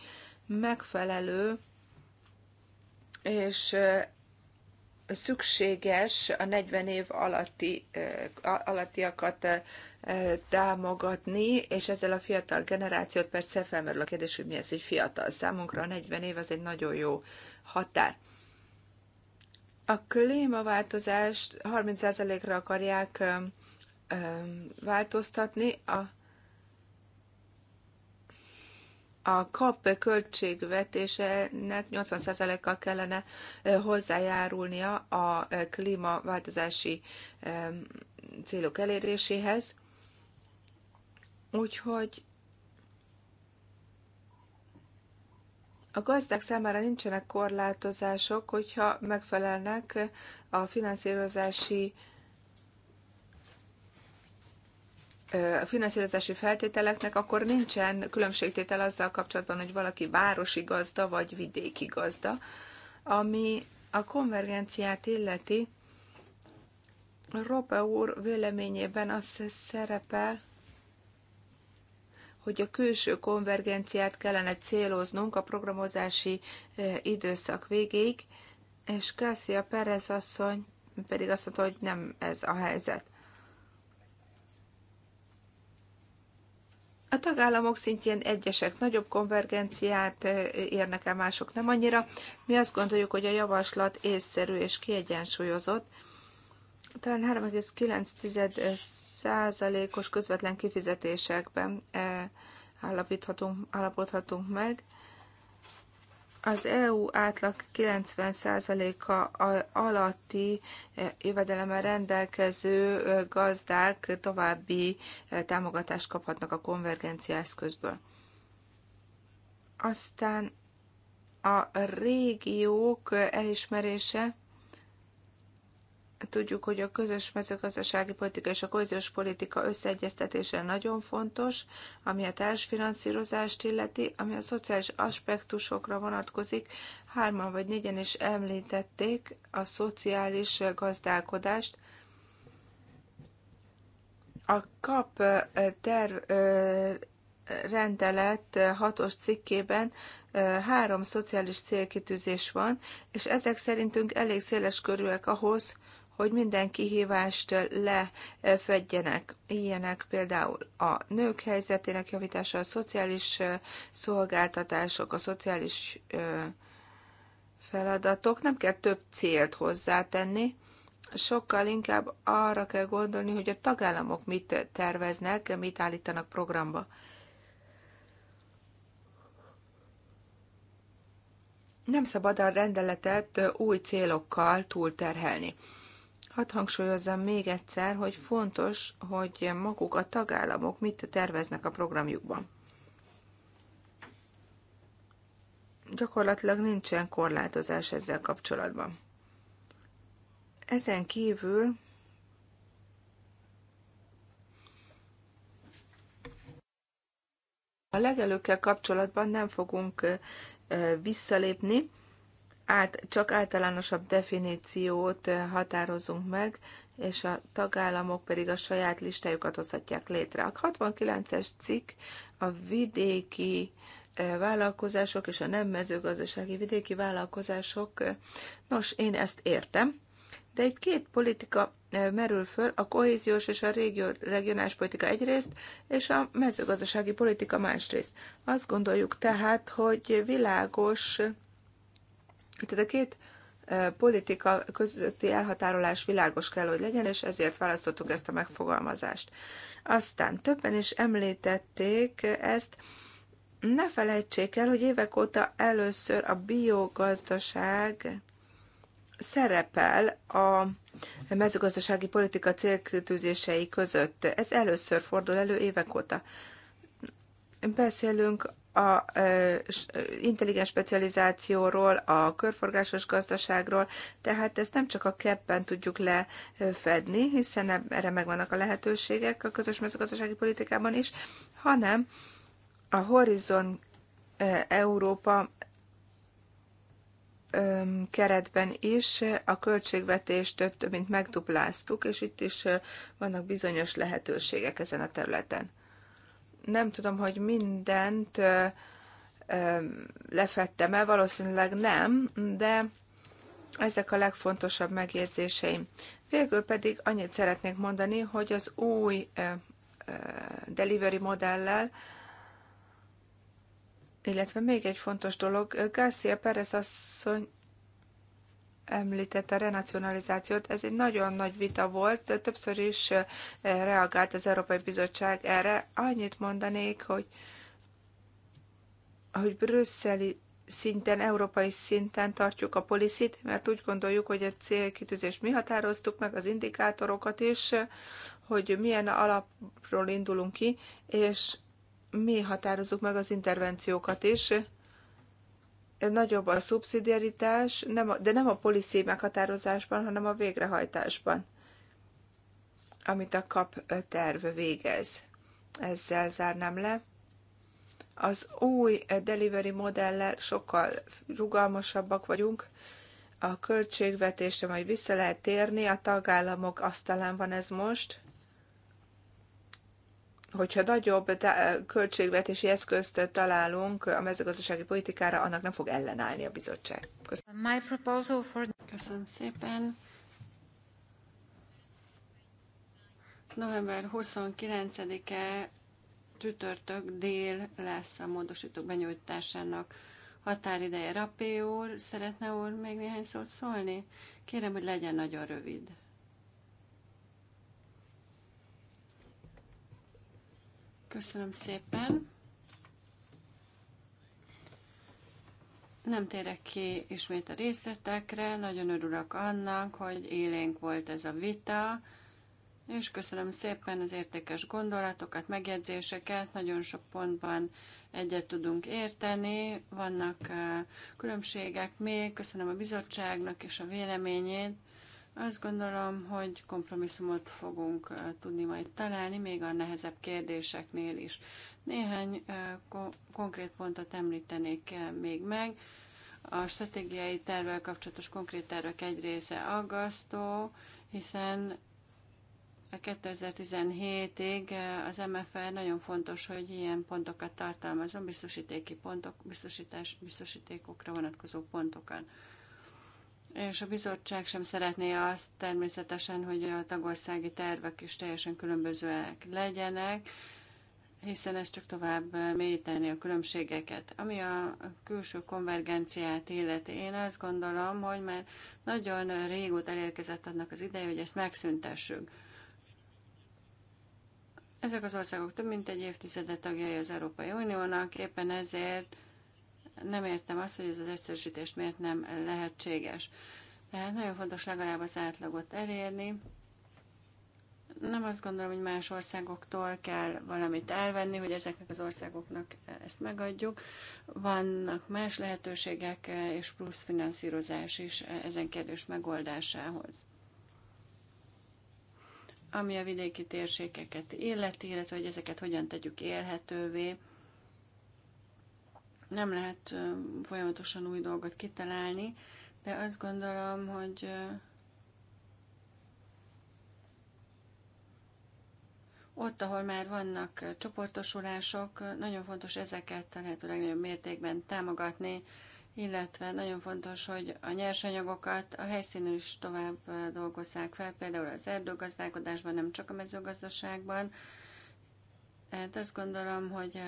megfelelő és eh, szükséges a 40 év alatti, alattiakat támogatni, és ezzel a fiatal generációt persze felmerül a kérdés, hogy mi ez, hogy fiatal. Számunkra a 40 év az egy nagyon jó határ. A klímaváltozást 30%-ra akarják változtatni, a a kap költségvetésének 80%-kal kellene hozzájárulnia a klímaváltozási célok eléréséhez. Úgyhogy a gazdák számára nincsenek korlátozások, hogyha megfelelnek a finanszírozási a finanszírozási feltételeknek, akkor nincsen különbségtétel azzal kapcsolatban, hogy valaki városi gazda vagy vidéki gazda, ami a konvergenciát illeti. Rope úr véleményében az szerepel, hogy a külső konvergenciát kellene céloznunk a programozási időszak végéig, és Kászia Perez asszony pedig azt mondta, hogy nem ez a helyzet. A tagállamok szintjén egyesek nagyobb konvergenciát érnek el, mások nem annyira. Mi azt gondoljuk, hogy a javaslat észszerű és kiegyensúlyozott. Talán 3,9 százalékos közvetlen kifizetésekben állapíthatunk, állapodhatunk meg az EU átlag 90%-a alatti eh, jövedelemmel rendelkező eh, gazdák további eh, támogatást kaphatnak a konvergencia eszközből. Aztán a régiók elismerése Tudjuk, hogy a közös mezőgazdasági politika és a kohéziós politika összeegyeztetése nagyon fontos, ami a társfinanszírozást illeti, ami a szociális aspektusokra vonatkozik. Hárman vagy négyen is említették a szociális gazdálkodást. A kap terv rendelet hatos cikkében három szociális célkitűzés van, és ezek szerintünk elég széles körülök ahhoz, hogy minden kihívást lefedjenek. Ilyenek például a nők helyzetének javítása, a szociális szolgáltatások, a szociális feladatok. Nem kell több célt hozzátenni, sokkal inkább arra kell gondolni, hogy a tagállamok mit terveznek, mit állítanak programba. Nem szabad a rendeletet új célokkal túlterhelni. Hadd hangsúlyozzam még egyszer, hogy fontos, hogy maguk a tagállamok mit terveznek a programjukban. Gyakorlatilag nincsen korlátozás ezzel kapcsolatban. Ezen kívül a legelőkkel kapcsolatban nem fogunk visszalépni, át, csak általánosabb definíciót határozunk meg, és a tagállamok pedig a saját listájukat hozhatják létre. A 69-es cikk a vidéki vállalkozások és a nem mezőgazdasági vidéki vállalkozások. Nos, én ezt értem, de itt két politika merül föl, a kohéziós és a régió, regionális politika egyrészt, és a mezőgazdasági politika másrészt. Azt gondoljuk tehát, hogy világos tehát a két e, politika közötti elhatárolás világos kell, hogy legyen, és ezért választottuk ezt a megfogalmazást. Aztán többen is említették ezt, ne felejtsék el, hogy évek óta először a biogazdaság szerepel a mezőgazdasági politika célkitűzései között. Ez először fordul elő évek óta. Beszélünk a intelligens specializációról, a körforgásos gazdaságról, tehát ezt nem csak a keppen tudjuk lefedni, hiszen erre megvannak a lehetőségek a közös mezőgazdasági politikában is, hanem a Horizon Európa keretben is a költségvetést több mint megdupláztuk, és itt is vannak bizonyos lehetőségek ezen a területen nem tudom, hogy mindent lefettem-e, valószínűleg nem, de ezek a legfontosabb megjegyzéseim. Végül pedig annyit szeretnék mondani, hogy az új delivery modellel, illetve még egy fontos dolog, Garcia Perez asszony említette a renacionalizációt, ez egy nagyon nagy vita volt, többször is eh, reagált az Európai Bizottság erre. Annyit mondanék, hogy, hogy brüsszeli szinten, európai szinten tartjuk a policit, mert úgy gondoljuk, hogy a célkitűzést mi határoztuk meg, az indikátorokat is, hogy milyen alapról indulunk ki, és mi határozzuk meg az intervenciókat is nagyobb a szubszidiaritás, nem a, de nem a policy meghatározásban, hanem a végrehajtásban, amit a kap terv végez. Ezzel zárnám le. Az új delivery modellel sokkal rugalmasabbak vagyunk. A költségvetésre majd vissza lehet térni, a tagállamok asztalán van ez most hogyha nagyobb költségvetési eszközt találunk a mezőgazdasági politikára, annak nem fog ellenállni a bizottság. Köszönöm. My proposal for... Köszönöm szépen. November 29-e csütörtök dél lesz a módosítók benyújtásának határideje. Rapé úr, szeretne úr még néhány szót szólni? Kérem, hogy legyen nagyon rövid. Köszönöm szépen. Nem térek ki ismét a részletekre, nagyon örülök annak, hogy élénk volt ez a vita, és köszönöm szépen az értékes gondolatokat, megjegyzéseket, nagyon sok pontban egyet tudunk érteni, vannak eh, különbségek még, köszönöm a bizottságnak és a véleményét. Azt gondolom, hogy kompromisszumot fogunk tudni majd találni, még a nehezebb kérdéseknél is. Néhány konkrét pontot említenék még meg. A stratégiai tervvel kapcsolatos konkrét tervek egy része aggasztó, hiszen 2017-ig az MFR nagyon fontos, hogy ilyen pontokat tartalmazom, biztosítéki pontok, biztosítás, biztosítékokra vonatkozó pontokat. És a bizottság sem szeretné azt természetesen, hogy a tagországi tervek is teljesen különbözőek legyenek, hiszen ez csak tovább mélyíteni a különbségeket. Ami a külső konvergenciát illeti, én azt gondolom, hogy már nagyon régóta elérkezett annak az ideje, hogy ezt megszüntessük. Ezek az országok több mint egy évtizede tagjai az Európai Uniónak, éppen ezért nem értem azt, hogy ez az egyszerűsítés miért nem lehetséges. Tehát nagyon fontos legalább az átlagot elérni. Nem azt gondolom, hogy más országoktól kell valamit elvenni, hogy ezeknek az országoknak ezt megadjuk. Vannak más lehetőségek és plusz finanszírozás is ezen kérdés megoldásához ami a vidéki térségeket illeti, illetve hogy ezeket hogyan tegyük élhetővé. Nem lehet folyamatosan új dolgot kitalálni, de azt gondolom, hogy ott, ahol már vannak csoportosulások, nagyon fontos ezeket a lehető legnagyobb mértékben támogatni, illetve nagyon fontos, hogy a nyersanyagokat a helyszínen is tovább dolgozzák fel, például az erdőgazdálkodásban, nem csak a mezőgazdaságban. Tehát azt gondolom, hogy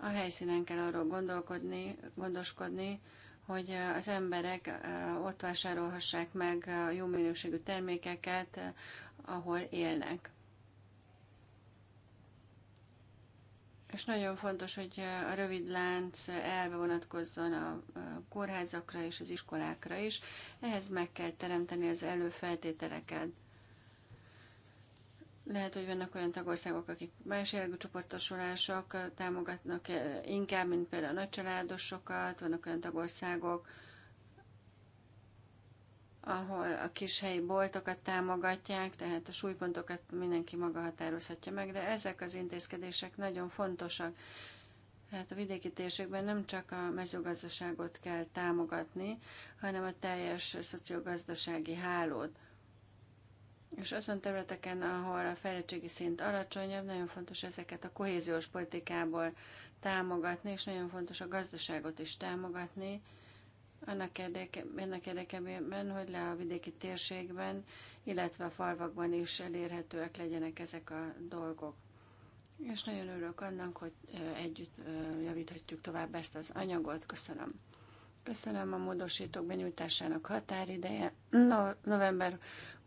a helyszínen kell arról gondolkodni, gondoskodni, hogy az emberek ott vásárolhassák meg a jó minőségű termékeket, ahol élnek. És nagyon fontos, hogy a rövid lánc elve vonatkozzon a kórházakra és az iskolákra is. Ehhez meg kell teremteni az előfeltételeket. Lehet, hogy vannak olyan tagországok, akik más jellegű csoportosulások támogatnak eh, inkább, mint például a nagycsaládosokat, vannak olyan tagországok, ahol a kis helyi boltokat támogatják, tehát a súlypontokat mindenki maga határozhatja meg, de ezek az intézkedések nagyon fontosak. Hát a vidéki térségben nem csak a mezőgazdaságot kell támogatni, hanem a teljes szociogazdasági hálót. És azon területeken, ahol a fejlettségi szint alacsonyabb, nagyon fontos ezeket a kohéziós politikából támogatni, és nagyon fontos a gazdaságot is támogatni, annak, érdeke, annak érdekében, hogy le a vidéki térségben, illetve a falvakban is elérhetőek legyenek ezek a dolgok. És nagyon örülök annak, hogy együtt javíthatjuk tovább ezt az anyagot. Köszönöm. Köszönöm a módosítók benyújtásának határideje. No, november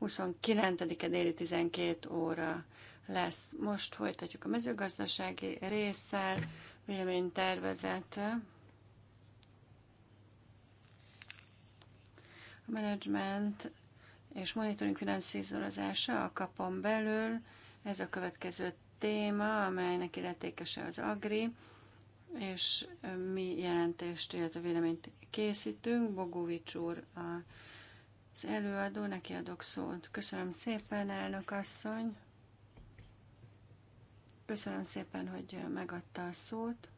29-e déli 12 óra lesz. Most folytatjuk a mezőgazdasági résszel, véleménytervezet. A menedzsment és monitoring finanszírozása a kapon belül. Ez a következő téma, amelynek illetékese az AGRI és mi jelentést, illetve véleményt készítünk. Bogovics úr az előadó, neki adok szót. Köszönöm szépen, elnök asszony. Köszönöm szépen, hogy megadta a szót.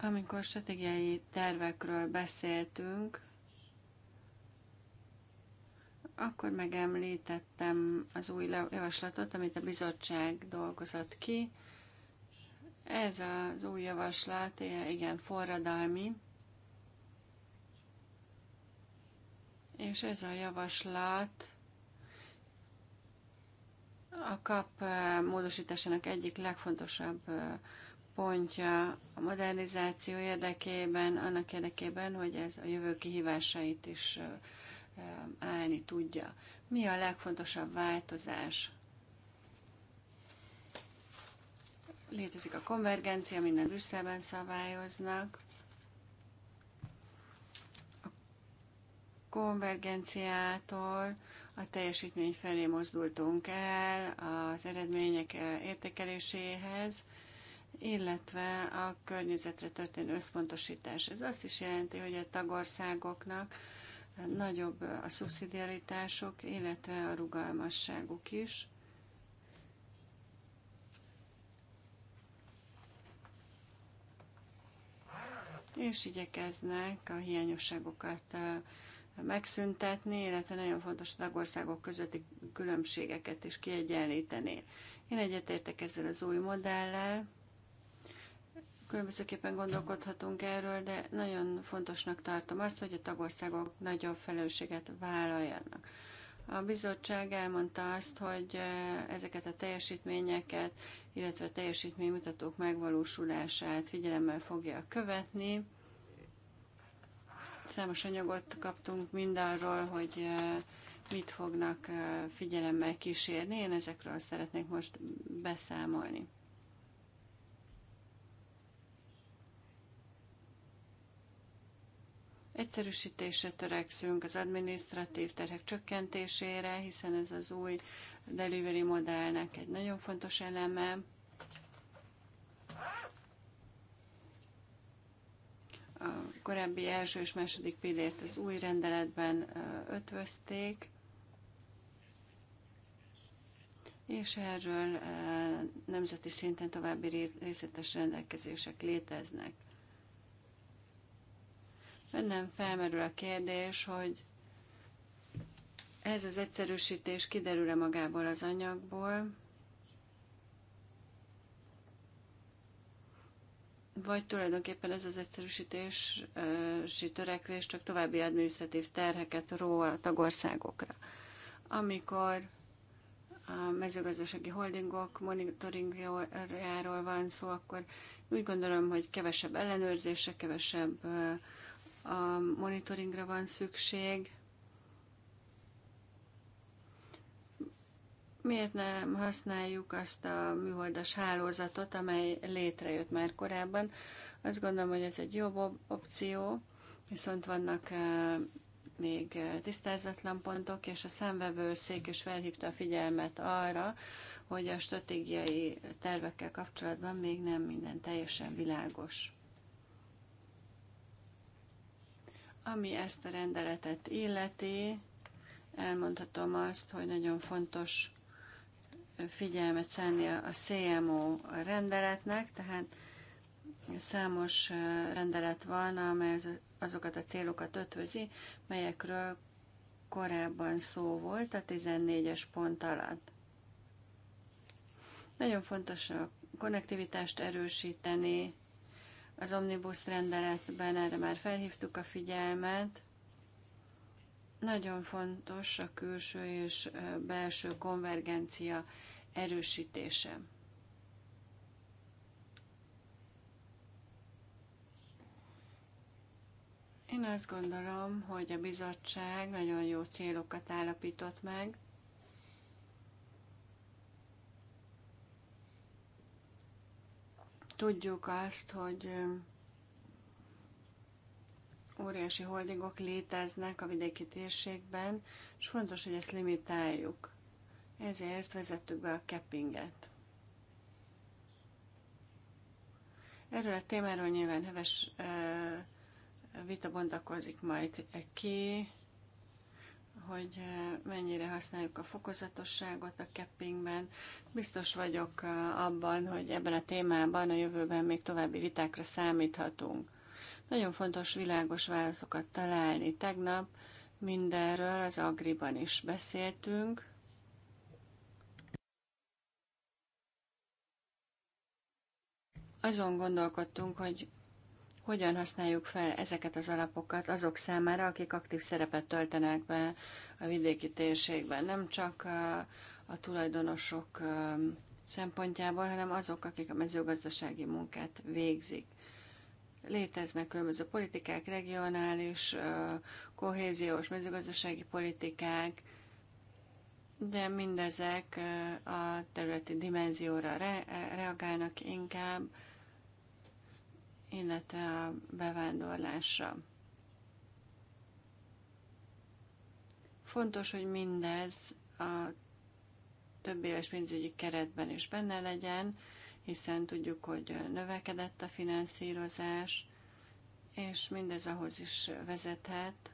Amikor stratégiai tervekről beszéltünk, akkor megemlítettem az új javaslatot, amit a bizottság dolgozott ki. Ez az új javaslat igen forradalmi, és ez a javaslat a kap eh, módosításának egyik legfontosabb eh, pontja a modernizáció érdekében, annak érdekében, hogy ez a jövő kihívásait is eh, Um, állni tudja. Mi a legfontosabb változás? Létezik a konvergencia, minden Brüsszelben szabályoznak. A konvergenciától a teljesítmény felé mozdultunk el az eredmények értékeléséhez, illetve a környezetre történő összpontosítás. Ez azt is jelenti, hogy a tagországoknak nagyobb a szubszidiaritások, illetve a rugalmasságuk is. És igyekeznek a hiányosságokat megszüntetni, illetve nagyon fontos tagországok közötti különbségeket is kiegyenlíteni. Én egyetértek ezzel az új modellel, Különbözőképpen gondolkodhatunk erről, de nagyon fontosnak tartom azt, hogy a tagországok nagyobb felelősséget vállaljanak. A bizottság elmondta azt, hogy eh, ezeket a teljesítményeket, illetve a teljesítménymutatók megvalósulását figyelemmel fogja követni. Számos anyagot kaptunk mindarról, hogy eh, mit fognak eh, figyelemmel kísérni. Én ezekről szeretnék most beszámolni. Egyszerűsítésre törekszünk az adminisztratív terhek csökkentésére, hiszen ez az új delivery modellnek egy nagyon fontos eleme. A korábbi első és második pillért az új rendeletben ötvözték, és erről nemzeti szinten további részletes rendelkezések léteznek. Önnem felmerül a kérdés, hogy ez az egyszerűsítés kiderül-e magából az anyagból, vagy tulajdonképpen ez az egyszerűsítési törekvés csak további adminisztratív terheket ró a tagországokra. Amikor a mezőgazdasági holdingok monitoringjáról van szó, akkor úgy gondolom, hogy kevesebb ellenőrzése, kevesebb a monitoringra van szükség. Miért nem használjuk azt a műholdas hálózatot, amely létrejött már korábban? Azt gondolom, hogy ez egy jobb opció, viszont vannak eh, még eh, tisztázatlan pontok, és a szék is felhívta a figyelmet arra, hogy a stratégiai tervekkel kapcsolatban még nem minden teljesen világos. Ami ezt a rendeletet illeti, elmondhatom azt, hogy nagyon fontos figyelmet szánni a CMO rendeletnek, tehát számos rendelet van, amely azokat a célokat ötvözi, melyekről korábban szó volt a 14-es pont alatt. Nagyon fontos a konnektivitást erősíteni, az omnibus rendeletben erre már felhívtuk a figyelmet. Nagyon fontos a külső és belső konvergencia erősítése. Én azt gondolom, hogy a bizottság nagyon jó célokat állapított meg, Tudjuk azt, hogy óriási holdingok léteznek a vidéki térségben, és fontos, hogy ezt limitáljuk. Ezért vezettük be a keppinget. Erről a témáról nyilván heves vita bontakozik majd ki, hogy eh, mennyire használjuk a fokozatosságot a keppingben. Biztos vagyok eh, abban, hogy ebben a témában a jövőben még további vitákra számíthatunk. Nagyon fontos világos válaszokat találni. Tegnap mindenről az Agriban is beszéltünk. Azon gondolkodtunk, hogy hogyan használjuk fel ezeket az alapokat azok számára, akik aktív szerepet töltenek be a vidéki térségben. Nem csak a, a tulajdonosok szempontjából, hanem azok, akik a mezőgazdasági munkát végzik. Léteznek különböző politikák, regionális, kohéziós, mezőgazdasági politikák, de mindezek a területi dimenzióra re- reagálnak inkább, illetve a bevándorlásra. Fontos, hogy mindez a több éves pénzügyi keretben is benne legyen, hiszen tudjuk, hogy növekedett a finanszírozás, és mindez ahhoz is vezethet,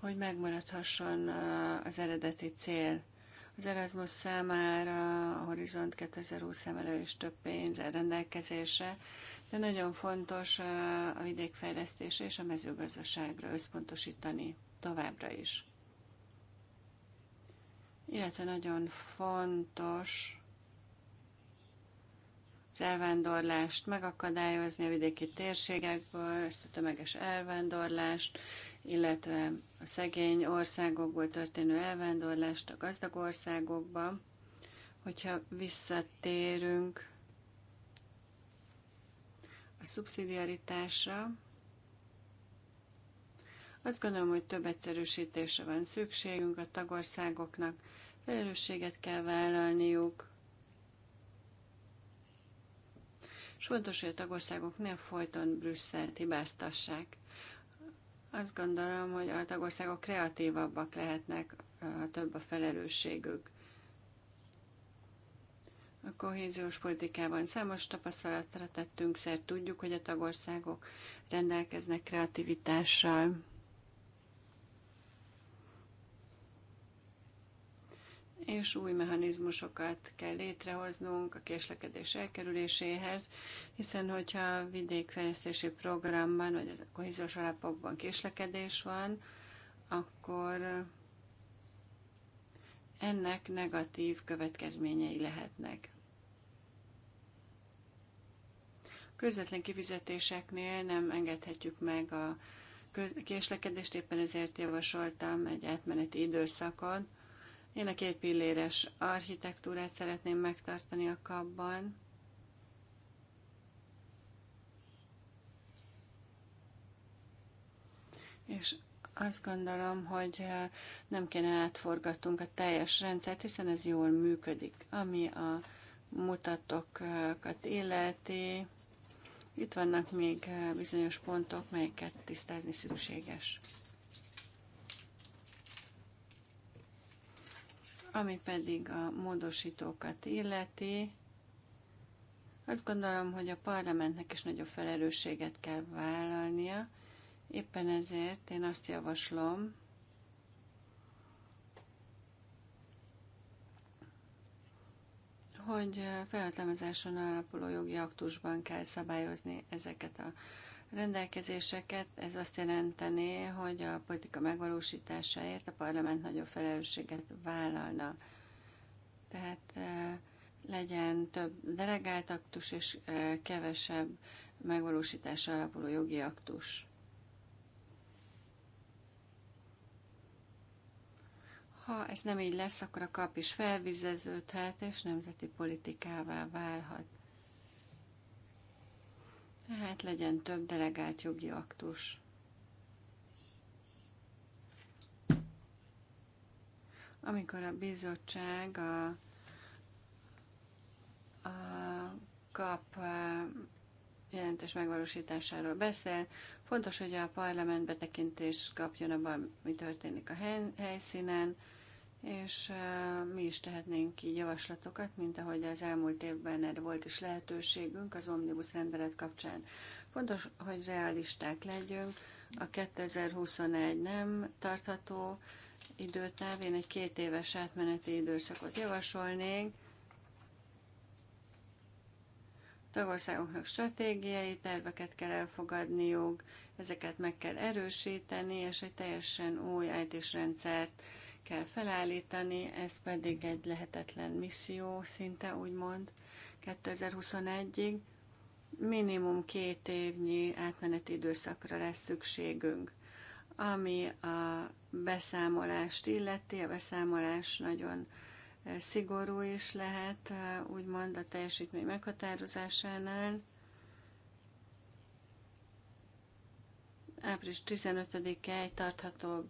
hogy megmaradhasson uh, az eredeti cél. Az Erasmus számára a Horizont 2020 számára is több pénz a rendelkezésre, de nagyon fontos a vidékfejlesztésre és a mezőgazdaságra összpontosítani továbbra is. Illetve nagyon fontos az elvándorlást megakadályozni a vidéki térségekből, ezt a tömeges elvándorlást, illetve a szegény országokból történő elvándorlást a gazdag országokba, hogyha visszatérünk a szubszidiaritásra, azt gondolom, hogy több egyszerűsítésre van szükségünk a tagországoknak, felelősséget kell vállalniuk, és fontos, hogy a tagországok ne folyton Brüsszelt hibáztassák. Azt gondolom, hogy a tagországok kreatívabbak lehetnek, több a felelősségük. A kohéziós politikában számos tapasztalatra tettünk szert, tudjuk, hogy a tagországok rendelkeznek kreativitással. és új mechanizmusokat kell létrehoznunk a késlekedés elkerüléséhez, hiszen hogyha a vidékfejlesztési programban vagy a kohéziós alapokban késlekedés van, akkor ennek negatív következményei lehetnek. Közvetlen kifizetéseknél nem engedhetjük meg a késlekedést, éppen ezért javasoltam egy átmeneti időszakon, én a két pilléres architektúrát szeretném megtartani a kapban. És azt gondolom, hogy eh, nem kéne átforgatnunk a teljes rendszert, hiszen ez jól működik. Ami a mutatókat illeti, itt vannak még eh, bizonyos pontok, melyeket tisztázni szükséges. Ami pedig a módosítókat illeti, azt gondolom, hogy a parlamentnek is nagyobb felelősséget kell vállalnia. Éppen ezért én azt javaslom, hogy felhatalmazáson alapuló jogi aktusban kell szabályozni ezeket a rendelkezéseket, ez azt jelenteni, hogy a politika megvalósításáért a parlament nagyobb felelősséget vállalna. Tehát eh, legyen több delegált aktus és eh, kevesebb megvalósítás alapuló jogi aktus. Ha ez nem így lesz, akkor a kap is felvizeződhet, és nemzeti politikává válhat. Tehát legyen több delegált jogi aktus. Amikor a bizottság a, a kap jelentős megvalósításáról beszél. Fontos, hogy a parlament betekintést kapjon abban, mi történik a helyszínen és mi is tehetnénk ki javaslatokat, mint ahogy az elmúlt évben erre volt is lehetőségünk az Omnibus rendelet kapcsán. Fontos, hogy realisták legyünk, a 2021 nem tartható időtáv, én egy két éves átmeneti időszakot javasolnék, tagországoknak stratégiai terveket kell elfogadniuk, ezeket meg kell erősíteni, és egy teljesen új IT-s rendszert kell felállítani, ez pedig egy lehetetlen misszió szinte, úgymond, 2021-ig. Minimum két évnyi átmeneti időszakra lesz szükségünk. Ami a beszámolást illeti, a beszámolás nagyon eh, szigorú is lehet, eh, úgymond a teljesítmény meghatározásánál, április 15-e egy tarthatóbb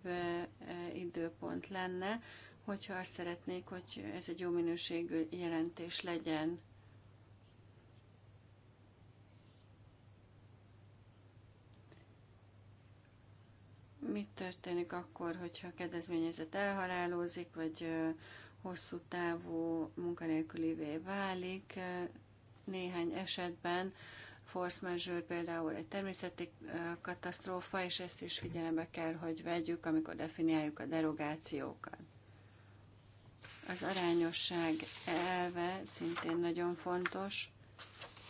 időpont lenne, hogyha azt szeretnék, hogy ez egy jó minőségű jelentés legyen. Mit történik akkor, hogyha a kedvezményezett elhalálozik, vagy hosszú távú munkanélkülivé válik néhány esetben, force measure például egy természeti katasztrófa, és ezt is figyelembe kell, hogy vegyük, amikor definiáljuk a derogációkat. Az arányosság elve szintén nagyon fontos.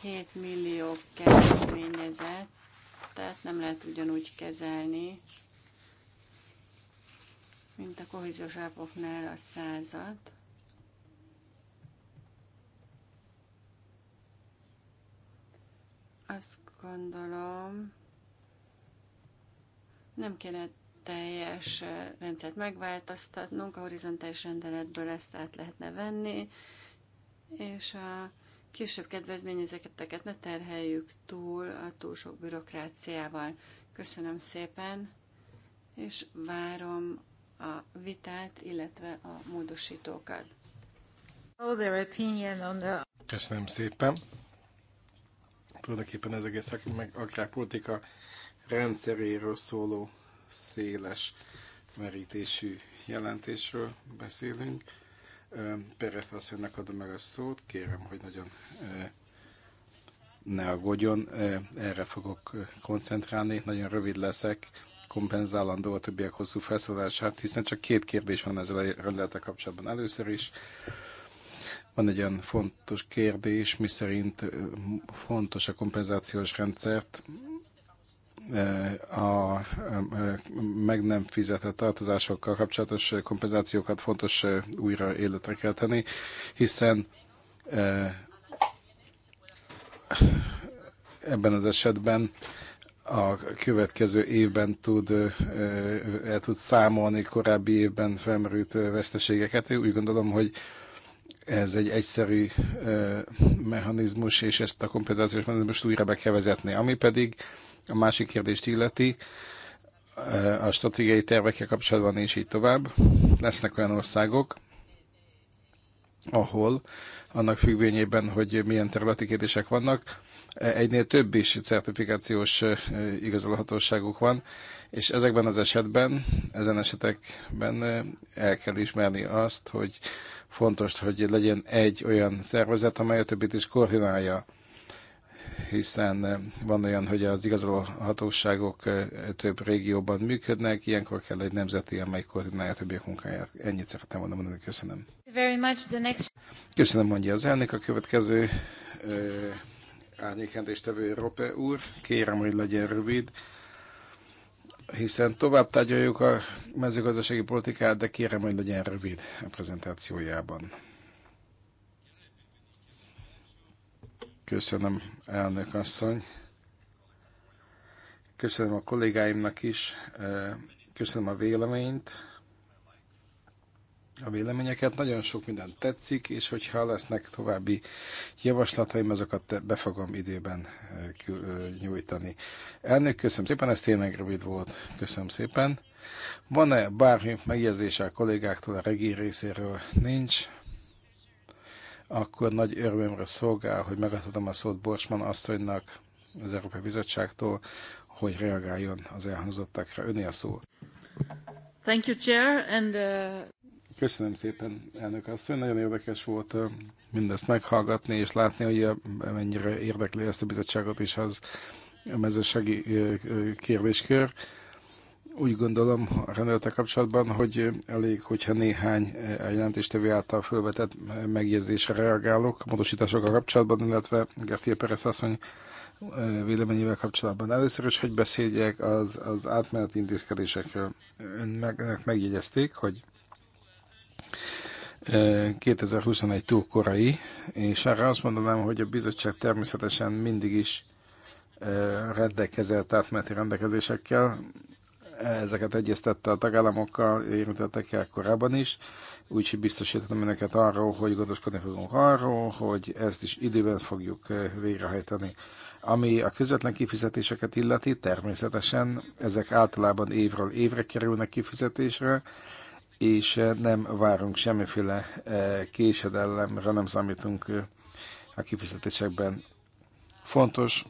7 millió kezdeményezett, tehát nem lehet ugyanúgy kezelni, mint a kohéziós alapoknál a század. Azt gondolom, nem kéne teljes rendet megváltoztatnunk, a horizontális rendeletből ezt át lehetne venni, és a kisebb kedvezményezeteket ne terheljük túl a túl sok bürokráciával. Köszönöm szépen, és várom a vitát, illetve a módosítókat. Köszönöm szépen tulajdonképpen ez egész meg agrárpolitika rendszeréről szóló széles merítésű jelentésről beszélünk. Perez asszonynak adom meg a szót, kérem, hogy nagyon ne aggódjon, erre fogok koncentrálni, nagyon rövid leszek, kompenzálandó a többiek hosszú felszólását, hiszen csak két kérdés van ezzel a rendelettel kapcsolatban. Először is van egy olyan fontos kérdés, miszerint fontos a kompenzációs rendszert a meg nem fizetett tartozásokkal kapcsolatos kompenzációkat fontos újra életre kelteni, hiszen ebben az esetben a következő évben tud, el tud számolni korábbi évben felmerült veszteségeket. Úgy gondolom, hogy ez egy egyszerű mechanizmus, és ezt a kompenzációs mechanizmust újra be kell vezetni. Ami pedig a másik kérdést illeti, a stratégiai tervekkel kapcsolatban nincs így tovább. Lesznek olyan országok, ahol annak függvényében, hogy milyen területi kérdések vannak, egynél több is certifikációs igazolhatóságuk van, és ezekben az esetben, ezen esetekben el kell ismerni azt, hogy Fontos, hogy legyen egy olyan szervezet, amely a többit is koordinálja, hiszen eh, van olyan, hogy az igazoló hatóságok eh, több régióban működnek, ilyenkor kell egy nemzeti, amely koordinálja a többiek munkáját. Ennyit szerettem volna mondani, köszönöm. Very much. The next... Köszönöm, mondja az elnök. A következő eh, árnyékendéstevő Rope úr. Kérem, hogy legyen rövid hiszen tovább tárgyaljuk a mezőgazdasági politikát, de kérem, hogy legyen rövid a prezentációjában. Köszönöm, elnök asszony. Köszönöm a kollégáimnak is, köszönöm a véleményt a véleményeket. Nagyon sok minden tetszik, és hogyha lesznek további javaslataim, azokat be fogom időben eh, eh, nyújtani. Elnök, köszönöm szépen, ez tényleg rövid volt. Köszönöm szépen. Van-e bármi megjegyzése a kollégáktól a regi részéről? Nincs. Akkor nagy örömömre szolgál, hogy megadhatom a szót Borsman asszonynak az Európai Bizottságtól, hogy reagáljon az elhangzottakra. Öné a szó. Thank you, Chair, and, uh... Köszönöm szépen, elnök asszony. Nagyon érdekes volt mindezt meghallgatni és látni, hogy mennyire érdekli ezt a bizottságot is az a mezősági kérdéskör. Úgy gondolom a rendelete kapcsolatban, hogy elég, hogyha néhány a jelentéstevő által felvetett megjegyzésre reagálok a módosításokkal kapcsolatban, illetve Gertie Perez asszony véleményével kapcsolatban. Először is, hogy beszéljek az, az átmeneti intézkedésekről. Önnek megjegyezték, hogy 2021 túl korai, és arra azt mondanám, hogy a bizottság természetesen mindig is rendelkezett átmeneti rendelkezésekkel, ezeket egyeztette a tagállamokkal, érintettekkel korábban is, úgyhogy biztosítanom önöket arról, hogy gondoskodni fogunk arról, hogy ezt is időben fogjuk végrehajtani. Ami a közvetlen kifizetéseket illeti, természetesen ezek általában évről évre kerülnek kifizetésre, és eh, nem várunk semmiféle eh, késedelemre, nem számítunk eh, a kifizetésekben. Fontos,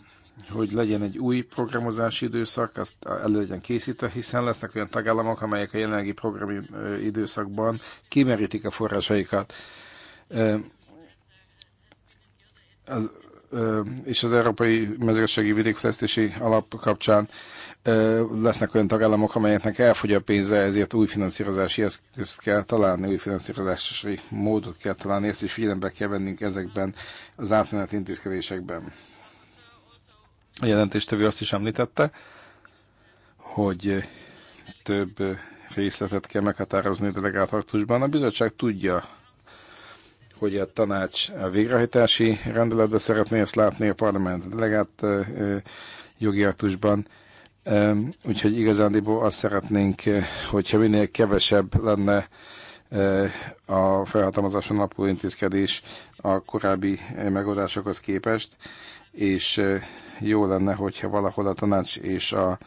hogy legyen egy új programozási időszak, azt elő legyen készítve, hiszen lesznek olyan tagállamok, amelyek a jelenlegi program időszakban kimerítik a forrásaikat. Az és az Európai Mezőgazdasági Vidékfejlesztési Alap kapcsán lesznek olyan tagállamok, amelyeknek elfogy a pénze, ezért új finanszírozási eszközt kell találni, új finanszírozási módot kell találni, ezt is figyelembe kell vennünk ezekben az átmeneti intézkedésekben. A jelentéstevő azt is említette, hogy több részletet kell meghatározni a delegált aktusban. A bizottság tudja, hogy a tanács a végrehajtási rendeletben szeretné ezt látni, a parlament delegát jogi aktusban. Úgyhogy igazándiból azt szeretnénk, hogyha minél kevesebb lenne a felhatalmazáson alapuló intézkedés a korábbi megoldásokhoz képest, és jó lenne, hogyha valahol a tanács és a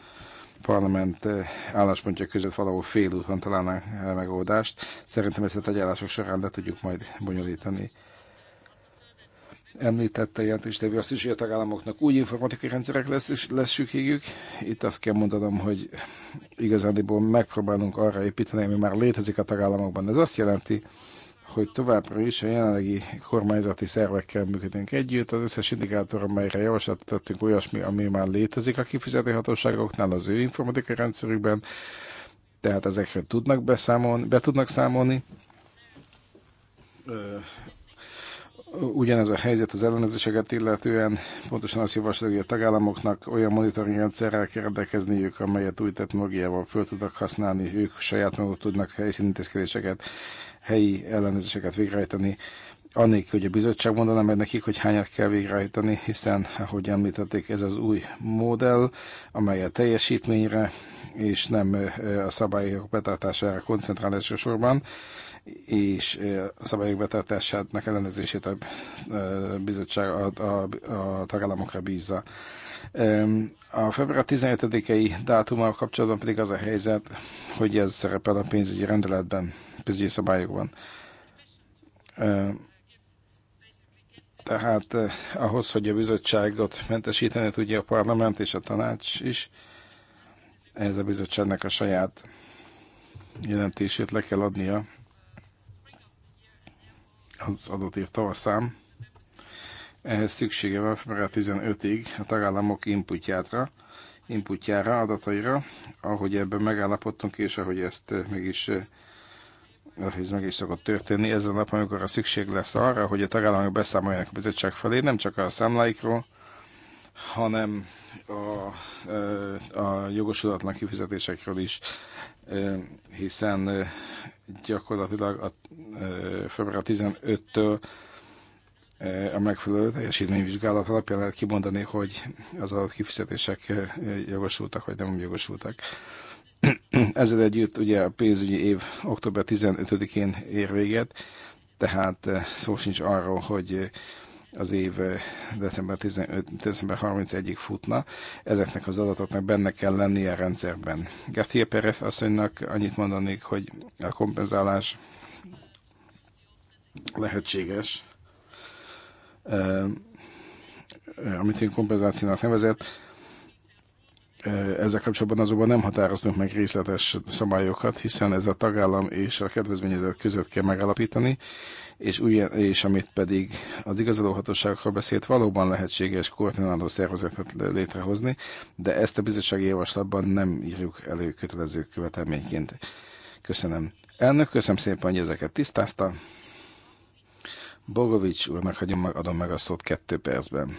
parlament eh, álláspontja között valahol félúton találnánk eh, megoldást. Szerintem ezt a tegyállások során le tudjuk majd bonyolítani. Említette jelentéstevő azt is, hogy a tagállamoknak új informatikai rendszerek lesz, lesz sükségük. Itt azt kell mondanom, hogy igazándiból megpróbálunk arra építeni, ami már létezik a tagállamokban. Ez azt jelenti, hogy továbbra is a jelenlegi kormányzati szervekkel működünk együtt. Az összes indikátor, amelyre javaslatot tettünk, olyasmi, ami már létezik a hatóságoknál, az ő informatikai rendszerükben, tehát ezekről tudnak beszámolni, be tudnak számolni. Ugyanez a helyzet az ellenőrzéseket illetően, pontosan azt javaslom, hogy a tagállamoknak olyan monitoring rendszerrel kell rendelkezniük, amelyet új technológiával föl tudnak használni, ők saját maguk tudnak helyszínintézkedéseket helyi ellenőrzéseket végrehajtani, annélkül, hogy a bizottság mondaná meg nekik, hogy hányat kell végrehajtani, hiszen, ahogy említették, ez az új modell, amely a teljesítményre és nem a szabályok betartására koncentrál elsősorban, és a szabályok betartásának ellenőrzését a bizottság a, a, a tagállamokra bízza. A február 15-i dátummal kapcsolatban pedig az a helyzet, hogy ez szerepel a pénzügyi rendeletben, pénzügyi szabályokban. Tehát ahhoz, hogy a bizottságot mentesíteni tudja a parlament és a tanács is, ez a bizottságnak a saját jelentését le kell adnia az adott év tavaszán. Ehhez szüksége van február 15-ig a tagállamok inputjára, inputjára, adataira, ahogy ebben megállapodtunk, és ahogy ezt meg is ez meg is szokott történni, ez a nap, amikor a szükség lesz arra, hogy a tagállamok beszámoljanak a bizottság felé, nem csak a számláikról, hanem a, a jogosulatlan kifizetésekről is, hiszen gyakorlatilag a február 15-től a megfelelő teljesítményvizsgálat alapján lehet kimondani, hogy az adott kifizetések jogosultak, vagy nem jogosultak. <clears throat> Ezzel együtt ugye a pénzügyi év október 15-én ér véget, tehát eh, szó sincs arról, hogy eh, az év eh, december, 15, december 31-ig futna. Ezeknek az adatoknak benne kell lennie a rendszerben. Gatia Perez asszonynak annyit mondanék, hogy a kompenzálás lehetséges, amit ön kompenzációnak nevezett, ezzel kapcsolatban azonban nem határoztunk meg részletes szabályokat, hiszen ez a tagállam és a kedvezményezett között kell megalapítani, és, új, és amit pedig az igazolóhatóságokról beszélt, valóban lehetséges koordináló szervezetet létrehozni, de ezt a bizottsági javaslatban nem írjuk elő kötelező követelményként. Köszönöm. Elnök, köszönöm szépen, hogy ezeket tisztázta. Bogovics úrnak hagyom, adom meg a szót kettő percben.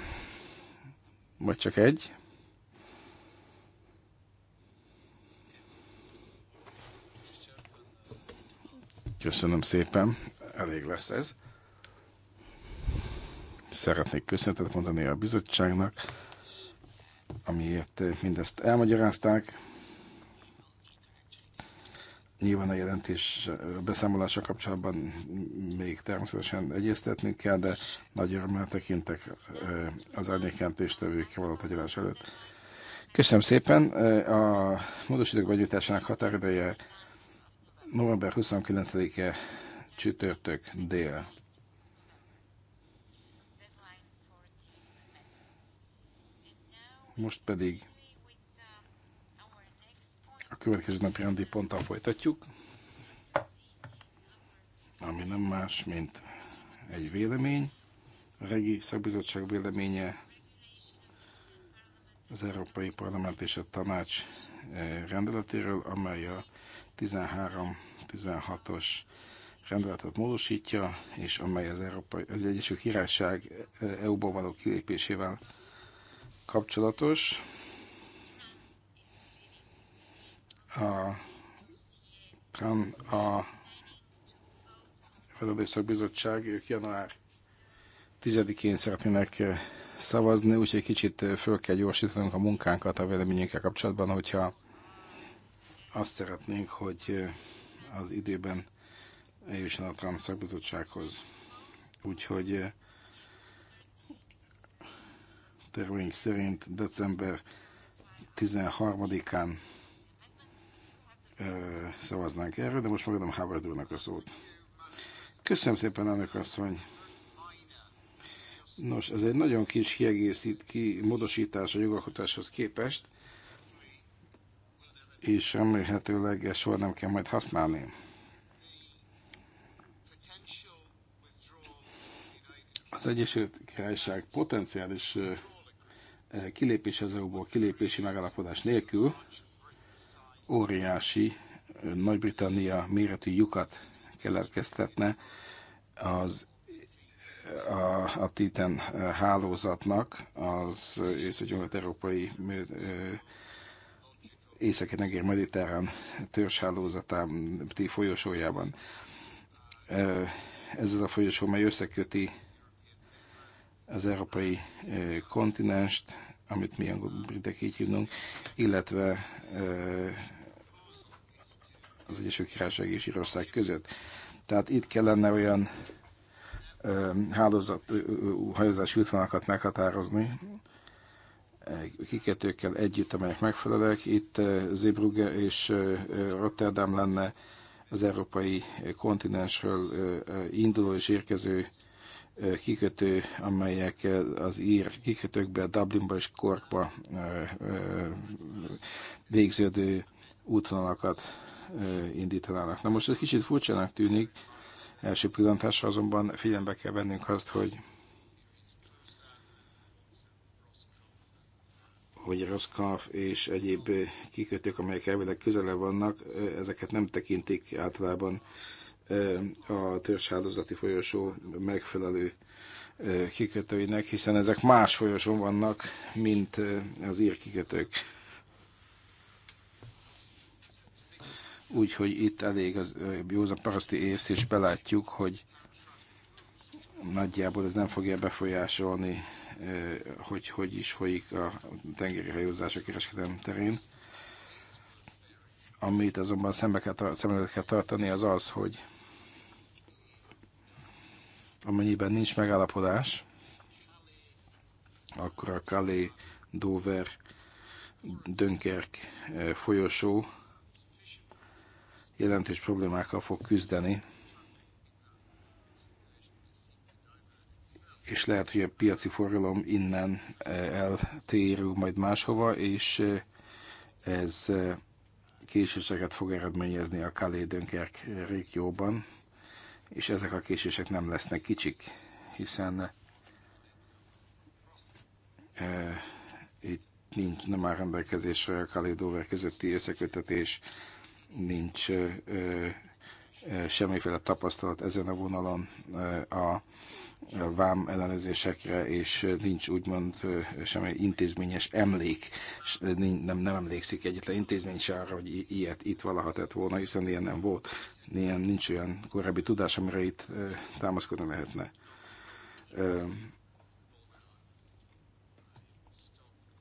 Vagy csak egy? Köszönöm szépen, elég lesz ez. Szeretnék köszönetet mondani a bizottságnak, amiért mindezt elmagyarázták. Nyilván a jelentés beszámolása kapcsolatban még természetesen egyeztetnünk kell, de nagy örömmel tekintek az árnyékjelentéstevőkkel való tagyarás előtt. Köszönöm szépen. A módosítók begyújtásának határideje november 29-e csütörtök dél. Most pedig a következő napi rendi ponttal folytatjuk, ami nem más, mint egy vélemény. A regi szakbizottság véleménye az Európai Parlament és a Tanács eh, rendeletéről, amely a 13-16-os rendeletet módosítja, és amely az, Európai, az Egyesült Királyság EU-ból való kilépésével kapcsolatos. A, a Vezetői Bizottság ők január 10-én szeretnének szavazni, úgyhogy kicsit föl kell gyorsítanunk a munkánkat a véleményünkkel kapcsolatban, hogyha azt szeretnénk, hogy az időben eljusson a Trump szakbizottsághoz. Úgyhogy terveink szerint december 13-án szavaznánk erre, de most megadom Howard úrnak a szót. Köszönöm szépen, elnök asszony! Nos, ez egy nagyon kis kiegészít ki módosítás a jogalkotáshoz képest, és remélhetőleg ezt soha nem kell majd használni. Az Egyesült Királyság potenciális eh, kilépés az EU-ból kilépési megállapodás nélkül óriási eh, Nagy-Britannia méretű lyukat keletkeztetne az eh, a, a Titan hálózatnak az észak-nyugat-európai északi negér mediterrán törzshálózatán folyosójában. Ez az a folyosó, mely összeköti az európai kontinenst, amit mi angol britek így hívnunk, illetve az Egyesült Királyság és Írország között. Tehát itt kellene olyan hálózat, hajózási útvonalakat meghatározni, kiket ők együtt, amelyek megfelelők. Itt eh, Zeebrugge és eh, Rotterdam lenne az európai kontinensről eh, induló és érkező kikötő, amelyek az ír kikötőkbe, Dublinba és Korkba végződő útvonalakat indítanának. Na most ez kicsit furcsának tűnik, első pillantásra azonban figyelembe kell vennünk azt, hogy vagy Roskaf és egyéb eh, kikötők, amelyek elvileg közele vannak, eh, ezeket nem tekintik általában eh, a törzshálózati folyosó megfelelő kikötőinek, hiszen ezek más folyosón vannak, mint az ír kikötők. Úgyhogy itt elég az józan paraszti ész, és belátjuk, hogy nagyjából ez nem fogja befolyásolni Eh, hogy hogy is folyik a tengeri hajózás a kereskedelem terén. Amit azonban szembe kell, szembe kell tartani az az, hogy amennyiben nincs megállapodás, akkor a Calais, Dover, Dönkerk eh, folyosó jelentős problémákkal fog küzdeni, és lehet, hogy a piaci forgalom innen e, eltérő majd máshova, és e, ez e, késéseket fog eredményezni a Calais-Dönkerk régióban, és ezek a késések nem lesznek kicsik, hiszen itt nincs, nem már rendelkezésre a Calais-Dover közötti összekötetés, nincs semmiféle tapasztalat ezen a vonalon a vám ellenőrzésekre, és nincs úgymond semmi intézményes emlék, nem, nem emlékszik egyetlen intézmény se arra, hogy ilyet itt valaha tett volna, hiszen ilyen nem volt, ilyen nincs olyan korábbi tudás, amire itt támaszkodni lehetne.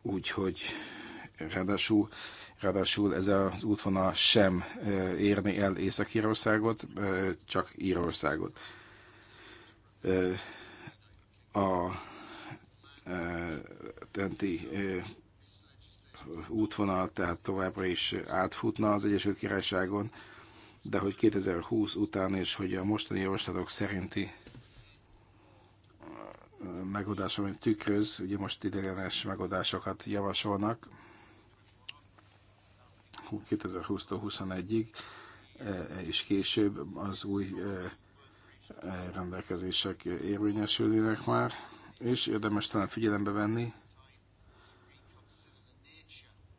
Úgyhogy ráadásul Ráadásul ez az útvonal sem érni el Észak-Írországot, csak Írországot a tenti útvonal, tehát továbbra is átfutna az Egyesült Királyságon, de hogy 2020 után és hogy a mostani javaslatok szerinti megoldás, amit tükröz, ugye most idegenes megoldásokat javasolnak 2020-21-ig, és később az új rendelkezések érvényesülnének már, és érdemes talán figyelembe venni,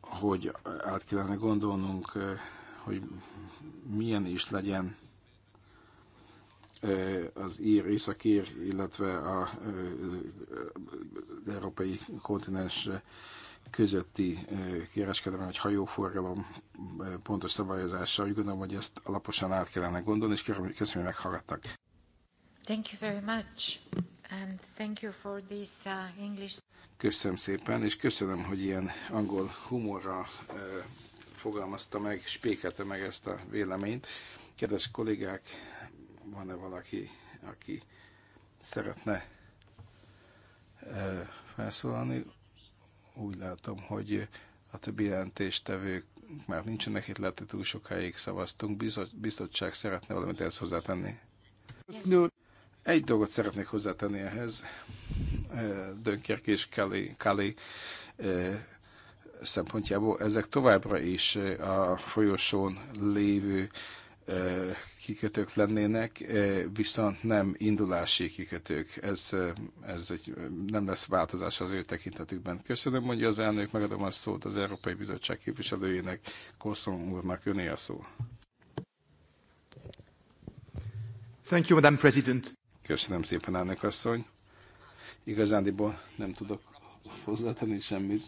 hogy át kellene gondolnunk, eh, hogy milyen is legyen eh, az ír, északír, illetve a, az eh, európai kontinens közötti kereskedelmi vagy hajóforgalom pontos szabályozása. Úgy gondolom, hogy ezt alaposan át kellene gondolni, és köszönöm, hogy meghallgattak. Thank you very much. And thank you for this uh, English... Köszönöm szépen, és köszönöm, hogy ilyen angol humorra uh, fogalmazta meg, spékelte meg ezt a véleményt. Kedves kollégák, van-e valaki, aki szeretne uh, felszólalni? Úgy látom, hogy a többi jelentéstevők már nincsenek itt, lehet, hogy túl sokáig szavaztunk. Bizottság szeretne valamit ezt hozzátenni? No. Egy dolgot szeretnék hozzátenni ehhez. Dönkirk és Kelly, Kelly szempontjából ezek továbbra is a folyosón lévő kikötők lennének, viszont nem indulási kikötők. Ez, ez egy, nem lesz változás az ő tekintetükben. Köszönöm, mondja az elnök, megadom a szót az Európai Bizottság képviselőjének, Korszon úrnak, öné a szó. Thank you, Madam President. Köszönöm szépen, elnök asszony. Igazándiból nem tudok hozzátenni semmit.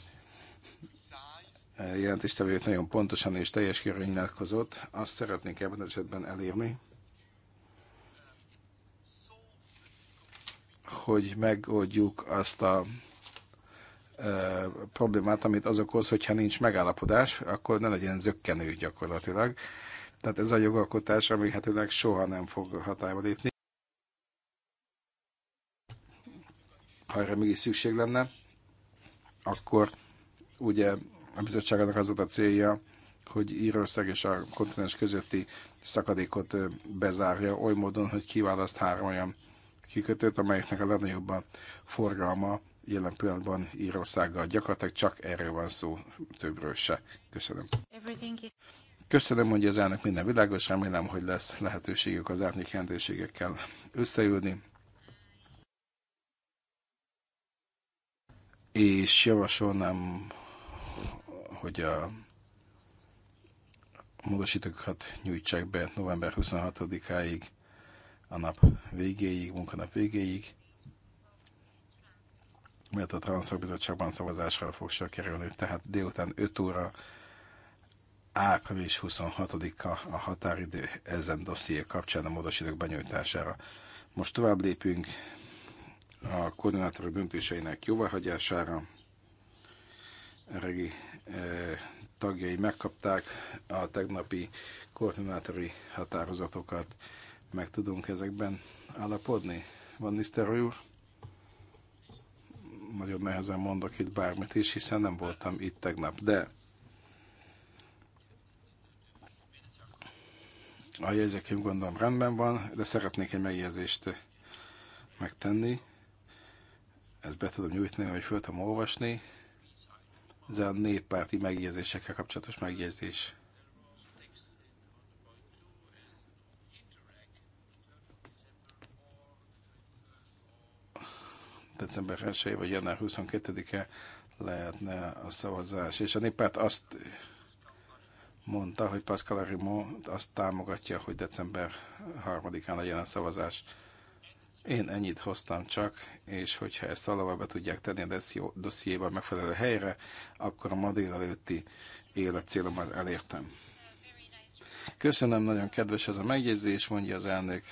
Jelentéstevőjét nagyon pontosan és teljes körül nyilatkozott. Azt szeretnénk ebben az esetben elérni, hogy megoldjuk azt a problémát, amit az okoz, hogyha nincs megállapodás, akkor ne legyen zöggenő gyakorlatilag. Tehát ez a jogalkotás, ami lehetőleg hát soha nem fog hatályba lépni. ha erre mégis szükség lenne, akkor ugye a bizottságnak az volt a célja, hogy Írország és a kontinens közötti szakadékot bezárja oly módon, hogy kiválaszt három olyan kikötőt, amelyeknek a legnagyobb a forgalma jelen pillanatban Írországgal. Gyakorlatilag csak erről van szó, többről se. Köszönöm. Köszönöm, hogy az elnök minden világos, remélem, hogy lesz lehetőségük az árnyék jelentőségekkel összeülni. és javasolnám, hogy a módosítókat nyújtsák be november 26-áig, a nap végéig, munkanap végéig, mert a Transzakbizottságban szavazásra fog sor kerülni, tehát délután 5 óra, április 26-a a határidő ezen dosszié kapcsán a módosítók benyújtására. Most tovább lépünk, a koordinátorok döntéseinek jóváhagyására. A regi e, tagjai megkapták a tegnapi koordinátori határozatokat. Meg tudunk ezekben állapodni? Van Mr. úr? Nagyon nehezen mondok itt bármit is, hiszen nem voltam itt tegnap, de a jegyzékünk gondolom rendben van, de szeretnék egy megjegyzést megtenni ezt be tudom nyújtani, vagy föl tudom olvasni. Ez a néppárti megjegyzésekkel kapcsolatos megjegyzés. december 1 vagy január 22-e lehetne a szavazás. És a néppárt azt mondta, hogy Pascal Arimont azt támogatja, hogy december 3-án legyen a szavazás. Én ennyit hoztam csak, és hogyha ezt valahol be tudják tenni a dossziéban megfelelő helyre, akkor a ma délelőtti életcélomat elértem. Köszönöm, nagyon kedves ez a megjegyzés, mondja az elnök.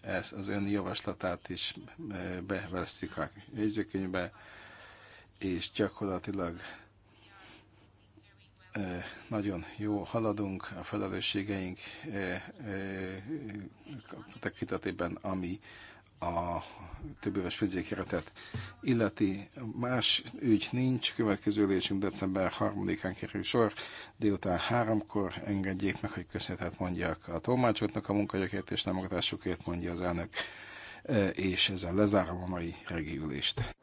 Ezt az ön javaslatát is eh, bevesztjük a jegyzőkönyvbe, és gyakorlatilag eh, nagyon jó haladunk a felelősségeink eh, tekintetében, ami a többéves pénzügyi keretet illeti. Más ügy nincs, következő ülésünk december 3-án kerül sor, délután háromkor engedjék meg, hogy köszönetet mondjak a tolmácsoknak a munkagyakért és támogatásukért, mondja az elnök, e, és ezzel lezárom a mai regi ülést.